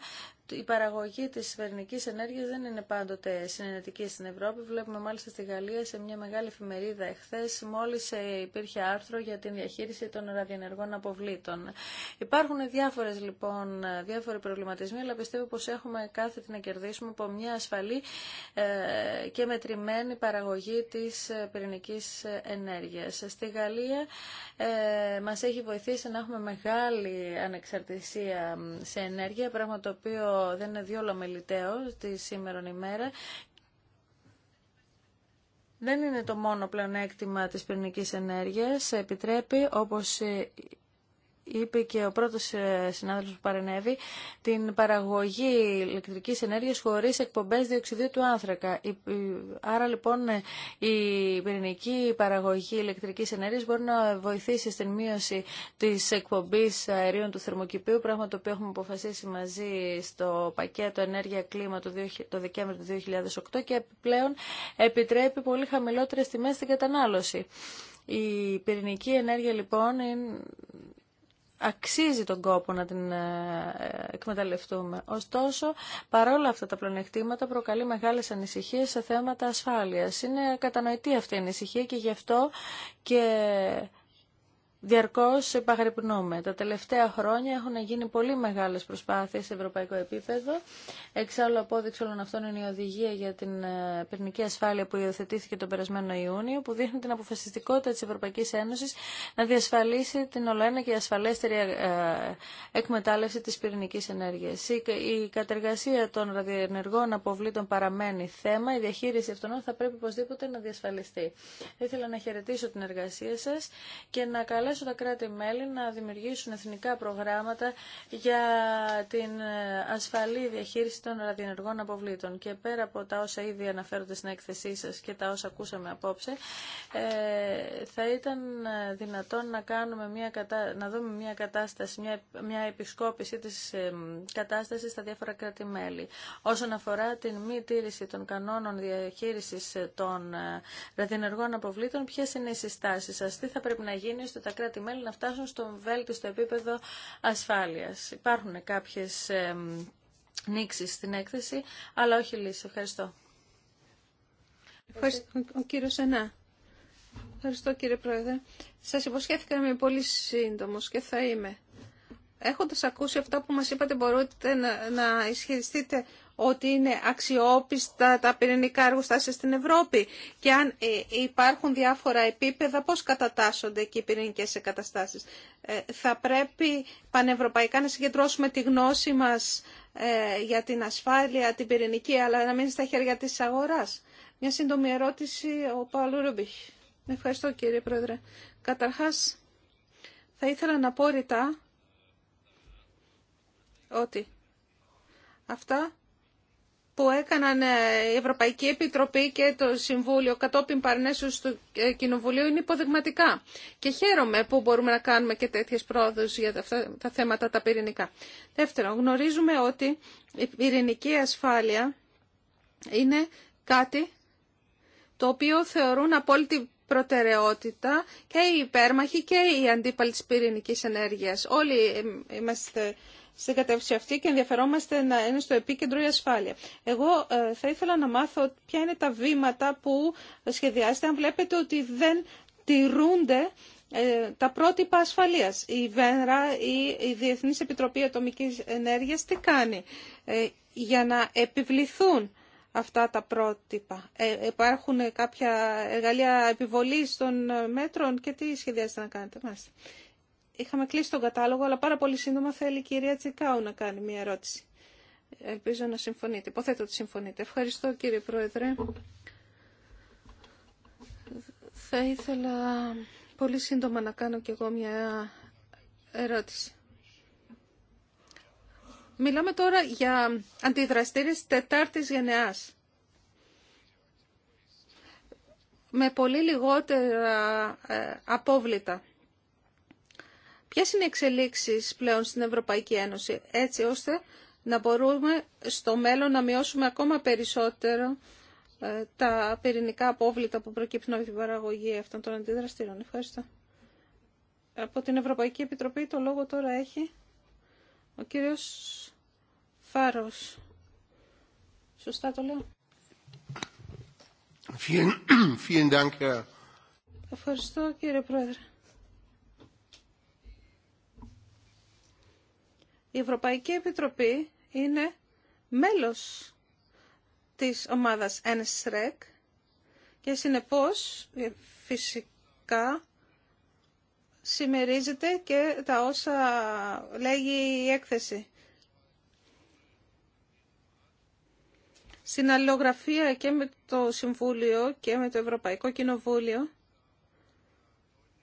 η παραγωγή της βερνικής ενέργειας δεν είναι πάντοτε συνενετική στην Ευρώπη. Βλέπουμε μάλιστα στη Γαλλία σε μια μεγάλη εφημερίδα εχθές μόλις ε, υπήρχε άρθρο για την διαχείριση των ραδιενεργών αποβλήτων. Υπάρχουν διάφορες λοιπόν, διάφοροι προβληματισμοί, αλλά πιστεύω πως έχουμε κάθε την να κερδίσουμε από μια ασφαλή ε, και μετρημένη παραγωγή της ε, πυρηνικής ενέργειας. Στη Γαλλία ε, μας έχει βοηθήσει να έχουμε μεγάλη ανεξαρτησία σε ενέργεια, πράγμα το οποίο δεν είναι διόλο μελιτέο τη σήμερον ημέρα. Δεν είναι το μόνο πλεονέκτημα της πυρηνικής ενέργειας. Επιτρέπει, όπως είπε και ο πρώτος ε, συνάδελφος που παρενέβη, την παραγωγή ηλεκτρικής ενέργειας χωρίς εκπομπές διοξιδίου του άνθρακα. Άρα λοιπόν ε, η πυρηνική παραγωγή ηλεκτρικής ενέργειας μπορεί να βοηθήσει στην μείωση της εκπομπής αερίων του θερμοκηπίου, πράγμα το οποίο έχουμε αποφασίσει μαζί στο πακέτο ενέργεια κλίμα το Δεκέμβριο του 2008 και επιπλέον επιτρέπει πολύ χαμηλότερες τιμές στην κατανάλωση. Η πυρηνική ενέργεια λοιπόν αξίζει τον κόπο να την ε, ε, εκμεταλλευτούμε. Ωστόσο, παρόλα αυτά τα πλονεκτήματα προκαλεί μεγάλες ανησυχίες σε θέματα ασφάλειας. Είναι κατανοητή αυτή η ανησυχία και γι' αυτό και διαρκώς επαγρυπνούμε. Τα τελευταία χρόνια έχουν γίνει πολύ μεγάλες προσπάθειες σε ευρωπαϊκό επίπεδο. Εξάλλου απόδειξη όλων αυτών είναι η οδηγία για την ε, πυρηνική ασφάλεια που υιοθετήθηκε τον περασμένο Ιούνιο, που δείχνει την αποφασιστικότητα της Ευρωπαϊκής Ένωσης να διασφαλίσει την ολοένα και ασφαλέστερη ε, εκμετάλλευση της πυρηνικής ενέργειας. Η κατεργασία των ραδιενεργών αποβλήτων παραμένει θέμα. Η διαχείριση αυτών θα πρέπει οπωσδήποτε να διασφαλιστεί. Θα ήθελα να χαιρετήσω την εργασία σας και να καλέσω σε τα κράτη-μέλη να δημιουργήσουν εθνικά προγράμματα για την ασφαλή διαχείριση των ραδιενεργών αποβλήτων. Και πέρα από τα όσα ήδη αναφέρονται στην έκθεσή σας και τα όσα ακούσαμε απόψε, ε, θα ήταν δυνατόν να, κάνουμε μια κατα... να δούμε μια κατάσταση, μια, μια επισκόπηση της ε, κατάστασης στα διάφορα κράτη-μέλη. Όσον αφορά την μη τήρηση των κανόνων διαχείρισης των ε, ραδιενεργών αποβλήτων, ποιε είναι οι συστάσεις σας, τι θα πρέπει να γίνει ώστε τα κράτη-μέλη να φτάσουν στο βέλτιστο επίπεδο ασφάλειας. Υπάρχουν κάποιες νήξεις στην έκθεση, αλλά όχι λύσεις. Ευχαριστώ. Ευχαριστώ, ο κύριος Ενά. Ευχαριστώ κύριε Πρόεδρε. Σας υποσχέθηκα να είμαι πολύ σύντομος και θα είμαι. Έχοντας ακούσει αυτά που μας είπατε μπορείτε να, να ισχυριστείτε ότι είναι αξιόπιστα τα πυρηνικά εργοστάσια στην Ευρώπη και αν ε, υπάρχουν διάφορα επίπεδα πώς κατατάσσονται και οι πυρηνικές εγκαταστάσεις. Ε, θα πρέπει πανευρωπαϊκά να συγκεντρώσουμε τη γνώση μας ε, για την ασφάλεια, την πυρηνική, αλλά να μείνει στα χέρια της αγοράς. Μια σύντομη ερώτηση ο Παύλο Ρούμπιχ. Ευχαριστώ κύριε Πρόεδρε. Καταρχάς θα ήθελα να πω ρητά ότι αυτά που έκαναν ε, η Ευρωπαϊκή Επιτροπή και το Συμβούλιο κατόπιν παρενέσεως του ε, Κοινοβουλίου είναι υποδειγματικά. Και χαίρομαι που μπορούμε να κάνουμε και τέτοιες πρόοδους για αυτά τα θέματα τα πυρηνικά. Δεύτερον, γνωρίζουμε ότι η πυρηνική ασφάλεια είναι κάτι το οποίο θεωρούν απόλυτη προτεραιότητα και οι υπέρμαχοι και οι αντίπαλοι της πυρηνικής ενέργειας. Όλοι ε, είμαστε στην κατεύθυνση αυτή και ενδιαφερόμαστε να είναι στο επίκεντρο η ασφάλεια. Εγώ ε, θα ήθελα να μάθω ποια είναι τα βήματα που σχεδιάζετε αν βλέπετε ότι δεν τηρούνται ε, τα πρότυπα ασφαλείας. Η ΒΕΝΡΑ ή η Διεθνής Επιτροπή Ατομικής Ενέργειας τι κάνει ε, για να επιβληθούν αυτά τα πρότυπα. υπάρχουν κάποια εργαλεία επιβολής των μέτρων και τι σχεδιάζετε να κάνετε. Μάλιστα. Είχαμε κλείσει τον κατάλογο, αλλά πάρα πολύ σύντομα θέλει η κυρία Τσικάου να κάνει μια ερώτηση. Ελπίζω να συμφωνείτε. Υποθέτω ότι συμφωνείτε. Ευχαριστώ κύριε Πρόεδρε. Θα ήθελα πολύ σύντομα να κάνω κι εγώ μια ερώτηση. Μιλάμε τώρα για αντιδραστήρες τετάρτης γενεάς. Με πολύ λιγότερα ε, απόβλητα. Ποιε είναι οι εξελίξει πλέον στην Ευρωπαϊκή Ένωση, έτσι ώστε να μπορούμε στο μέλλον να μειώσουμε ακόμα περισσότερο ε, τα πυρηνικά απόβλητα που προκύπτουν από την παραγωγή αυτών των αντιδραστήρων. Ευχαριστώ. Από την Ευρωπαϊκή Επιτροπή το λόγο τώρα έχει ο κύριος Φάρος. Σωστά το λέω. Ευχαριστώ κύριε Πρόεδρε. Η Ευρωπαϊκή Επιτροπή είναι μέλος της ομάδας NSREC και συνεπώς ε, φυσικά συμμερίζεται και τα όσα λέγει η έκθεση. Στην αλληλογραφία και με το Συμβούλιο και με το Ευρωπαϊκό Κοινοβούλιο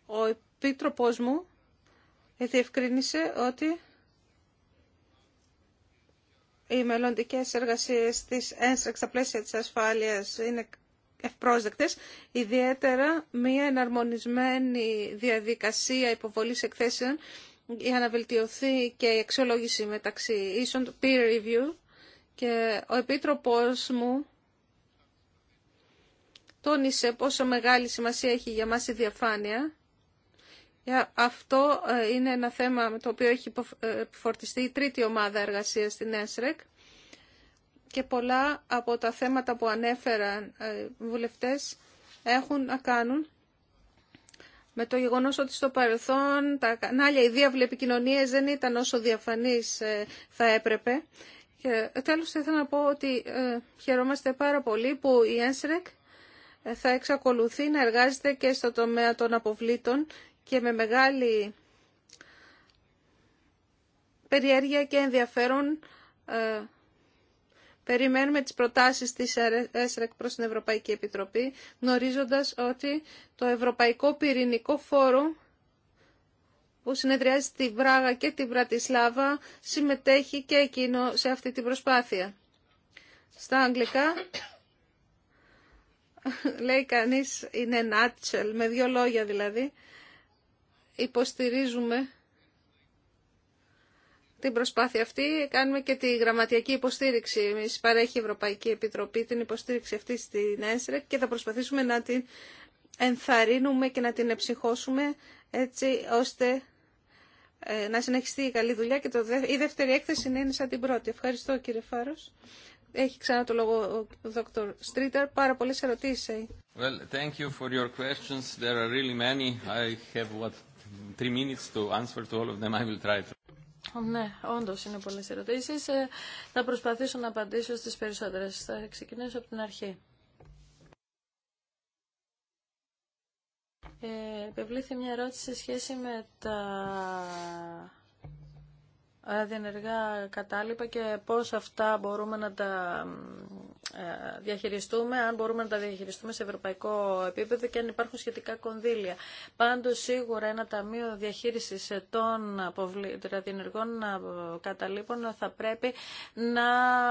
ο επίτροπός μου ε, διευκρίνησε ότι οι μελλοντικές εργασίες της ένστραξ στα πλαίσια της ασφάλειας είναι ευπρόσδεκτες, ιδιαίτερα μια εναρμονισμένη διαδικασία υποβολής εκθέσεων για να βελτιωθεί και η αξιολόγηση μεταξύ ίσων peer review και ο Επίτροπος μου τόνισε πόσο μεγάλη σημασία έχει για μας η διαφάνεια ε, αυτό ε, είναι ένα θέμα με το οποίο έχει ε, φορτιστεί η τρίτη ομάδα εργασίας στην ΕΣΡΕΚ και πολλά από τα θέματα που ανέφεραν οι βουλευτές έχουν να κάνουν με το γεγονός ότι στο παρελθόν τα κανάλια, οι διάβλοι επικοινωνίες δεν ήταν όσο διαφανείς θα έπρεπε. Και τέλος θα να πω ότι χαιρόμαστε πάρα πολύ που η ΕΣΡΕΚ θα εξακολουθεί να εργάζεται και στο τομέα των αποβλήτων και με μεγάλη περιέργεια και ενδιαφέρον ε, περιμένουμε τις προτάσεις της ΕΣΡΕΚ προς την Ευρωπαϊκή Επιτροπή, γνωρίζοντας ότι το Ευρωπαϊκό Πυρηνικό Φόρο που συνεδριάζει τη Βράγα και τη Βρατισλάβα συμμετέχει και εκείνο σε αυτή την προσπάθεια. Στα αγγλικά λέει κανείς είναι natural, με δύο λόγια δηλαδή υποστηρίζουμε την προσπάθεια αυτή. Κάνουμε και τη γραμματιακή υποστήριξη. Εμείς παρέχει η Ευρωπαϊκή Επιτροπή την υποστήριξη αυτή στην ΕΣΡΕΚ και θα προσπαθήσουμε να την ενθαρρύνουμε και να την εψυχώσουμε έτσι ώστε ε, να συνεχιστεί η καλή δουλειά και το η δεύτερη έκθεση είναι σαν την πρώτη. Ευχαριστώ κύριε Φάρος. Έχει ξανά το λόγο ο Δόκτωρ Στρίτερ. Πάρα πολλές ερωτήσεις. Well, ναι, όντω είναι πολλέ ερωτήσει. Ε, θα προσπαθήσω να απαντήσω στι περισσότερε. Θα ξεκινήσω από την αρχή. Ε, επιβλήθη μια ερώτηση σε σχέση με τα διενεργά κατάλοιπα και πώς αυτά μπορούμε να τα ε, διαχειριστούμε, αν μπορούμε να τα διαχειριστούμε σε ευρωπαϊκό επίπεδο και αν υπάρχουν σχετικά κονδύλια. Πάντως σίγουρα ένα ταμείο διαχείρισης των διενεργών καταλήπων θα πρέπει να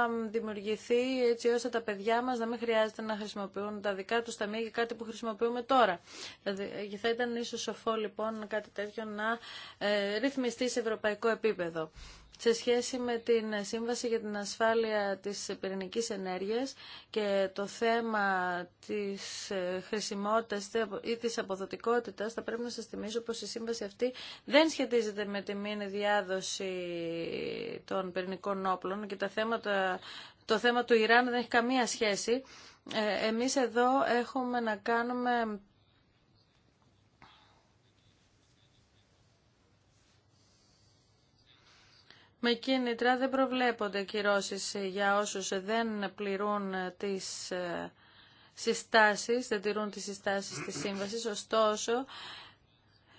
δημιουργηθεί έτσι ώστε τα παιδιά μας να μην χρειάζεται να χρησιμοποιούν τα δικά τους ταμεία για κάτι που χρησιμοποιούμε τώρα. Δηλαδή, θα ήταν ίσως σοφό λοιπόν κάτι τέτοιο να ε, ρυθμιστεί σε ευρωπαϊκό επίπεδο σε σχέση με την Σύμβαση για την Ασφάλεια της Πυρηνικής Ενέργειας και το θέμα της ε, χρησιμότητας ή της αποδοτικότητας, θα πρέπει να σας θυμίσω πως η Σύμβαση αυτή δεν σχετίζεται με τη μήνυ διάδοση των πυρηνικών όπλων και τα θέματα, το θέμα του Ιράν δεν έχει καμία σχέση. Ε, εμείς εδώ έχουμε να κάνουμε με κίνητρα δεν προβλέπονται κυρώσεις ε, για όσους ε, δεν πληρούν ε, τις συστάσεις, δεν τηρούν τις συστάσεις της σύμβασης, ωστόσο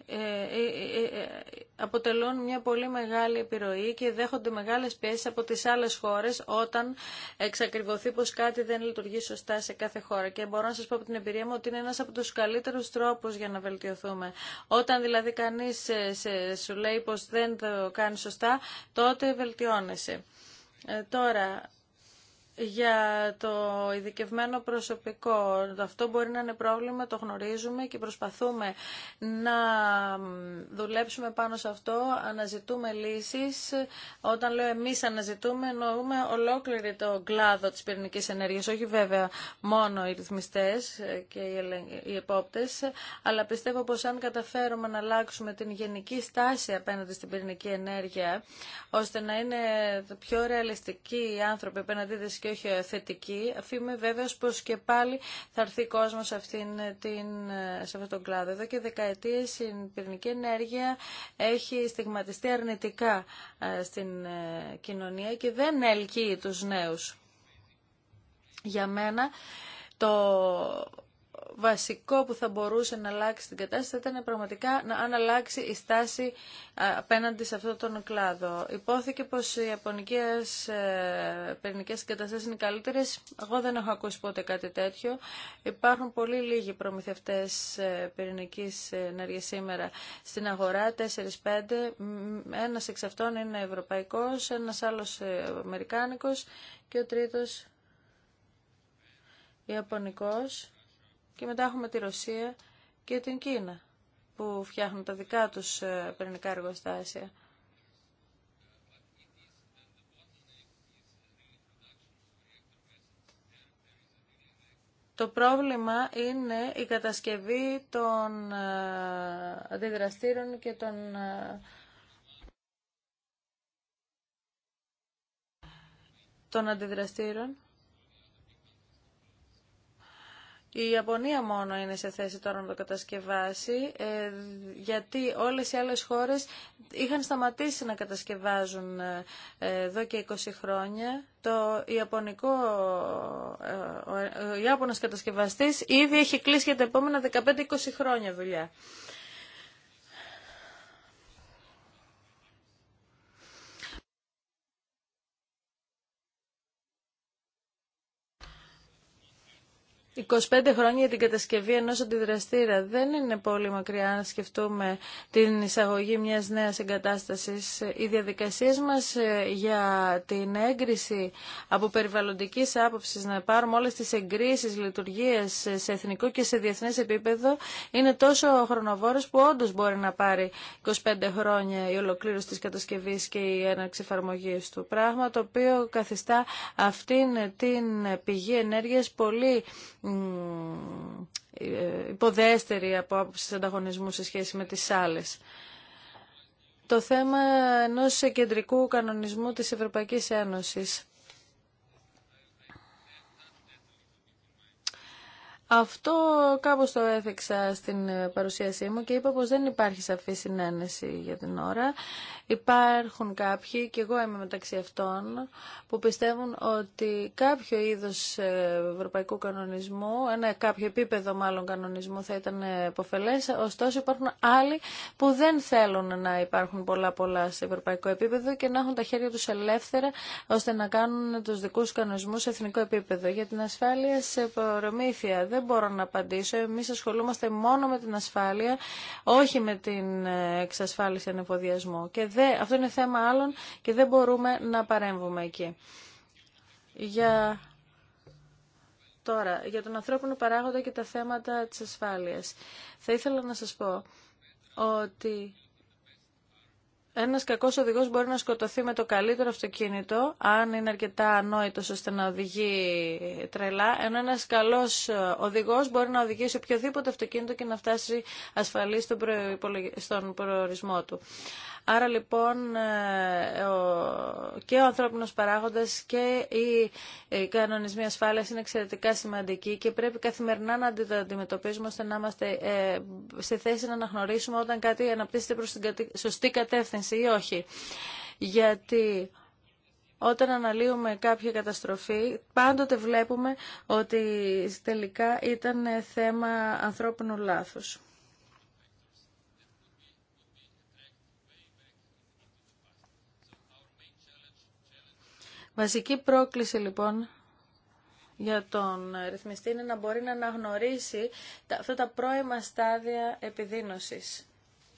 ε, ε, ε, αποτελούν μια πολύ μεγάλη επιρροή και δέχονται μεγάλες πιέσεις από τις άλλες χώρες όταν εξακριβωθεί πως κάτι δεν λειτουργεί σωστά σε κάθε χώρα. Και μπορώ να σας πω από την εμπειρία μου ότι είναι ένας από τους καλύτερους τρόπους για να βελτιωθούμε. Όταν δηλαδή κανείς σε, σου λέει πως δεν το κάνει σωστά, τότε βελτιώνεσαι. τώρα, για το ειδικευμένο προσωπικό. Αυτό μπορεί να είναι πρόβλημα, το γνωρίζουμε και προσπαθούμε να δουλέψουμε πάνω σε αυτό, αναζητούμε λύσεις. Όταν λέω εμείς αναζητούμε, εννοούμε ολόκληρη το κλάδο της πυρηνικής ενέργειας, όχι βέβαια μόνο οι ρυθμιστές και οι επόπτες, αλλά πιστεύω πως αν καταφέρουμε να αλλάξουμε την γενική στάση απέναντι στην πυρηνική ενέργεια, ώστε να είναι πιο ρεαλιστικοί οι άνθρωποι απέναντι και όχι θετική. Είμαι πως και πάλι θα έρθει κόσμο σε, αυτήν, την, σε αυτόν τον κλάδο. Εδώ και δεκαετίες η πυρηνική ενέργεια έχει στιγματιστεί αρνητικά ε, στην ε, κοινωνία και δεν ελκύει τους νέους. Για μένα το βασικό που θα μπορούσε να αλλάξει την κατάσταση θα ήταν πραγματικά να αν αλλάξει η στάση απέναντι σε αυτόν τον κλάδο. Υπόθηκε πως οι ιαπωνικές ε, πυρηνικές κατάστασεις είναι καλύτερες. Εγώ δεν έχω ακούσει ποτέ κάτι τέτοιο. Υπάρχουν πολύ λίγοι προμηθευτές ε, πυρηνικής ενέργειας σήμερα στην αγορά, 4-5. Ένας εξ αυτών είναι ευρωπαϊκός, ένας άλλος ε, αμερικάνικος και ο τρίτος ιαπωνικός και μετά έχουμε τη Ρωσία και την Κίνα που φτιάχνουν τα δικά τους ε, πυρηνικά εργοστάσια. Το πρόβλημα είναι η κατασκευή των ε, αντιδραστήρων και των ε, των αντιδραστήρων η Ιαπωνία μόνο είναι σε θέση τώρα να το κατασκευάσει, ε, γιατί όλες οι άλλες χώρες είχαν σταματήσει να κατασκευάζουν ε, εδώ και 20 χρόνια. Το Ιαπωνικό, ε, ο Ιάπωνας κατασκευαστής ήδη έχει κλείσει για τα επόμενα 15-20 χρόνια δουλειά. 25 χρόνια για την κατασκευή ενός αντιδραστήρα. Δεν είναι πολύ μακριά να σκεφτούμε την εισαγωγή μιας νέας εγκατάστασης. Οι διαδικασίες μας ε, για την έγκριση από περιβαλλοντική άποψη να πάρουμε όλες τις εγκρίσεις, λειτουργίες ε, σε εθνικό και σε διεθνές επίπεδο, είναι τόσο χρονοβόρος που όντω μπορεί να πάρει 25 χρόνια η ολοκλήρωση της κατασκευής και η έναρξη εφαρμογή του. Πράγμα το οποίο καθιστά αυτήν την πηγή ενέργειας πολύ υποδέστερη από άποψη ανταγωνισμού σε σχέση με τις άλλες. Το θέμα ενός κεντρικού κανονισμού της Ευρωπαϊκής Ένωσης. Αυτό κάπως το έθεξα στην παρουσίασή μου και είπα πως δεν υπάρχει σαφή συνένεση για την ώρα. Υπάρχουν κάποιοι, και εγώ είμαι μεταξύ αυτών, που πιστεύουν ότι κάποιο είδος ε, ευρωπαϊκού κανονισμού, ένα κάποιο επίπεδο μάλλον κανονισμού θα ήταν υποφελές, ωστόσο υπάρχουν άλλοι που δεν θέλουν να υπάρχουν πολλά πολλά σε ευρωπαϊκό επίπεδο και να έχουν τα χέρια τους ελεύθερα ώστε να κάνουν τους δικούς κανονισμούς σε εθνικό επίπεδο. Για την ασφάλεια σε προμήθεια δεν μπορώ να απαντήσω. Εμείς ασχολούμαστε μόνο με την ασφάλεια, όχι με την ε, εξασφάλιση ανεφοδιασμού. Και αυτό είναι θέμα άλλων και δεν μπορούμε να παρέμβουμε εκεί. Για... Τώρα, για τον ανθρώπινο παράγοντα και τα θέματα της ασφάλειας. Θα ήθελα να σας πω ότι ένας κακός οδηγός μπορεί να σκοτωθεί με το καλύτερο αυτοκίνητο, αν είναι αρκετά ανόητος ώστε να οδηγεί τρελά, ενώ ένας καλός ε, οδηγός μπορεί να οδηγήσει οποιοδήποτε αυτοκίνητο και να φτάσει ασφαλή στον, προορισμό του. Άρα λοιπόν ε, και ο ανθρώπινος παράγοντας και οι κανονισμοί ασφάλεια είναι εξαιρετικά σημαντικοί και πρέπει καθημερινά να τα αντιμετωπίζουμε ώστε να είμαστε ε, σε θέση να αναγνωρίσουμε όταν κάτι αναπτύσσεται προς την σωστή κατεύθυνση ή όχι. Γιατί όταν αναλύουμε κάποια καταστροφή, πάντοτε βλέπουμε ότι τελικά ήταν θέμα ανθρώπινου λάθους. Βασική πρόκληση λοιπόν για τον ρυθμιστή είναι να μπορεί να αναγνωρίσει αυτά τα πρώιμα στάδια επιδίνωσης.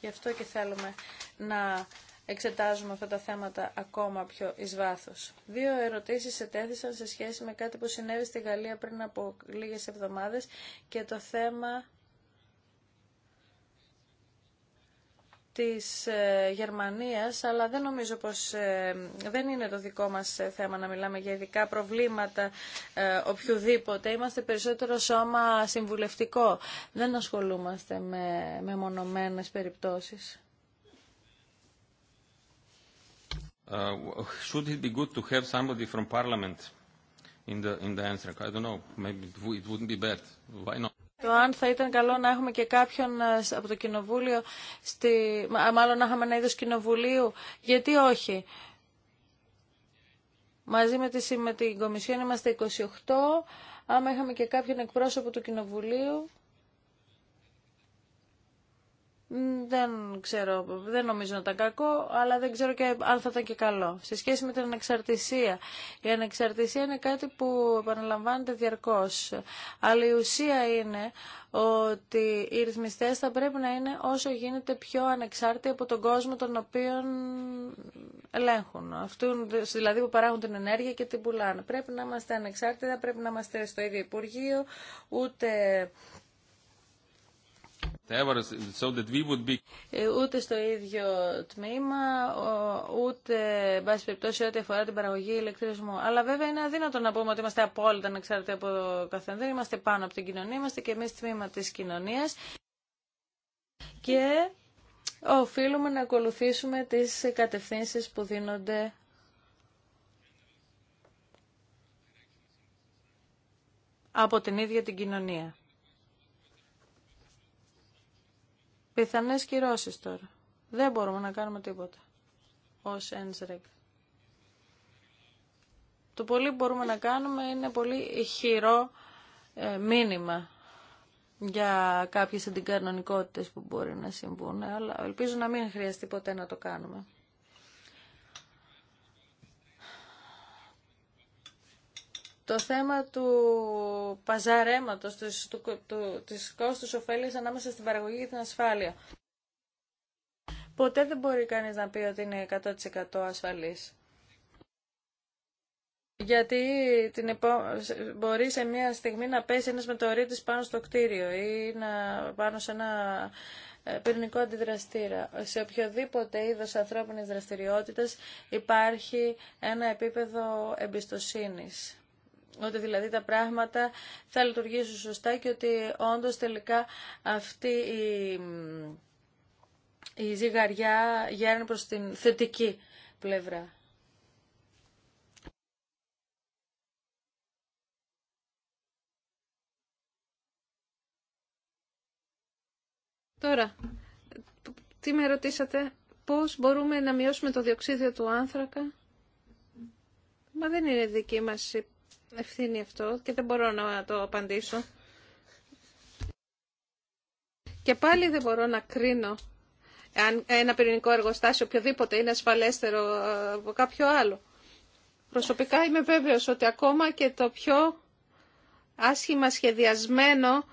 Γι' αυτό και θέλουμε να εξετάζουμε αυτά τα θέματα ακόμα πιο εις βάθος. Δύο ερωτήσεις ετέθησαν σε σχέση με κάτι που συνέβη στη Γαλλία πριν από λίγες εβδομάδες και το θέμα της ε, Γερμανίας, αλλά δεν νομίζω πως ε, δεν είναι το δικό μας ε, θέμα να μιλάμε για ειδικά προβλήματα οποιοδήποτε. Είμαστε περισσότερο σώμα συμβουλευτικό. Δεν ασχολούμαστε με, με μονομένες περιπτώσεις. Uh, should it be good to have somebody from Parliament in the in the answer? I don't know. Maybe it wouldn't be bad. Why not? Το αν θα ήταν καλό να έχουμε και κάποιον ε, από το κοινοβούλιο, στη... μάλλον να είχαμε ένα είδος κοινοβουλίου, γιατί όχι. Μαζί με, τη, με την Κομισιόν είμαστε 28, άμα είχαμε και κάποιον εκπρόσωπο του κοινοβουλίου, δεν ξέρω, δεν νομίζω να ήταν κακό, αλλά δεν ξέρω και αν θα ήταν και καλό. Σε σχέση με την ανεξαρτησία. Η ανεξαρτησία είναι κάτι που επαναλαμβάνεται διαρκώς. Αλλά η ουσία είναι ότι οι ρυθμιστές θα πρέπει να είναι όσο γίνεται πιο ανεξάρτητοι από τον κόσμο τον οποίον ελέγχουν. Αυτού δηλαδή που παράγουν την ενέργεια και την πουλάνε. Πρέπει να είμαστε ανεξάρτητοι, πρέπει να είμαστε στο ίδιο Υπουργείο, ούτε ε, ούτε στο ίδιο τμήμα, ούτε, εν πάση περιπτώσει, ό,τι αφορά την παραγωγή ηλεκτρισμού. Αλλά βέβαια είναι αδύνατο να πούμε ότι είμαστε απόλυτα ανεξάρτητοι από το καθένα. Είμαστε πάνω από την κοινωνία, είμαστε και εμεί τμήμα τη κοινωνία. Και οφείλουμε να ακολουθήσουμε τις κατευθύνσεις που δίνονται από την ίδια την κοινωνία. Πιθανές κυρώσεις τώρα. Δεν μπορούμε να κάνουμε τίποτα ως ένσρεκ. Το πολύ που μπορούμε να κάνουμε είναι πολύ χειρό ε, μήνυμα για κάποιες αντικανονικότητες που μπορεί να συμβούν, αλλά ελπίζω να μην χρειαστεί ποτέ να το κάνουμε. το θέμα του παζαρέματος, της, του, του, της ωφέλειας ανάμεσα στην παραγωγή και την ασφάλεια. Ποτέ δεν μπορεί κανείς να πει ότι είναι 100% ασφαλής. Γιατί την επο... μπορεί σε μια στιγμή να πέσει ένας μετεωρίτης πάνω στο κτίριο ή να πάνω σε ένα ε, πυρνικό αντιδραστήρα. Σε οποιοδήποτε είδος ανθρώπινης δραστηριότητας υπάρχει ένα επίπεδο εμπιστοσύνης ότι δηλαδή τα πράγματα θα λειτουργήσουν σωστά και ότι όντως τελικά αυτή η, η ζυγαριά γέρνει προς την θετική πλευρά. Τώρα, τι με ρωτήσατε, πώς μπορούμε να μειώσουμε το διοξίδιο του άνθρακα. Μα δεν είναι δική μας ευθύνη αυτό και δεν μπορώ να το απαντήσω. Και πάλι δεν μπορώ να κρίνω αν ένα πυρηνικό εργοστάσιο οποιοδήποτε είναι ασφαλέστερο ε, από κάποιο άλλο. Προσωπικά είμαι βέβαιος ότι ακόμα και το πιο άσχημα σχεδιασμένο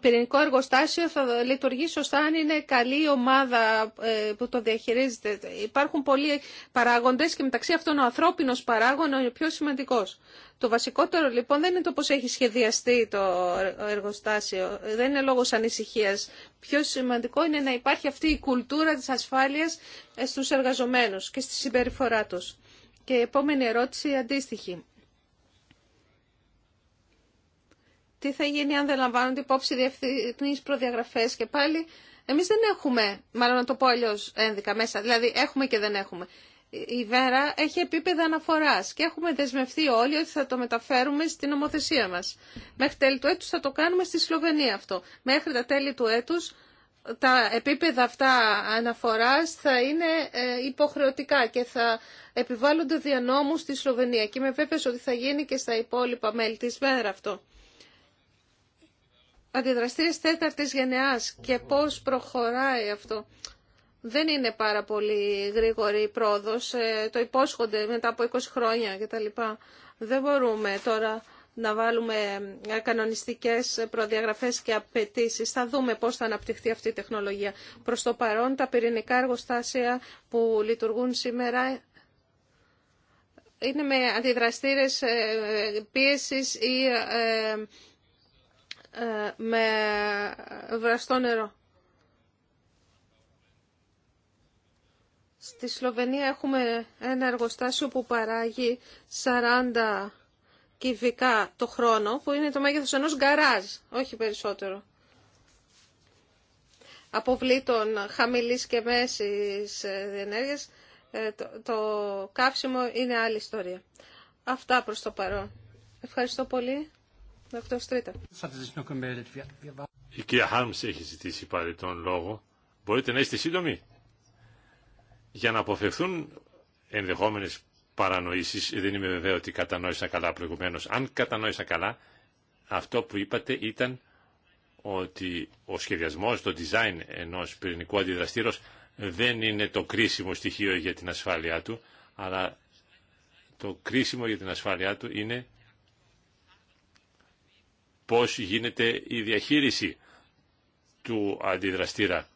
πυρηνικό εργοστάσιο θα λειτουργεί σωστά αν είναι καλή η ομάδα ε, που το διαχειρίζεται. Υπάρχουν πολλοί παράγοντες και μεταξύ αυτών ο ανθρώπινος παράγων είναι ο πιο σημαντικός. Το βασικότερο λοιπόν δεν είναι το πώς έχει σχεδιαστεί το εργοστάσιο, δεν είναι λόγος ανησυχίας. Πιο σημαντικό είναι να υπάρχει αυτή η κουλτούρα της ασφάλειας ε, στους εργαζομένους και στη συμπεριφορά τους. Και η επόμενη ερώτηση αντίστοιχη. τι θα γίνει αν δεν λαμβάνονται υπόψη διεθνεί προδιαγραφέ και πάλι. Εμεί δεν έχουμε, μάλλον να το πω αλλιώ ένδικα μέσα, δηλαδή έχουμε και δεν έχουμε. Η Βέρα έχει επίπεδα αναφορά και έχουμε δεσμευτεί όλοι ότι θα το μεταφέρουμε στην νομοθεσία μα. Μέχρι τέλη του έτου θα το κάνουμε στη Σλοβενία αυτό. Μέχρι τα τέλη του έτου τα επίπεδα αυτά αναφοράς θα είναι ε, υποχρεωτικά και θα επιβάλλονται δια νόμου στη Σλοβενία. Και είμαι βέβαιος ότι θα γίνει και στα υπόλοιπα μέλη τη μέρα αυτό αντιδραστήρε τέταρτης γενεάς και πώς προχωράει αυτό. Δεν είναι πάρα πολύ γρήγορη η πρόοδος, ε, το υπόσχονται μετά από 20 χρόνια κτλ. Δεν μπορούμε τώρα να βάλουμε ε, κανονιστικέ προδιαγραφές και απαιτήσει. Θα δούμε πώς θα αναπτυχθεί αυτή η τεχνολογία. Προς το παρόν τα πυρηνικά εργοστάσια που λειτουργούν σήμερα είναι με αντιδραστήρες ε, πίεσης ή ε, με βραστό νερό. Στη Σλοβενία έχουμε ένα εργοστάσιο που παράγει 40 κυβικά το χρόνο, που είναι το μέγεθος ενός γκαράζ, όχι περισσότερο. Αποβλήτων χαμηλής και μέσης ε, ενέργειας, ε, το, το καύσιμο είναι άλλη ιστορία. Αυτά προς το παρόν. Ευχαριστώ πολύ. Η κυρία Χάρμς έχει ζητήσει πάλι τον λόγο. Μπορείτε να είστε σύντομοι. Για να αποφευθούν ενδεχόμενες παρανοήσεις, δεν είμαι βεβαίω ότι κατανόησα καλά προηγουμένως. Αν κατανόησα καλά, αυτό που είπατε ήταν ότι ο σχεδιασμός, το design ενός πυρηνικού αντιδραστήρως δεν είναι το κρίσιμο στοιχείο για την ασφάλειά του, αλλά το κρίσιμο για την ασφάλειά του είναι πώς γίνεται η διαχείριση του αντιδραστήρα.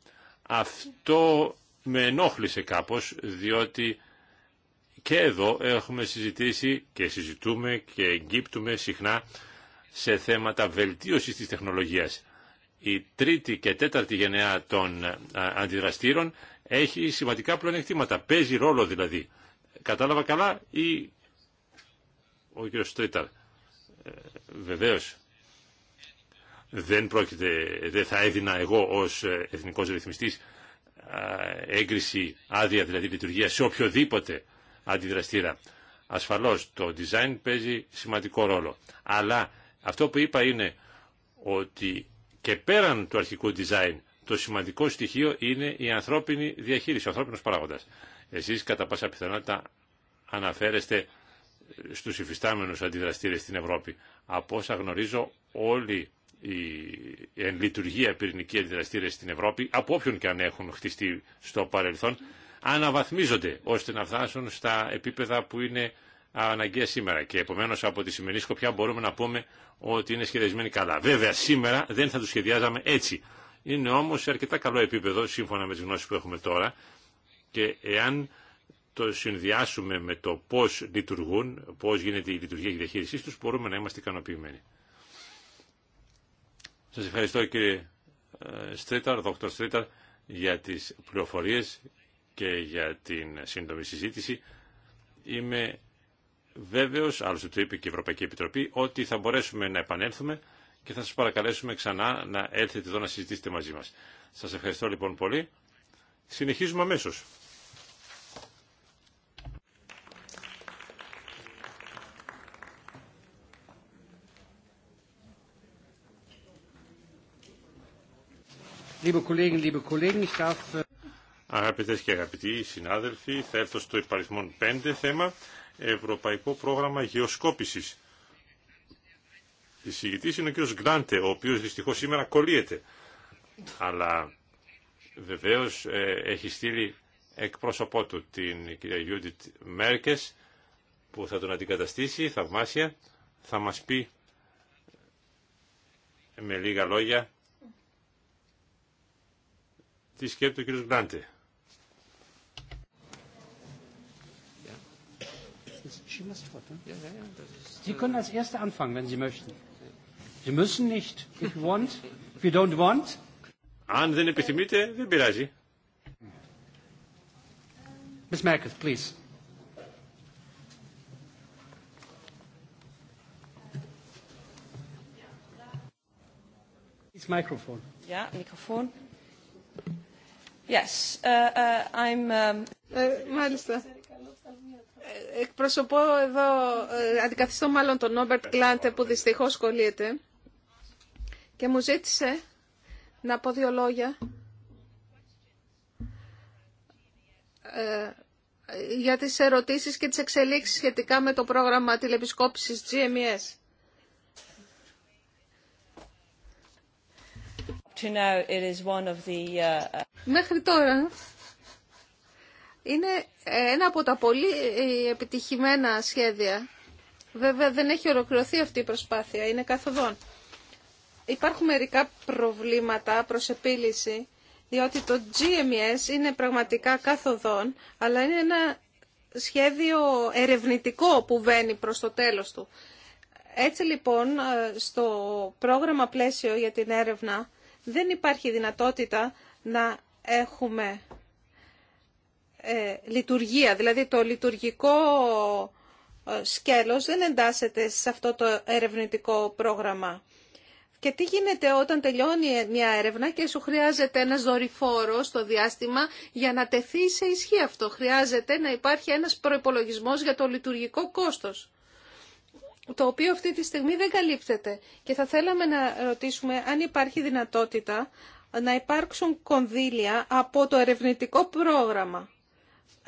Αυτό με ενόχλησε κάπως, διότι και εδώ έχουμε συζητήσει και συζητούμε και εγκύπτουμε συχνά σε θέματα βελτίωσης της τεχνολογίας. Η τρίτη και τέταρτη γενεά των αντιδραστήρων έχει σημαντικά πλονεκτήματα. Παίζει ρόλο δηλαδή. Κατάλαβα καλά ή ο κ. Στρίταρ. Ε, βεβαίως δεν, πρόκειται, δεν θα έδινα εγώ ως ε, εθνικός ρυθμιστής έγκριση άδεια δηλαδή λειτουργία σε οποιοδήποτε αντιδραστήρα. Ασφαλώς το design παίζει σημαντικό ρόλο. Αλλά αυτό που είπα είναι ότι και πέραν του αρχικού design το σημαντικό στοιχείο είναι η ανθρώπινη διαχείριση, ο ανθρώπινος παράγοντας. Εσείς κατά πάσα πιθανότητα αναφέρεστε στους υφιστάμενους αντιδραστήρες στην Ευρώπη. Από όσα γνωρίζω όλοι η εν λειτουργία πυρηνική αντιδραστήρια στην Ευρώπη, από όποιον και αν έχουν χτιστεί στο παρελθόν, αναβαθμίζονται ώστε να φτάσουν στα επίπεδα που είναι αναγκαία σήμερα. Και επομένω από τη σημερινή σκοπιά μπορούμε να πούμε ότι είναι σχεδιασμένοι καλά. Βέβαια σήμερα δεν θα του σχεδιάζαμε έτσι. Είναι όμω σε αρκετά καλό επίπεδο σύμφωνα με τι γνώσει που έχουμε τώρα και εάν το συνδυάσουμε με το πώ λειτουργούν, πώ γίνεται η λειτουργία και η διαχείρισή του, μπορούμε να είμαστε ικανοποιημένοι. Σας ευχαριστώ κύριε ε, Στρίταρ, δόκτωρ Στρίταρ, για τις πληροφορίες και για την σύντομη συζήτηση. Είμαι βέβαιος, άλλωστε το είπε και η Ευρωπαϊκή Επιτροπή, ότι θα μπορέσουμε να επανέλθουμε και θα σας παρακαλέσουμε ξανά να έρθετε εδώ να συζητήσετε μαζί μας. Σας ευχαριστώ λοιπόν πολύ. Συνεχίζουμε αμέσως. Äh, Αγαπητές και αγαπητοί συνάδελφοι, θα έρθω στο υπαριθμόν 5 θέμα, Ευρωπαϊκό Πρόγραμμα Γεωσκόπησης. Η συγητής είναι ο κ. Γκράντε, ο οποίος δυστυχώ σήμερα κολλείεται. Αλλά βεβαίως ε, έχει στείλει εκπρόσωπό του την κυρία Γιούντιτ Μέρκες, που θα τον αντικαταστήσει, θαυμάσια, θα μας πει με λίγα λόγια τι σκέπτεται ο κύριος Γκράντε. Sie können als Erste anfangen, wenn Sie möchten. Sie müssen nicht. If you want, if you don't want. Αν δεν επιθυμείτε, δεν πειράζει. Miss Merkel, please. Please microphone. Ja, Mikrofon. Uh, uh, um, ε, μάλιστα. Ε, εκπροσωπώ εδώ, ε, αντικαθιστώ μάλλον τον Νόμπερτ Κλάντε που δυστυχώς κολλείται και μου ζήτησε να πω δύο λόγια για τις ερωτήσεις και τις εξελίξεις σχετικά με το πρόγραμμα τηλεπισκόπησης GMES. Uh, Μέχρι τώρα είναι ένα από τα πολύ ε, επιτυχημένα σχέδια. Βέβαια δεν έχει ολοκληρωθεί αυτή η προσπάθεια, είναι καθοδόν. Υπάρχουν μερικά προβλήματα προς επίλυση, διότι το GMS είναι πραγματικά καθοδόν, αλλά είναι ένα σχέδιο ερευνητικό που βαίνει προς το τέλος του. Έτσι λοιπόν ε, στο πρόγραμμα πλαίσιο για την έρευνα δεν υπάρχει δυνατότητα να έχουμε ε, λειτουργία. Δηλαδή το λειτουργικό ε, σκέλος δεν εντάσσεται σε αυτό το ερευνητικό πρόγραμμα. Και τι γίνεται όταν τελειώνει μια έρευνα και σου χρειάζεται ένας δορυφόρο στο διάστημα για να τεθεί σε ισχύ αυτό. Χρειάζεται να υπάρχει ένας προϋπολογισμός για το λειτουργικό κόστος το οποίο αυτή τη στιγμή δεν καλύπτεται. Και θα θέλαμε να ρωτήσουμε αν υπάρχει δυνατότητα να υπάρξουν κονδύλια από το ερευνητικό πρόγραμμα.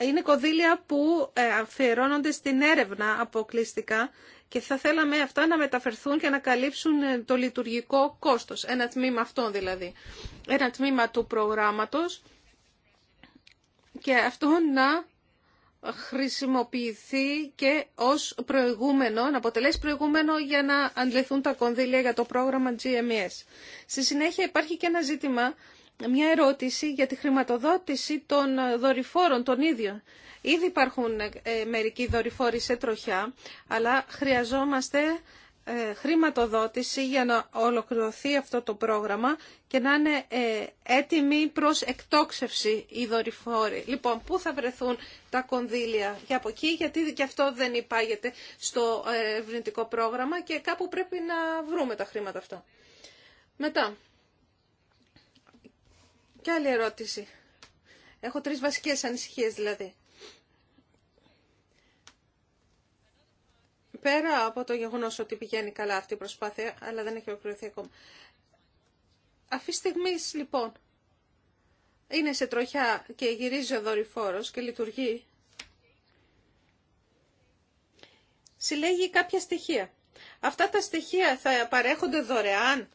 Είναι κονδύλια που ε, αφιερώνονται στην έρευνα αποκλειστικά και θα θέλαμε αυτά να μεταφερθούν και να καλύψουν ε, το λειτουργικό κόστος. Ένα τμήμα αυτών δηλαδή. Ένα τμήμα του προγράμματος και αυτό να χρησιμοποιηθεί και ως προηγούμενο, να αποτελέσει προηγούμενο για να αντληθούν τα κονδύλια για το πρόγραμμα GMS. E Στη συνέχεια υπάρχει και ένα ζήτημα, μια ερώτηση για τη χρηματοδότηση των δορυφόρων των ίδιων. Ήδη υπάρχουν ε, μερικοί δορυφόροι σε τροχιά, αλλά χρειαζόμαστε ε, χρηματοδότηση για να ολοκληρωθεί αυτό το πρόγραμμα και να είναι ε, έτοιμοι προς εκτόξευση οι δορυφόροι. Λοιπόν, πού θα βρεθούν τα κονδύλια για από εκεί, γιατί και αυτό δεν υπάγεται στο ε, ευρυντικό πρόγραμμα και κάπου πρέπει να βρούμε τα χρήματα αυτά. Μετά, και άλλη ερώτηση. Έχω τρεις βασικές ανησυχίες δηλαδή. πέρα από το γεγονός ότι πηγαίνει καλά αυτή η προσπάθεια, αλλά δεν έχει ολοκληρωθεί ακόμα. Αυτή τη στιγμή, λοιπόν, είναι σε τροχιά και γυρίζει ο δορυφόρος και λειτουργεί. Συλλέγει κάποια στοιχεία. Αυτά τα στοιχεία θα παρέχονται δωρεάν.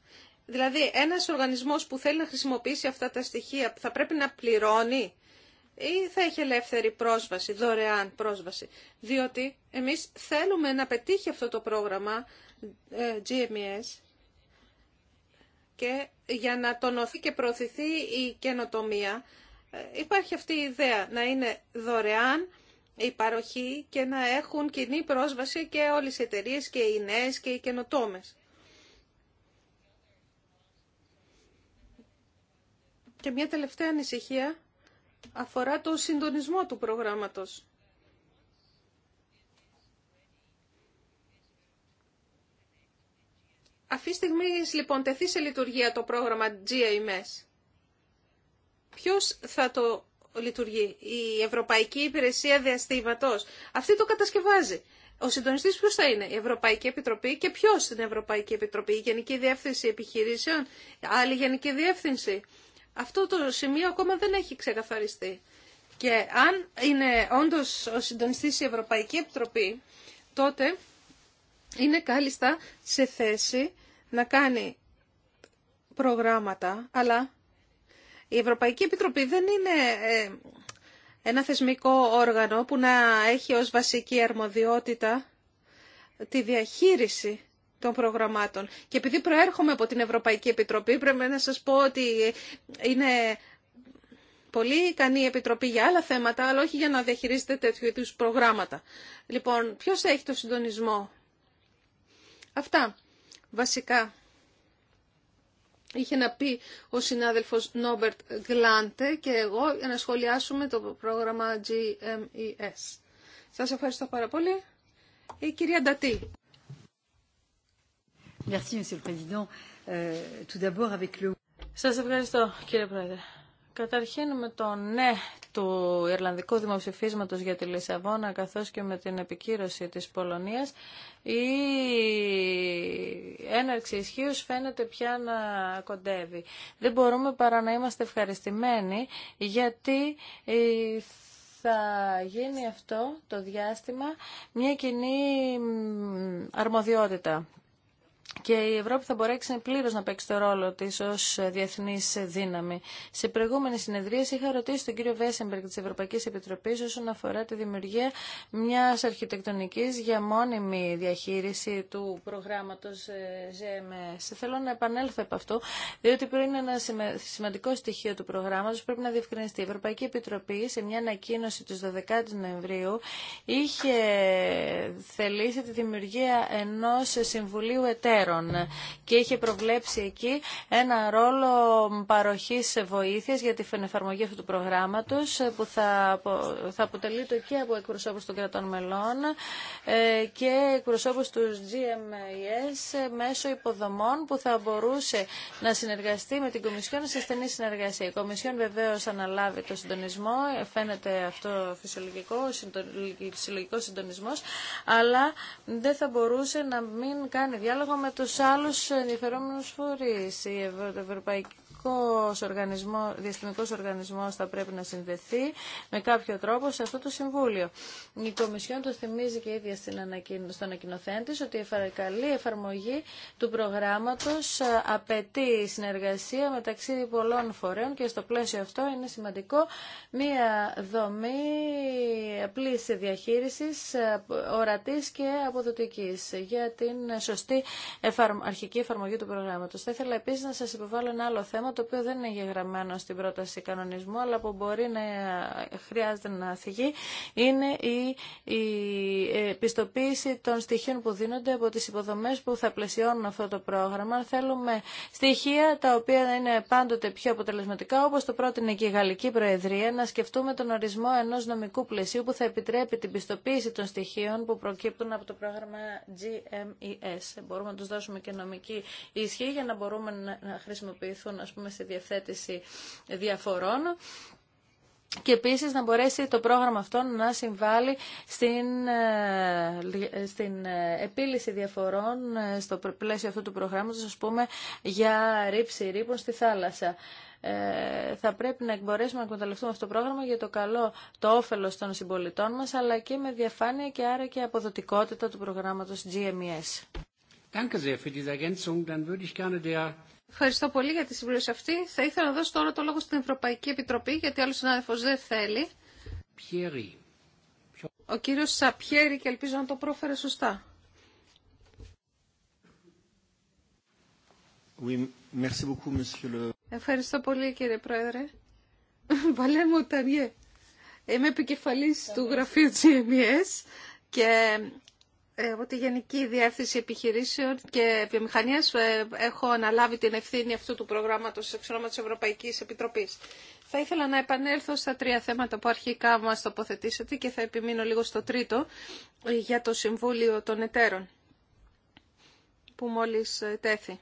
Δηλαδή, ένας οργανισμός που θέλει να χρησιμοποιήσει αυτά τα στοιχεία θα πρέπει να πληρώνει ή θα έχει ελεύθερη πρόσβαση, δωρεάν πρόσβαση. Διότι εμείς θέλουμε να πετύχει αυτό το πρόγραμμα ε, GMES και για να τονωθεί και προωθηθεί η καινοτομία ε, υπάρχει αυτή η ιδέα να είναι δωρεάν η παροχή και να έχουν κοινή πρόσβαση και όλες οι εταιρείες και οι νέες και οι καινοτόμες. Και μια τελευταία ανησυχία αφορά το συντονισμό του προγράμματος. Αυτή τη στιγμή λοιπόν τεθεί σε λειτουργία το πρόγραμμα GMS. Ποιος θα το λειτουργεί, η Ευρωπαϊκή Υπηρεσία Διαστήματος. Αυτή το κατασκευάζει. Ο συντονιστής ποιος θα είναι, η Ευρωπαϊκή Επιτροπή και ποιος στην Ευρωπαϊκή Επιτροπή, η Γενική Διεύθυνση Επιχειρήσεων, άλλη Γενική Διεύθυνση. Αυτό το σημείο ακόμα δεν έχει ξεκαθαριστεί. Και αν είναι όντως ο συντονιστής η Ευρωπαϊκή Επιτροπή, τότε είναι κάλλιστα σε θέση να κάνει προγράμματα, αλλά η Ευρωπαϊκή Επιτροπή δεν είναι ε, ένα θεσμικό όργανο που να έχει ως βασική αρμοδιότητα τη διαχείριση των προγραμμάτων. Και επειδή προέρχομαι από την Ευρωπαϊκή Επιτροπή, πρέπει να σας πω ότι είναι πολύ ικανή Επιτροπή για άλλα θέματα, αλλά όχι για να διαχειρίζετε τέτοιου είδους προγράμματα. Λοιπόν, ποιος έχει το συντονισμό. Αυτά, βασικά. Είχε να πει ο συνάδελφος Νόμπερτ Γκλάντε και εγώ για να σχολιάσουμε το πρόγραμμα GMES. Σας ευχαριστώ πάρα πολύ. Η κυρία Ντατή. Euh, Σας ευχαριστώ κύριε Πρόεδρε. Καταρχήν με το ναι του Ιρλανδικού Δημοψηφίσματος για τη Λισαβόνα καθώς και με την επικύρωση της Πολωνίας η έναρξη ισχύω φαίνεται πια να κοντεύει. Δεν μπορούμε παρά να είμαστε ευχαριστημένοι γιατί ε, θα γίνει αυτό το διάστημα μια κοινή αρμοδιότητα και η Ευρώπη θα μπορέσει πλήρω να παίξει το ρόλο τη ω διεθνή δύναμη. Σε προηγούμενη συνεδρία είχα ρωτήσει τον κύριο Βέσεμπεργκ τη Ευρωπαϊκή Επιτροπή όσον αφορά τη δημιουργία μια αρχιτεκτονική για μόνιμη διαχείριση του προγράμματο ε, GMS. Θέλω να επανέλθω από αυτό, διότι πριν είναι ένα σημαντικό στοιχείο του προγράμματο πρέπει να διευκρινιστεί. Η Ευρωπαϊκή Επιτροπή σε μια ανακοίνωση του 12 η Νοεμβρίου είχε θελήσει τη δημιουργία ενό Συμβουλίου Εταίρων και είχε προβλέψει εκεί ένα ρόλο παροχής βοήθειας για την εφαρμογή αυτού του προγράμματος που θα, θα αποτελείται και από εκπροσώπους των κρατών μελών ε, και εκπροσώπους του GMES μέσω υποδομών που θα μπορούσε να συνεργαστεί με την Κομισιόν σε στενή συνεργασία. Η Κομισιόν βεβαίω αναλάβει το συντονισμό, ε, φαίνεται αυτό φυσιολογικό, συλλογικό συντονισμό, αλλά δεν θα μπορούσε να μην κάνει διάλογο με τους άλλους ενδιαφερόμενους φορείς, η ευρωπαϊκή διαστημικός οργανισμός, διαστημικός οργανισμός θα πρέπει να συνδεθεί με κάποιο τρόπο σε αυτό το Συμβούλιο. Η Κομισιόν το θυμίζει και ίδια στην στον ανακοινοθέντη ότι η καλή εφαρμογή του προγράμματος ε, απαιτεί συνεργασία μεταξύ πολλών φορέων και στο πλαίσιο αυτό είναι σημαντικό μία δομή απλής διαχείρισης ε, ορατής και αποδοτικής για την σωστή αρχική εφαρμογή του προγράμματος. Θα ήθελα επίσης να σας υποβάλω ένα άλλο θέμα το οποίο δεν είναι γεγραμμένο στην πρόταση κανονισμού, αλλά που μπορεί να χρειάζεται να θυγεί, είναι η, η ε, πιστοποίηση των στοιχείων που δίνονται από τις υποδομές που θα πλαισιώνουν αυτό το πρόγραμμα. Θέλουμε στοιχεία τα οποία είναι πάντοτε πιο αποτελεσματικά, όπως το πρότεινε και η Γαλλική Προεδρία, να σκεφτούμε τον ορισμό ενός νομικού πλαισίου που θα επιτρέπει την πιστοποίηση των στοιχείων που προκύπτουν από το πρόγραμμα GMES. Μπορούμε να τους δώσουμε και νομική ισχύ για να μπορούμε να χρησιμοποιηθούν, ας πούμε, σε διευθέτηση διαφορών και επίσης να μπορέσει το πρόγραμμα αυτό να συμβάλλει στην, ε, στην ε, επίλυση διαφορών ε, στο πλαίσιο αυτού του προγράμματος, ας πούμε, για ρήψη ρήπων στη θάλασσα. Ε, θα πρέπει να μπορέσουμε να εκμεταλλευτούμε αυτό το πρόγραμμα για το καλό, το όφελος των συμπολιτών μας, αλλά και με διαφάνεια και άρα και αποδοτικότητα του προγράμματος GMES. E Ευχαριστώ πολύ για τη συμπλήρωση αυτή. Θα ήθελα να δώσω τώρα το λόγο στην Ευρωπαϊκή Επιτροπή, γιατί άλλο συνάδελφο δεν θέλει. Πιέρι. Ο κύριο Σαπιέρη και ελπίζω να το πρόφερε σωστά. Ευχαριστώ πολύ κύριε Πρόεδρε. μου Ταριέ. Είμαι επικεφαλής του γραφείου GMS e και από ε, τη Γενική Διεύθυνση Επιχειρήσεων και Βιομηχανίας ε, έχω αναλάβει την ευθύνη αυτού του προγράμματος εξ ονόμα της Ευρωπαϊκής Επιτροπής. Θα ήθελα να επανέλθω στα τρία θέματα που αρχικά μας τοποθετήσατε και θα επιμείνω λίγο στο τρίτο ε, για το Συμβούλιο των Εταίρων που μόλις τέθη.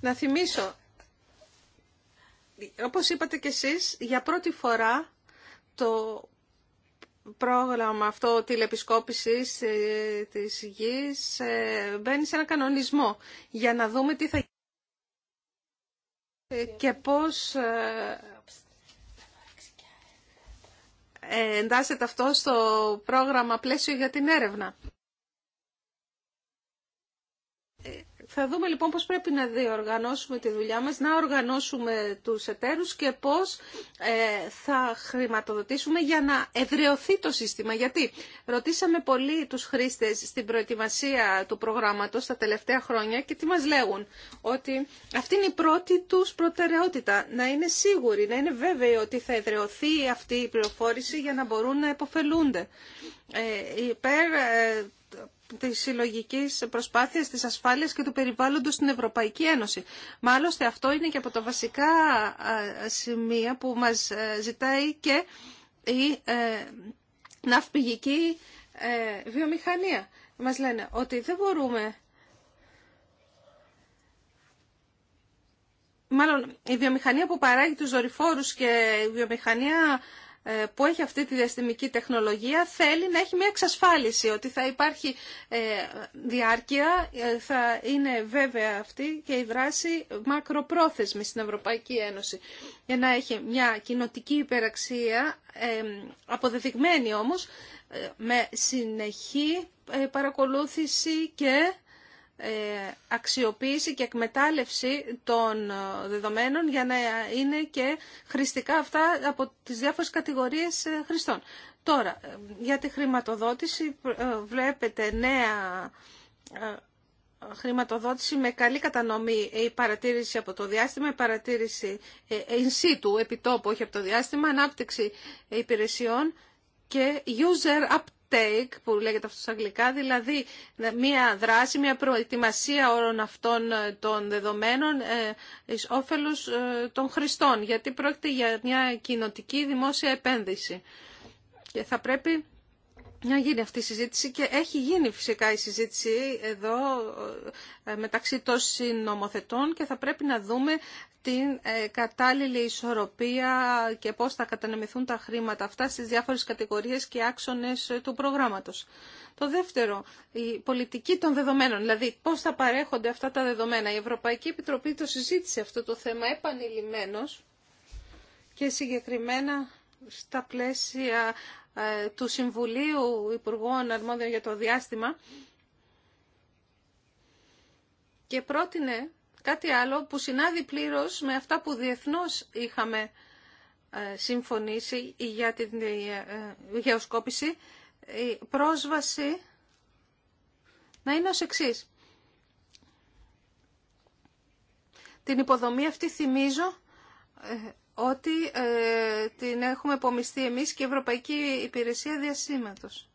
Να θυμίσω, όπως είπατε κι εσείς, για πρώτη φορά το πρόγραμμα αυτό τηλεπισκόπησης ε, της γης ε, μπαίνει σε ένα κανονισμό για να δούμε τι θα γίνει και πώς ε, εντάσσεται αυτό στο πρόγραμμα πλαίσιο για την έρευνα. Θα δούμε λοιπόν πώς πρέπει να διοργανώσουμε τη δουλειά μας, να οργανώσουμε τους εταίρους και πώς ε, θα χρηματοδοτήσουμε για να εδραιωθεί το σύστημα. Γιατί ρωτήσαμε πολύ τους χρήστες στην προετοιμασία του προγράμματος τα τελευταία χρόνια και τι μας λέγουν. Ότι αυτή είναι η πρώτη τους προτεραιότητα. Να είναι σίγουροι, να είναι βέβαιοι ότι θα εδραιωθεί αυτή η πληροφόρηση για να μπορούν να υποφελούνται. Ε, τη συλλογική προσπάθεια τη ασφάλεια και του περιβάλλοντο στην Ευρωπαϊκή Ένωση. Μάλιστα αυτό είναι και από τα βασικά σημεία που μας ε, ζητάει και η ε, ναυπηγική ε, βιομηχανία. Μας λένε ότι δεν μπορούμε μάλλον η βιομηχανία που παράγει τους δορυφόρους και η βιομηχανία ε, που έχει αυτή τη διαστημική τεχνολογία θέλει να έχει μια εξασφάλιση ότι θα υπάρχει ε, διάρκεια, ε, θα είναι βέβαια αυτή και η δράση μακροπρόθεσμη στην Ευρωπαϊκή Ένωση για να έχει μια κοινοτική υπεραξία αποδεδειγμένη όμως με συνεχή παρακολούθηση και ε, αξιοποίηση και εκμετάλλευση των ε, δεδομένων για να είναι και χρηστικά αυτά από τις διάφορες κατηγορίες ε, χρηστών. Τώρα, για τη χρηματοδότηση βλέπετε νέα χρηματοδότηση με καλή κατανομή η παρατήρηση από το διάστημα, η παρατήρηση in situ, επιτόπου, όχι από το διάστημα, ανάπτυξη υπηρεσιών και user up που λέγεται αυτό στα αγγλικά, δηλαδή μια δράση, μια προετοιμασία όλων αυτών ε, των δεδομένων ε, εις όφελος ε, των χρηστών, γιατί πρόκειται για μια κοινοτική δημόσια επένδυση. Και θα πρέπει να γίνει αυτή η συζήτηση και έχει γίνει φυσικά η συζήτηση εδώ ε, μεταξύ των συνομοθετών και θα πρέπει να δούμε την ε, κατάλληλη ισορροπία και πώς θα κατανεμηθούν τα χρήματα αυτά στις διάφορες κατηγορίες και άξονες ε, του προγράμματος. Το δεύτερο, η πολιτική των δεδομένων, δηλαδή πώς θα παρέχονται αυτά τα δεδομένα. Η Ευρωπαϊκή Επιτροπή το συζήτησε αυτό το θέμα επανειλημμένος και συγκεκριμένα στα πλαίσια ε, του Συμβουλίου Υπουργών Αρμόδιων για το Διάστημα και πρότεινε κάτι άλλο που συνάδει πλήρως με αυτά που διεθνώς είχαμε ε, συμφωνήσει για την ε, ε, γεωσκόπηση, η πρόσβαση να είναι ως εξή. Την υποδομή αυτή θυμίζω ότι την έχουμε επομιστεί εμείς και η Ευρωπαϊκή Υπηρεσία Διασύματος.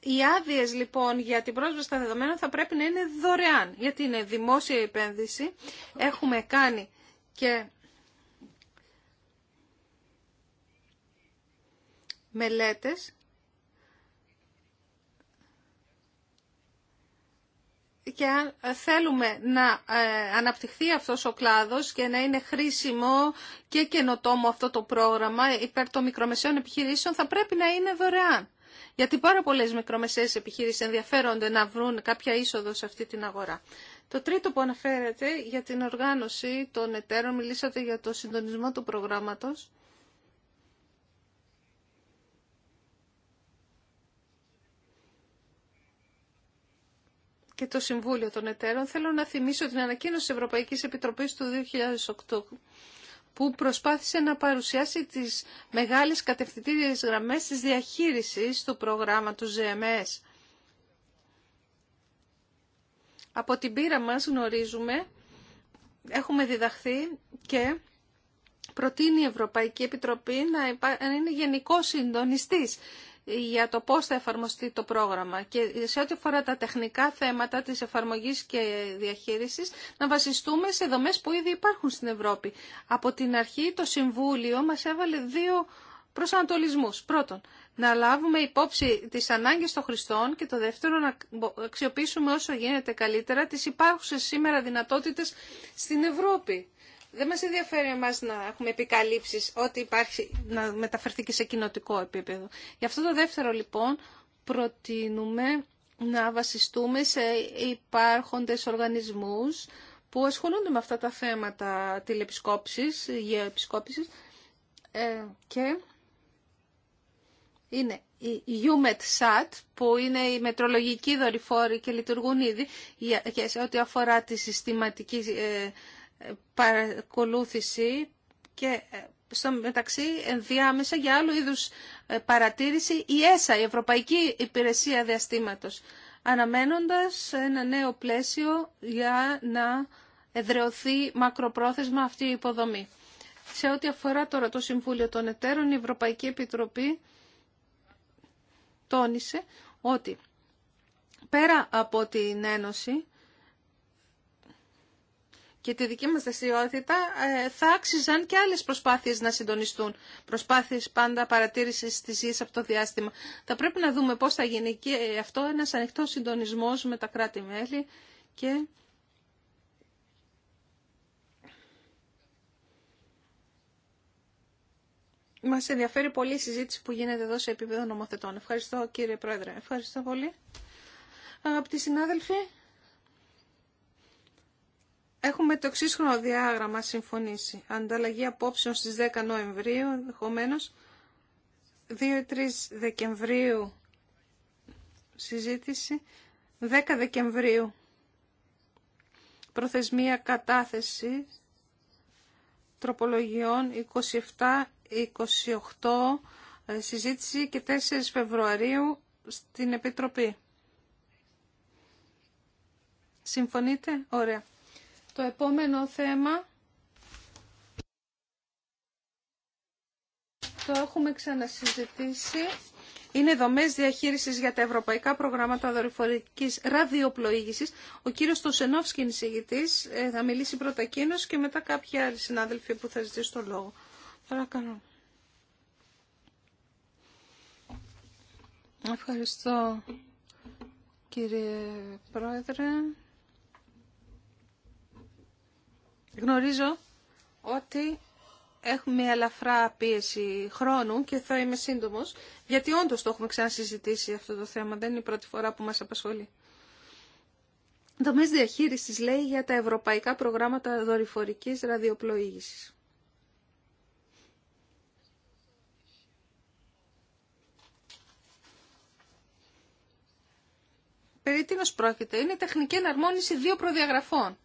Οι άδειε λοιπόν για την πρόσβαση στα δεδομένα θα πρέπει να είναι δωρεάν, γιατί είναι δημόσια επένδυση. Έχουμε κάνει και μελέτες και αν θέλουμε να ε, αναπτυχθεί αυτός ο κλάδος και να είναι χρήσιμο και καινοτόμο αυτό το πρόγραμμα υπέρ των μικρομεσαίων επιχειρήσεων θα πρέπει να είναι δωρεάν γιατί πάρα πολλέ μικρομεσαίες επιχείρησεις ενδιαφέρονται να βρουν κάποια είσοδο σε αυτή την αγορά. Το τρίτο που αναφέρεται για την οργάνωση των εταίρων, μιλήσατε για το συντονισμό του προγράμματος. και το Συμβούλιο των Εταίρων, θέλω να θυμίσω την ανακοίνωση της Ευρωπαϊκής Επιτροπής του 2008 που προσπάθησε να παρουσιάσει τις μεγάλες κατευθυντήριες γραμμές της διαχείρισης του προγράμματος ΖΕΜΕΣ. Από την πείρα μας γνωρίζουμε, έχουμε διδαχθεί και προτείνει η Ευρωπαϊκή Επιτροπή να είναι γενικό συντονιστής για το πώς θα εφαρμοστεί το πρόγραμμα και σε ό,τι αφορά τα τεχνικά θέματα της εφαρμογής και διαχείρισης να βασιστούμε σε δομές που ήδη υπάρχουν στην Ευρώπη. Από την αρχή το Συμβούλιο μας έβαλε δύο προσανατολισμούς. Πρώτον, να λάβουμε υπόψη τις ανάγκες των χρηστών και το δεύτερο να αξιοποιήσουμε όσο γίνεται καλύτερα τις υπάρχουσες σήμερα δυνατότητες στην Ευρώπη δεν μας ενδιαφέρει εμά να έχουμε επικαλύψεις ό,τι υπάρχει να μεταφερθεί και σε κοινοτικό επίπεδο. Γι' αυτό το δεύτερο λοιπόν προτείνουμε να βασιστούμε σε υπάρχοντες οργανισμούς που ασχολούνται με αυτά τα θέματα τηλεπισκόπησης, γεωεπισκόπησης ε, και είναι η UMETSAT που είναι η μετρολογική δορυφόροι και λειτουργούν ήδη σε ό,τι αφορά τη συστηματική ε, παρακολούθηση και ε, στο μεταξύ ενδιάμεσα για άλλου είδους ε, παρατήρηση η ΕΣΑ, η Ευρωπαϊκή Υπηρεσία Διαστήματος, αναμένοντας ένα νέο πλαίσιο για να εδρεωθεί μακροπρόθεσμα αυτή η υποδομή. Σε ό,τι αφορά τώρα το Συμβούλιο των Εταίρων, η Ευρωπαϊκή Επιτροπή τόνισε ότι πέρα από την Ένωση και τη δική μας δραστηριότητα ε, θα άξιζαν και άλλες προσπάθειες να συντονιστούν. Προσπάθειες πάντα παρατήρησης της γης από το διάστημα. Θα πρέπει να δούμε πώς θα γίνει και αυτό ένας ανοιχτός συντονισμός με τα κράτη-μέλη και... Μας ενδιαφέρει πολύ η συζήτηση που γίνεται εδώ σε επίπεδο νομοθετών. Ευχαριστώ κύριε Πρόεδρε. Ευχαριστώ πολύ. Αγαπητοί συνάδελφοι, Έχουμε το εξή χρονοδιάγραμμα συμφωνήσει. Ανταλλαγή απόψεων στις 10 Νοεμβρίου, ενδεχομένω 2-3 Δεκεμβρίου συζήτηση, 10 Δεκεμβρίου προθεσμία κατάθεση τροπολογιών 27-28 ε, συζήτηση και 4 Φεβρουαρίου στην Επιτροπή. Συμφωνείτε? Ωραία. Το επόμενο θέμα το έχουμε ξανασυζητήσει. Είναι δομέ διαχείριση για τα ευρωπαϊκά προγράμματα δορυφορική ραδιοπλοήγηση. Ο κύριο Τωσενόφσκι είναι εισηγητή. Ε, θα μιλήσει πρώτα εκείνο και μετά κάποιοι άλλοι συνάδελφοι που θα ζητήσουν το λόγο. Παρακαλώ. Ευχαριστώ κύριε Πρόεδρε. Γνωρίζω ότι έχουμε μια ελαφρά πίεση χρόνου και θα είμαι σύντομος, γιατί όντως το έχουμε ξανασυζητήσει αυτό το θέμα, δεν είναι η πρώτη φορά που μας απασχολεί. Δομέ διαχείριση λέει για τα ευρωπαϊκά προγράμματα δορυφορικής ραδιοπλοήγησης. Περί τίνος πρόκειται. Είναι τεχνική εναρμόνιση δύο προδιαγραφών.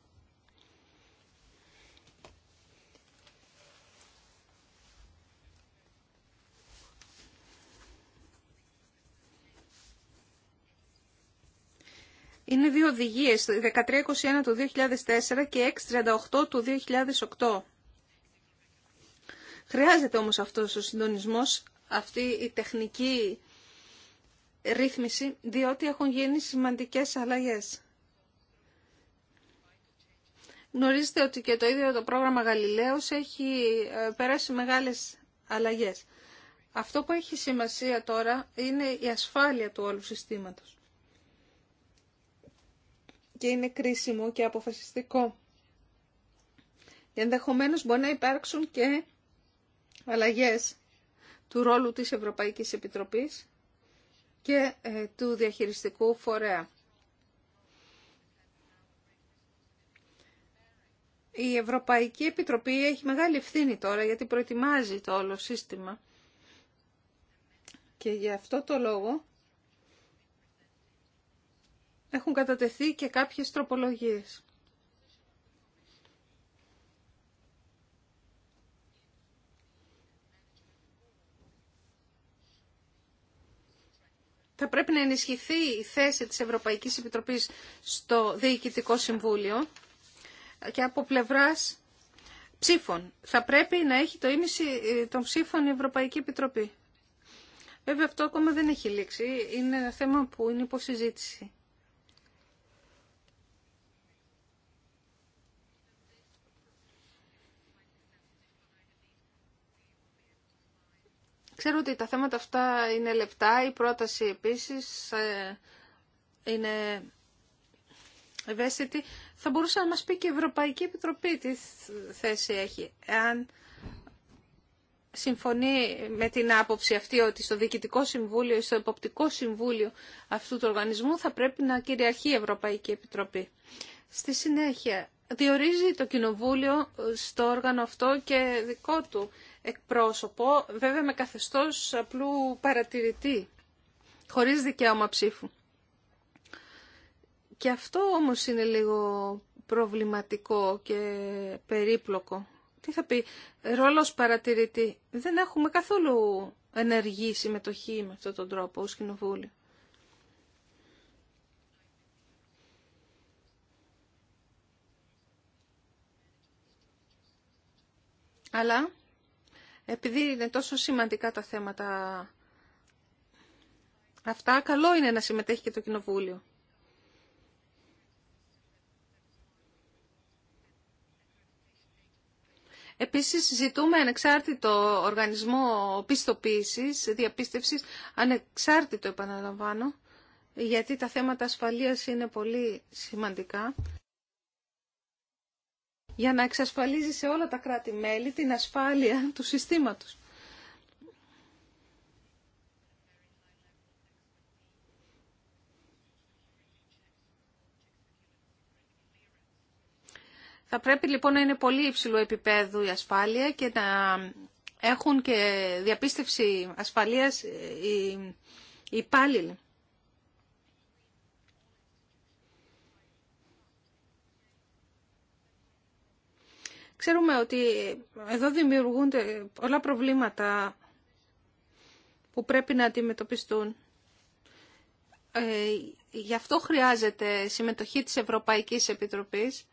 Είναι δύο οδηγίε. 1321 του 2004 και 638 του 2008. Χρειάζεται όμως αυτός ο συντονισμός, αυτή η τεχνική ρύθμιση, διότι έχουν γίνει σημαντικές αλλαγές. Γνωρίζετε ότι και το ίδιο το πρόγραμμα Γαλιλαίος έχει ε, περάσει μεγάλες αλλαγές. Αυτό που έχει σημασία τώρα είναι η ασφάλεια του όλου συστήματος και είναι κρίσιμο και αποφασιστικό. Ενδεχομένω μπορεί να υπάρξουν και αλλαγέ του ρόλου της Ευρωπαϊκής Επιτροπής και ε, του διαχειριστικού φορέα. Η Ευρωπαϊκή Επιτροπή έχει μεγάλη ευθύνη τώρα γιατί προετοιμάζει το όλο σύστημα και γι' αυτό το λόγο έχουν κατατεθεί και κάποιες τροπολογίες. θα πρέπει να ενισχυθεί η θέση της Ευρωπαϊκής Επιτροπής στο Διοικητικό Συμβούλιο και από πλευράς ψήφων. Θα πρέπει να έχει το ίμιση των ψήφων η Ευρωπαϊκή Επιτροπή. Βέβαια αυτό ακόμα δεν έχει λήξει. Είναι ένα θέμα που είναι υποσυζήτηση. Ξέρω ότι τα θέματα αυτά είναι λεπτά. Η πρόταση επίσης ε, είναι ευαίσθητη. Θα μπορούσε να μας πει και η Ευρωπαϊκή Επιτροπή τι θέση έχει. Εάν συμφωνεί με την άποψη αυτή ότι στο Διοικητικό Συμβούλιο ή στο Εποπτικό Συμβούλιο αυτού του οργανισμού θα πρέπει να κυριαρχεί η Ευρωπαϊκή Επιτροπή. Στη συνέχεια, διορίζει το Κοινοβούλιο στο όργανο αυτό και δικό του εκπρόσωπο, βέβαια με καθεστώς απλού παρατηρητή, χωρίς δικαίωμα ψήφου. Και αυτό όμως είναι λίγο προβληματικό και περίπλοκο. Τι θα πει, ρόλος παρατηρητή. Δεν έχουμε καθόλου ενεργή συμμετοχή με αυτόν τον τρόπο ως κοινοβούλιο. Αλλά επειδή είναι τόσο σημαντικά τα θέματα αυτά, καλό είναι να συμμετέχει και το Κοινοβούλιο. Επίσης ζητούμε ανεξάρτητο οργανισμό πιστοποίησης, διαπίστευσης, ανεξάρτητο επαναλαμβάνω, γιατί τα θέματα ασφαλείας είναι πολύ σημαντικά για να εξασφαλίζει σε όλα τα κράτη-μέλη την ασφάλεια του συστήματος. Θα πρέπει λοιπόν να είναι πολύ υψηλού επιπέδου η ασφάλεια και να έχουν και διαπίστευση ασφαλείας ε, οι υπάλληλοι. Ξέρουμε ότι εδώ δημιουργούνται πολλά προβλήματα που πρέπει να αντιμετωπιστούν. Ε, γι' αυτό χρειάζεται συμμετοχή της Ευρωπαϊκής Επιτροπής.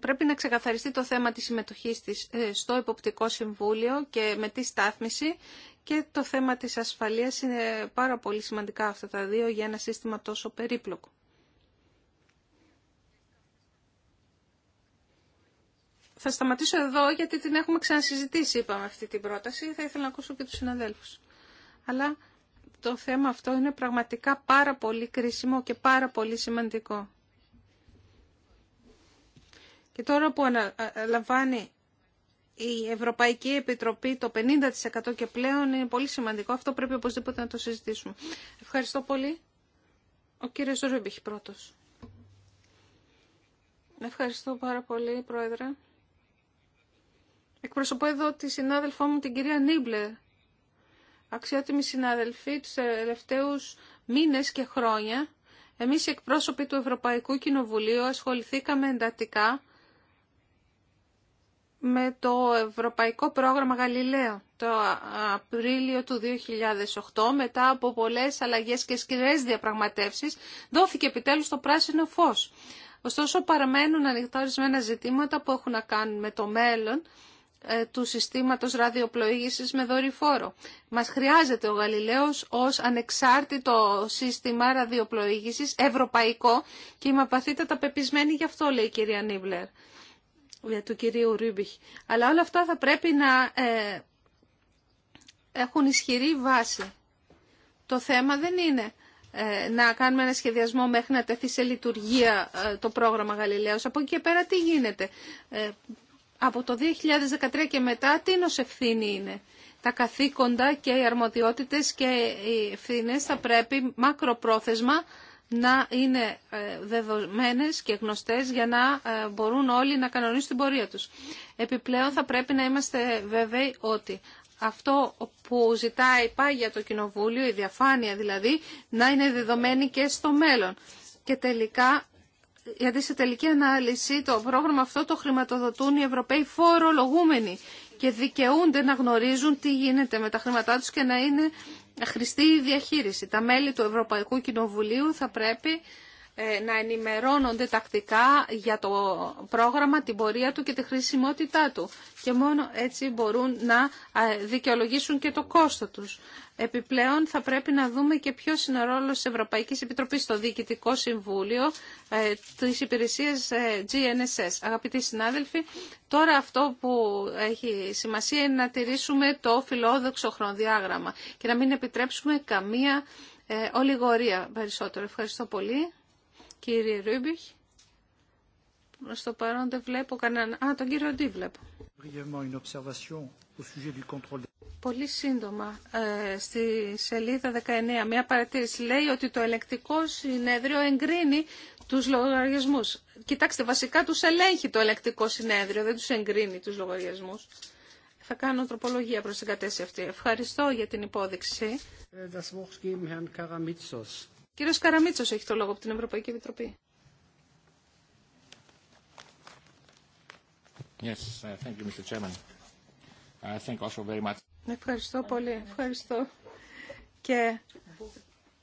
Πρέπει να ξεκαθαριστεί το θέμα της συμμετοχής της ε, στο υποπτικό Συμβούλιο και με τη στάθμιση και το θέμα της ασφαλείας είναι πάρα πολύ σημαντικά αυτά τα δύο για ένα σύστημα τόσο περίπλοκο. Θα σταματήσω εδώ γιατί την έχουμε ξανασυζητήσει, είπαμε αυτή την πρόταση. Θα ήθελα να ακούσω και τους συναδέλφους. Αλλά το θέμα αυτό είναι πραγματικά πάρα πολύ κρίσιμο και πάρα πολύ σημαντικό. Και τώρα που αναλαμβάνει η Ευρωπαϊκή Επιτροπή το 50% και πλέον είναι πολύ σημαντικό. Αυτό πρέπει οπωσδήποτε να το συζητήσουμε. Ευχαριστώ πολύ. Ο κύριος Ρούμπιχ πρώτος. Ευχαριστώ πάρα πολύ, Πρόεδρε. Εκπροσωπώ εδώ τη συνάδελφό μου την κυρία Νίμπλε, αξιότιμη συναδελφή του τελευταίου μήνες και χρόνια, εμείς οι εκπρόσωποι του Ευρωπαϊκού Κοινοβουλίου ασχοληθήκαμε εντατικά με το Ευρωπαϊκό Πρόγραμμα Γαλιλαίο το Απρίλιο του 2008 μετά από πολλές αλλαγές και σκληρές διαπραγματεύσεις δόθηκε επιτέλους το πράσινο φως. Ωστόσο παραμένουν ανοιχτά ορισμένα ζητήματα που έχουν να κάνουν με το μέλλον ε, του συστήματος ραδιοπλοήγησης με δορυφόρο. Μας χρειάζεται ο Γαλιλαίος ως ανεξάρτητο σύστημα ραδιοπλοήγησης, ευρωπαϊκό, και είμαι απαθήτατα πεπισμένη γι' αυτό, λέει η κυρία Νίβλερ, για ε, του κυρίου Ρίμπιχ. Αλλά όλα αυτά θα πρέπει να ε, έχουν ισχυρή βάση. Το θέμα δεν είναι να κάνουμε ένα σχεδιασμό μέχρι να τεθεί σε λειτουργία το πρόγραμμα Γαλιλαίος. Από εκεί και πέρα τι γίνεται από το 2013 και μετά τι ως είναι. Τα καθήκοντα και οι αρμοδιότητες και οι ευθύνε θα πρέπει μακροπρόθεσμα να είναι ε, δεδομένες και γνωστές για να ε, μπορούν όλοι να κανονίσουν την πορεία τους. Επιπλέον θα πρέπει να είμαστε βέβαιοι ότι αυτό που ζητάει πάει για το Κοινοβούλιο, η διαφάνεια δηλαδή, να είναι δεδομένη και στο μέλλον. Και τελικά γιατί σε τελική ανάλυση το πρόγραμμα αυτό το χρηματοδοτούν οι Ευρωπαίοι φορολογούμενοι και δικαιούνται να γνωρίζουν τι γίνεται με τα χρήματά τους και να είναι χρηστή η διαχείριση. Τα μέλη του Ευρωπαϊκού Κοινοβουλίου θα πρέπει ε, να ενημερώνονται τακτικά για το πρόγραμμα, την πορεία του και τη χρησιμότητά του. Και μόνο έτσι μπορούν να ε, δικαιολογήσουν και το κόστο τους. Επιπλέον θα πρέπει να δούμε και ποιος είναι ο ρόλος της Ευρωπαϊκής Επιτροπής στο Διοικητικό Συμβούλιο ε, της υπηρεσίας ε, GNSS. Αγαπητοί συνάδελφοι, τώρα αυτό που έχει σημασία είναι να τηρήσουμε το φιλόδοξο χρονοδιάγραμμα και να μην επιτρέψουμε καμία ε, ολιγορία περισσότερο. Ευχαριστώ πολύ. Κύριε Ρούμπιχ, στο παρόν δεν βλέπω κανέναν. Α, τον κύριο Ντί βλέπω. Πολύ σύντομα, ε, στη σελίδα 19, μια παρατήρηση λέει ότι το ελεκτικό συνέδριο εγκρίνει τους λογαριασμούς. Κοιτάξτε, βασικά τους ελέγχει το ελεκτικό συνέδριο, δεν τους εγκρίνει τους λογαριασμούς. Θα κάνω τροπολογία προς την κατέση αυτή. Ευχαριστώ για την υπόδειξη. Äh, Κύριος Καραμίτσος έχει το λόγο από την Ευρωπαϊκή Επιτροπή. Yes, Ευχαριστώ πολύ. Ευχαριστώ και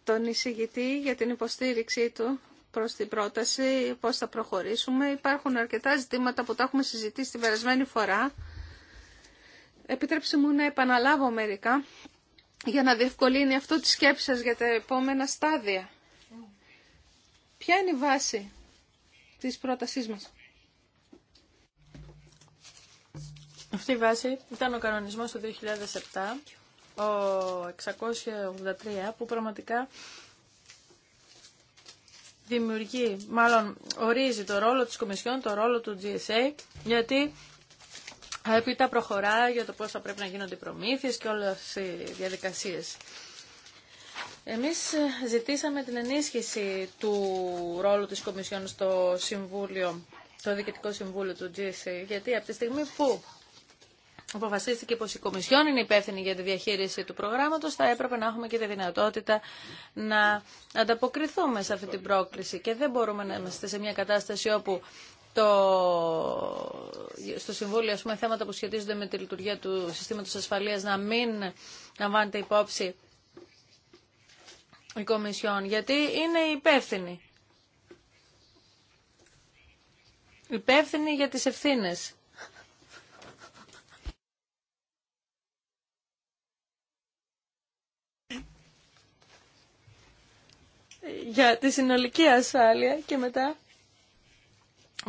τον εισηγητή για την υποστήριξή του προς την πρόταση, πώς θα προχωρήσουμε. Υπάρχουν αρκετά ζητήματα που τα έχουμε συζητήσει την περασμένη φορά. Επιτρέψτε μου να επαναλάβω μερικά για να διευκολύνει αυτό τη σκέψη σας για τα επόμενα στάδια. Ποια είναι η βάση της πρότασής μας. Αυτή η βάση ήταν ο κανονισμός του 2007, ο 683, που πραγματικά δημιουργεί, μάλλον ορίζει το ρόλο της Κομισιόν, το ρόλο του GSA, γιατί Επίτα προχωρά για το πώς θα πρέπει να γίνονται οι προμήθειες και όλες οι διαδικασίες. Εμείς ε, ζητήσαμε την ενίσχυση του ρόλου της Κομισιόν στο Συμβούλιο, το Διοικητικό Συμβούλιο του GC, γιατί από τη στιγμή που αποφασίστηκε πως η Κομισιόν είναι υπεύθυνη για τη διαχείριση του προγράμματος, θα έπρεπε να έχουμε και τη δυνατότητα να ανταποκριθούμε σε αυτή την πρόκληση και δεν μπορούμε να είμαστε σε μια κατάσταση όπου στο Συμβούλιο ας πούμε, θέματα που σχετίζονται με τη λειτουργία του συστήματος ασφαλείας να μην λαμβάνεται υπόψη η Κομισιόν, γιατί είναι υπεύθυνη. Υπεύθυνη για τις ευθύνες. για τη συνολική ασφάλεια και μετά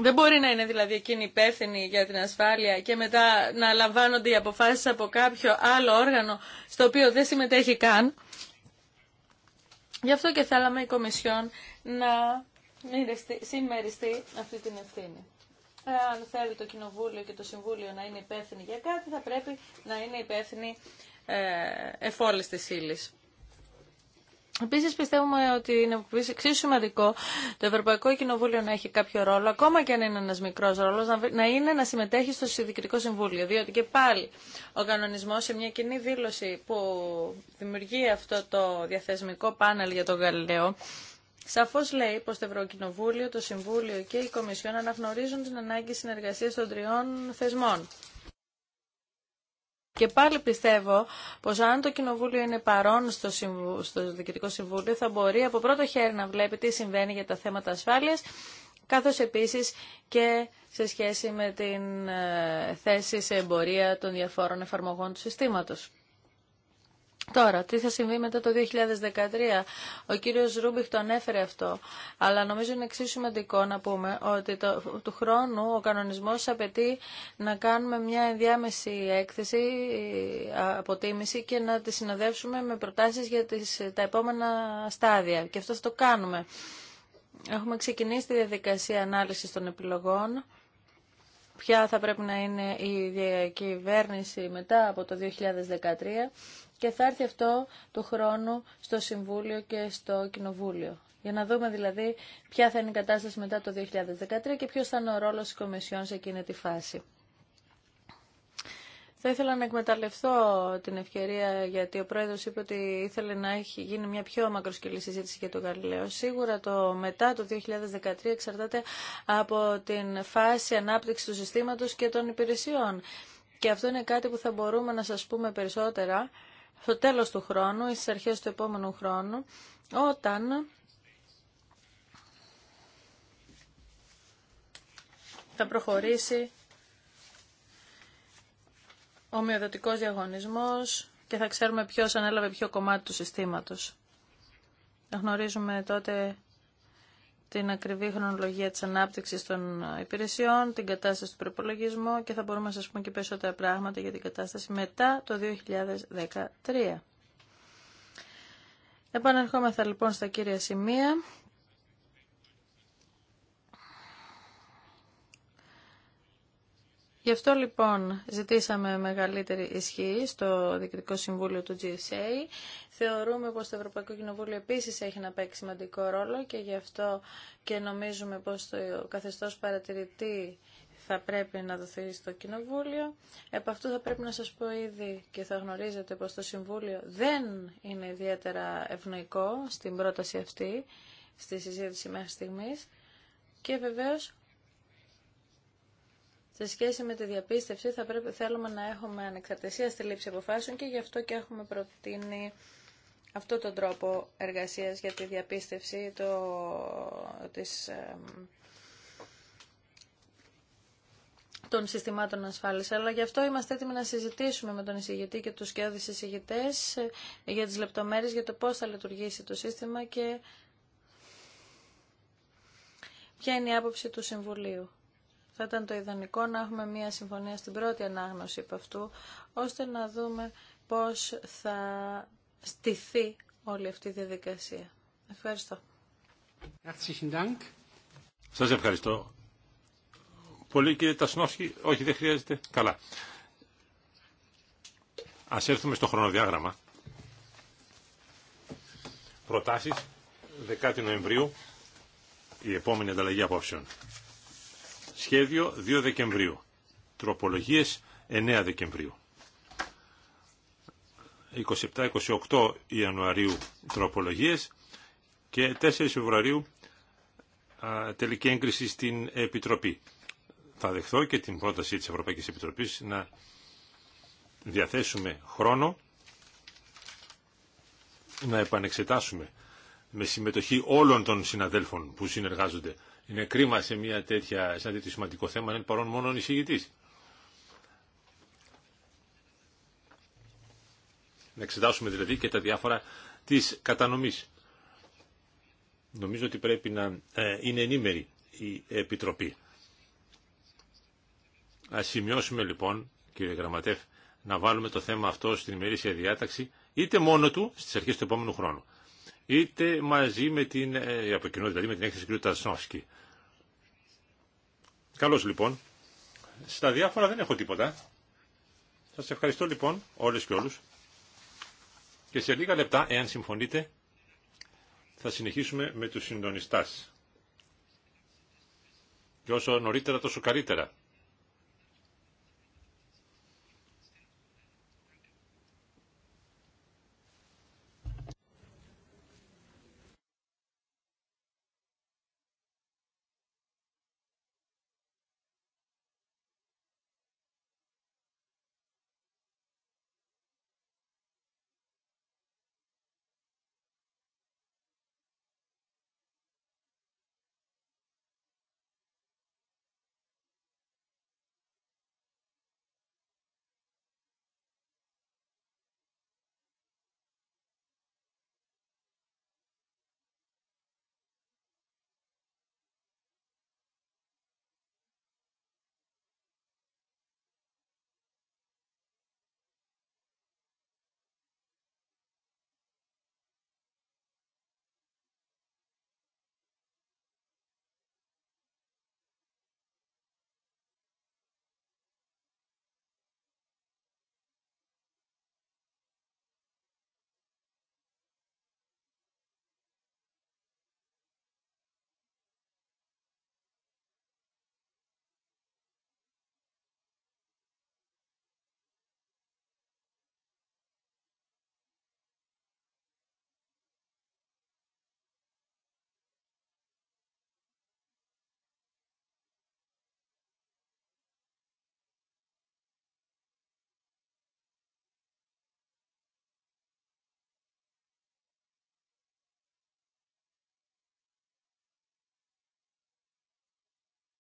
δεν μπορεί να είναι δηλαδή εκείνη υπεύθυνη για την ασφάλεια και μετά να λαμβάνονται οι αποφάσεις από κάποιο άλλο όργανο στο οποίο δεν συμμετέχει καν. Γι' αυτό και θέλαμε η Κομισιόν να συμμεριστεί αυτή την ευθύνη. Αν θέλει το Κοινοβούλιο και το Συμβούλιο να είναι υπεύθυνοι για κάτι, θα πρέπει να είναι υπεύθυνοι ε, εφόλες της ύλης. Επίσης πιστεύουμε ότι είναι εξίσου σημαντικό το Ευρωπαϊκό Κοινοβούλιο να έχει κάποιο ρόλο, ακόμα και αν είναι ένα μικρό ρόλο, να είναι να συμμετέχει στο Συνδικητικό Συμβούλιο. Διότι και πάλι ο κανονισμό σε μια κοινή δήλωση που δημιουργεί αυτό το διαθεσμικό πάνελ για τον Γαλιλαίο, Σαφώ λέει πω το Ευρωκοινοβούλιο, το Συμβούλιο και η Κομισιόν αναγνωρίζουν την ανάγκη συνεργασία των τριών θεσμών. Και πάλι πιστεύω πως αν το Κοινοβούλιο είναι παρόν στο, συμβου... Διοικητικό Συμβούλιο θα μπορεί από πρώτο χέρι να βλέπει τι συμβαίνει για τα θέματα ασφάλεια, καθώς επίσης και σε σχέση με την ε, θέση σε εμπορία των διαφόρων εφαρμογών του συστήματος. Τώρα, τι θα συμβεί μετά το 2013. Ο κύριος Ρούμπιχ το ανέφερε αυτό, αλλά νομίζω είναι εξίσου σημαντικό να πούμε ότι του χρόνου ο κανονισμός απαιτεί να κάνουμε μια ενδιάμεση έκθεση, ε, αποτίμηση και να τη συνοδεύσουμε με προτάσεις για τις, τα επόμενα στάδια. Και αυτό θα το κάνουμε. Έχουμε ξεκινήσει τη διαδικασία ανάλυσης των επιλογών ποια θα πρέπει να είναι η διακυβέρνηση μετά από το 2013 και θα έρθει αυτό του χρόνου στο Συμβούλιο και στο Κοινοβούλιο. Για να δούμε δηλαδή ποια θα είναι η κατάσταση μετά το 2013 και ποιος θα είναι ο ρόλος της Κομισιόν σε εκείνη τη φάση. Θα ήθελα να εκμεταλλευτώ την ευκαιρία γιατί ο Πρόεδρος είπε ότι ήθελε να έχει γίνει μια πιο μακροσκελή συζήτηση για τον Γαλιλαίο. Σίγουρα το μετά το 2013 εξαρτάται από την φάση ανάπτυξη του συστήματος και των υπηρεσιών. Και αυτό είναι κάτι που θα μπορούμε να σας πούμε περισσότερα στο τέλος του χρόνου ή στις αρχές του επόμενου χρόνου όταν θα προχωρήσει ομοιοδοτικό διαγωνισμό και θα ξέρουμε ποιο ανέλαβε ποιο κομμάτι του συστήματος. Γνωρίζουμε τότε την ακριβή χρονολογία της ανάπτυξης των υπηρεσιών, την κατάσταση του προπολογισμού και θα μπορούμε να σας πούμε και περισσότερα πράγματα για την κατάσταση μετά το 2013. Επανερχόμεθα λοιπόν στα κύρια σημεία Γι' αυτό λοιπόν ζητήσαμε μεγαλύτερη ισχύ στο Διοικητικό Συμβούλιο του GSA. Θεωρούμε πως το Ευρωπαϊκό Κοινοβούλιο επίσης έχει να παίξει σημαντικό ρόλο και γι' αυτό και νομίζουμε πως το καθεστώς παρατηρητή θα πρέπει να δοθεί στο Κοινοβούλιο. Επ' αυτού θα πρέπει να σας πω ήδη και θα γνωρίζετε πως το Συμβούλιο δεν είναι ιδιαίτερα ευνοϊκό στην πρόταση αυτή, στη συζήτηση μέχρι στιγμής. Και βεβαίως σε σχέση με τη διαπίστευση θα πρέπει, θέλουμε να έχουμε ανεξαρτησία στη λήψη αποφάσεων και γι' αυτό και έχουμε προτείνει αυτό τον τρόπο εργασίας για τη διαπίστευση το, της, των συστημάτων ασφάλισης. Αλλά γι' αυτό είμαστε έτοιμοι να συζητήσουμε με τον εισηγητή και τους σκιώδεις εισηγητές ε, για τις λεπτομέρειες, για το πώς θα λειτουργήσει το σύστημα και ποια είναι η άποψη του Συμβουλίου. Θα ήταν το ιδανικό να έχουμε μια συμφωνία στην πρώτη ανάγνωση από αυτού, ώστε να δούμε πώς θα στηθεί όλη αυτή η διαδικασία. Ευχαριστώ. Σας ευχαριστώ. Πολύ κύριε Τασνόφσκι. Όχι, δεν χρειάζεται. Καλά. Ας έρθουμε στο χρονοδιάγραμμα. Προτάσεις 10 Νοεμβρίου η επόμενη ανταλλαγή απόψεων. Σχέδιο 2 Δεκεμβρίου. Τροπολογίες 9 Δεκεμβρίου. 27-28 Ιανουαρίου τροπολογίες και 4 Φεβρουαρίου τελική έγκριση στην Επιτροπή. Θα δεχθώ και την πρόταση της Ευρωπαϊκής Επιτροπής να διαθέσουμε χρόνο να επανεξετάσουμε με συμμετοχή όλων των συναδέλφων που συνεργάζονται είναι κρίμα σε, μια τέτοια, σε ένα τέτοιο σημαντικό θέμα είναι παρόν μόνο εισηγητής. Να εξετάσουμε δηλαδή και τα διάφορα της κατανομής. Νομίζω ότι πρέπει να ε, είναι ενήμερη η Επιτροπή. Ας σημειώσουμε λοιπόν, κύριε Γραμματεύ, να βάλουμε το θέμα αυτό στην ημερήσια διάταξη, είτε μόνο του στις αρχές του επόμενου χρόνου, είτε μαζί με την, ε, από κοινό δηλαδή με την έκθεση κ. Καλώς λοιπόν. Στα διάφορα δεν έχω τίποτα. Σας ευχαριστώ λοιπόν όλες και όλους. Και σε λίγα λεπτά, εάν συμφωνείτε, θα συνεχίσουμε με τους συντονιστάς. Και όσο νωρίτερα τόσο καλύτερα.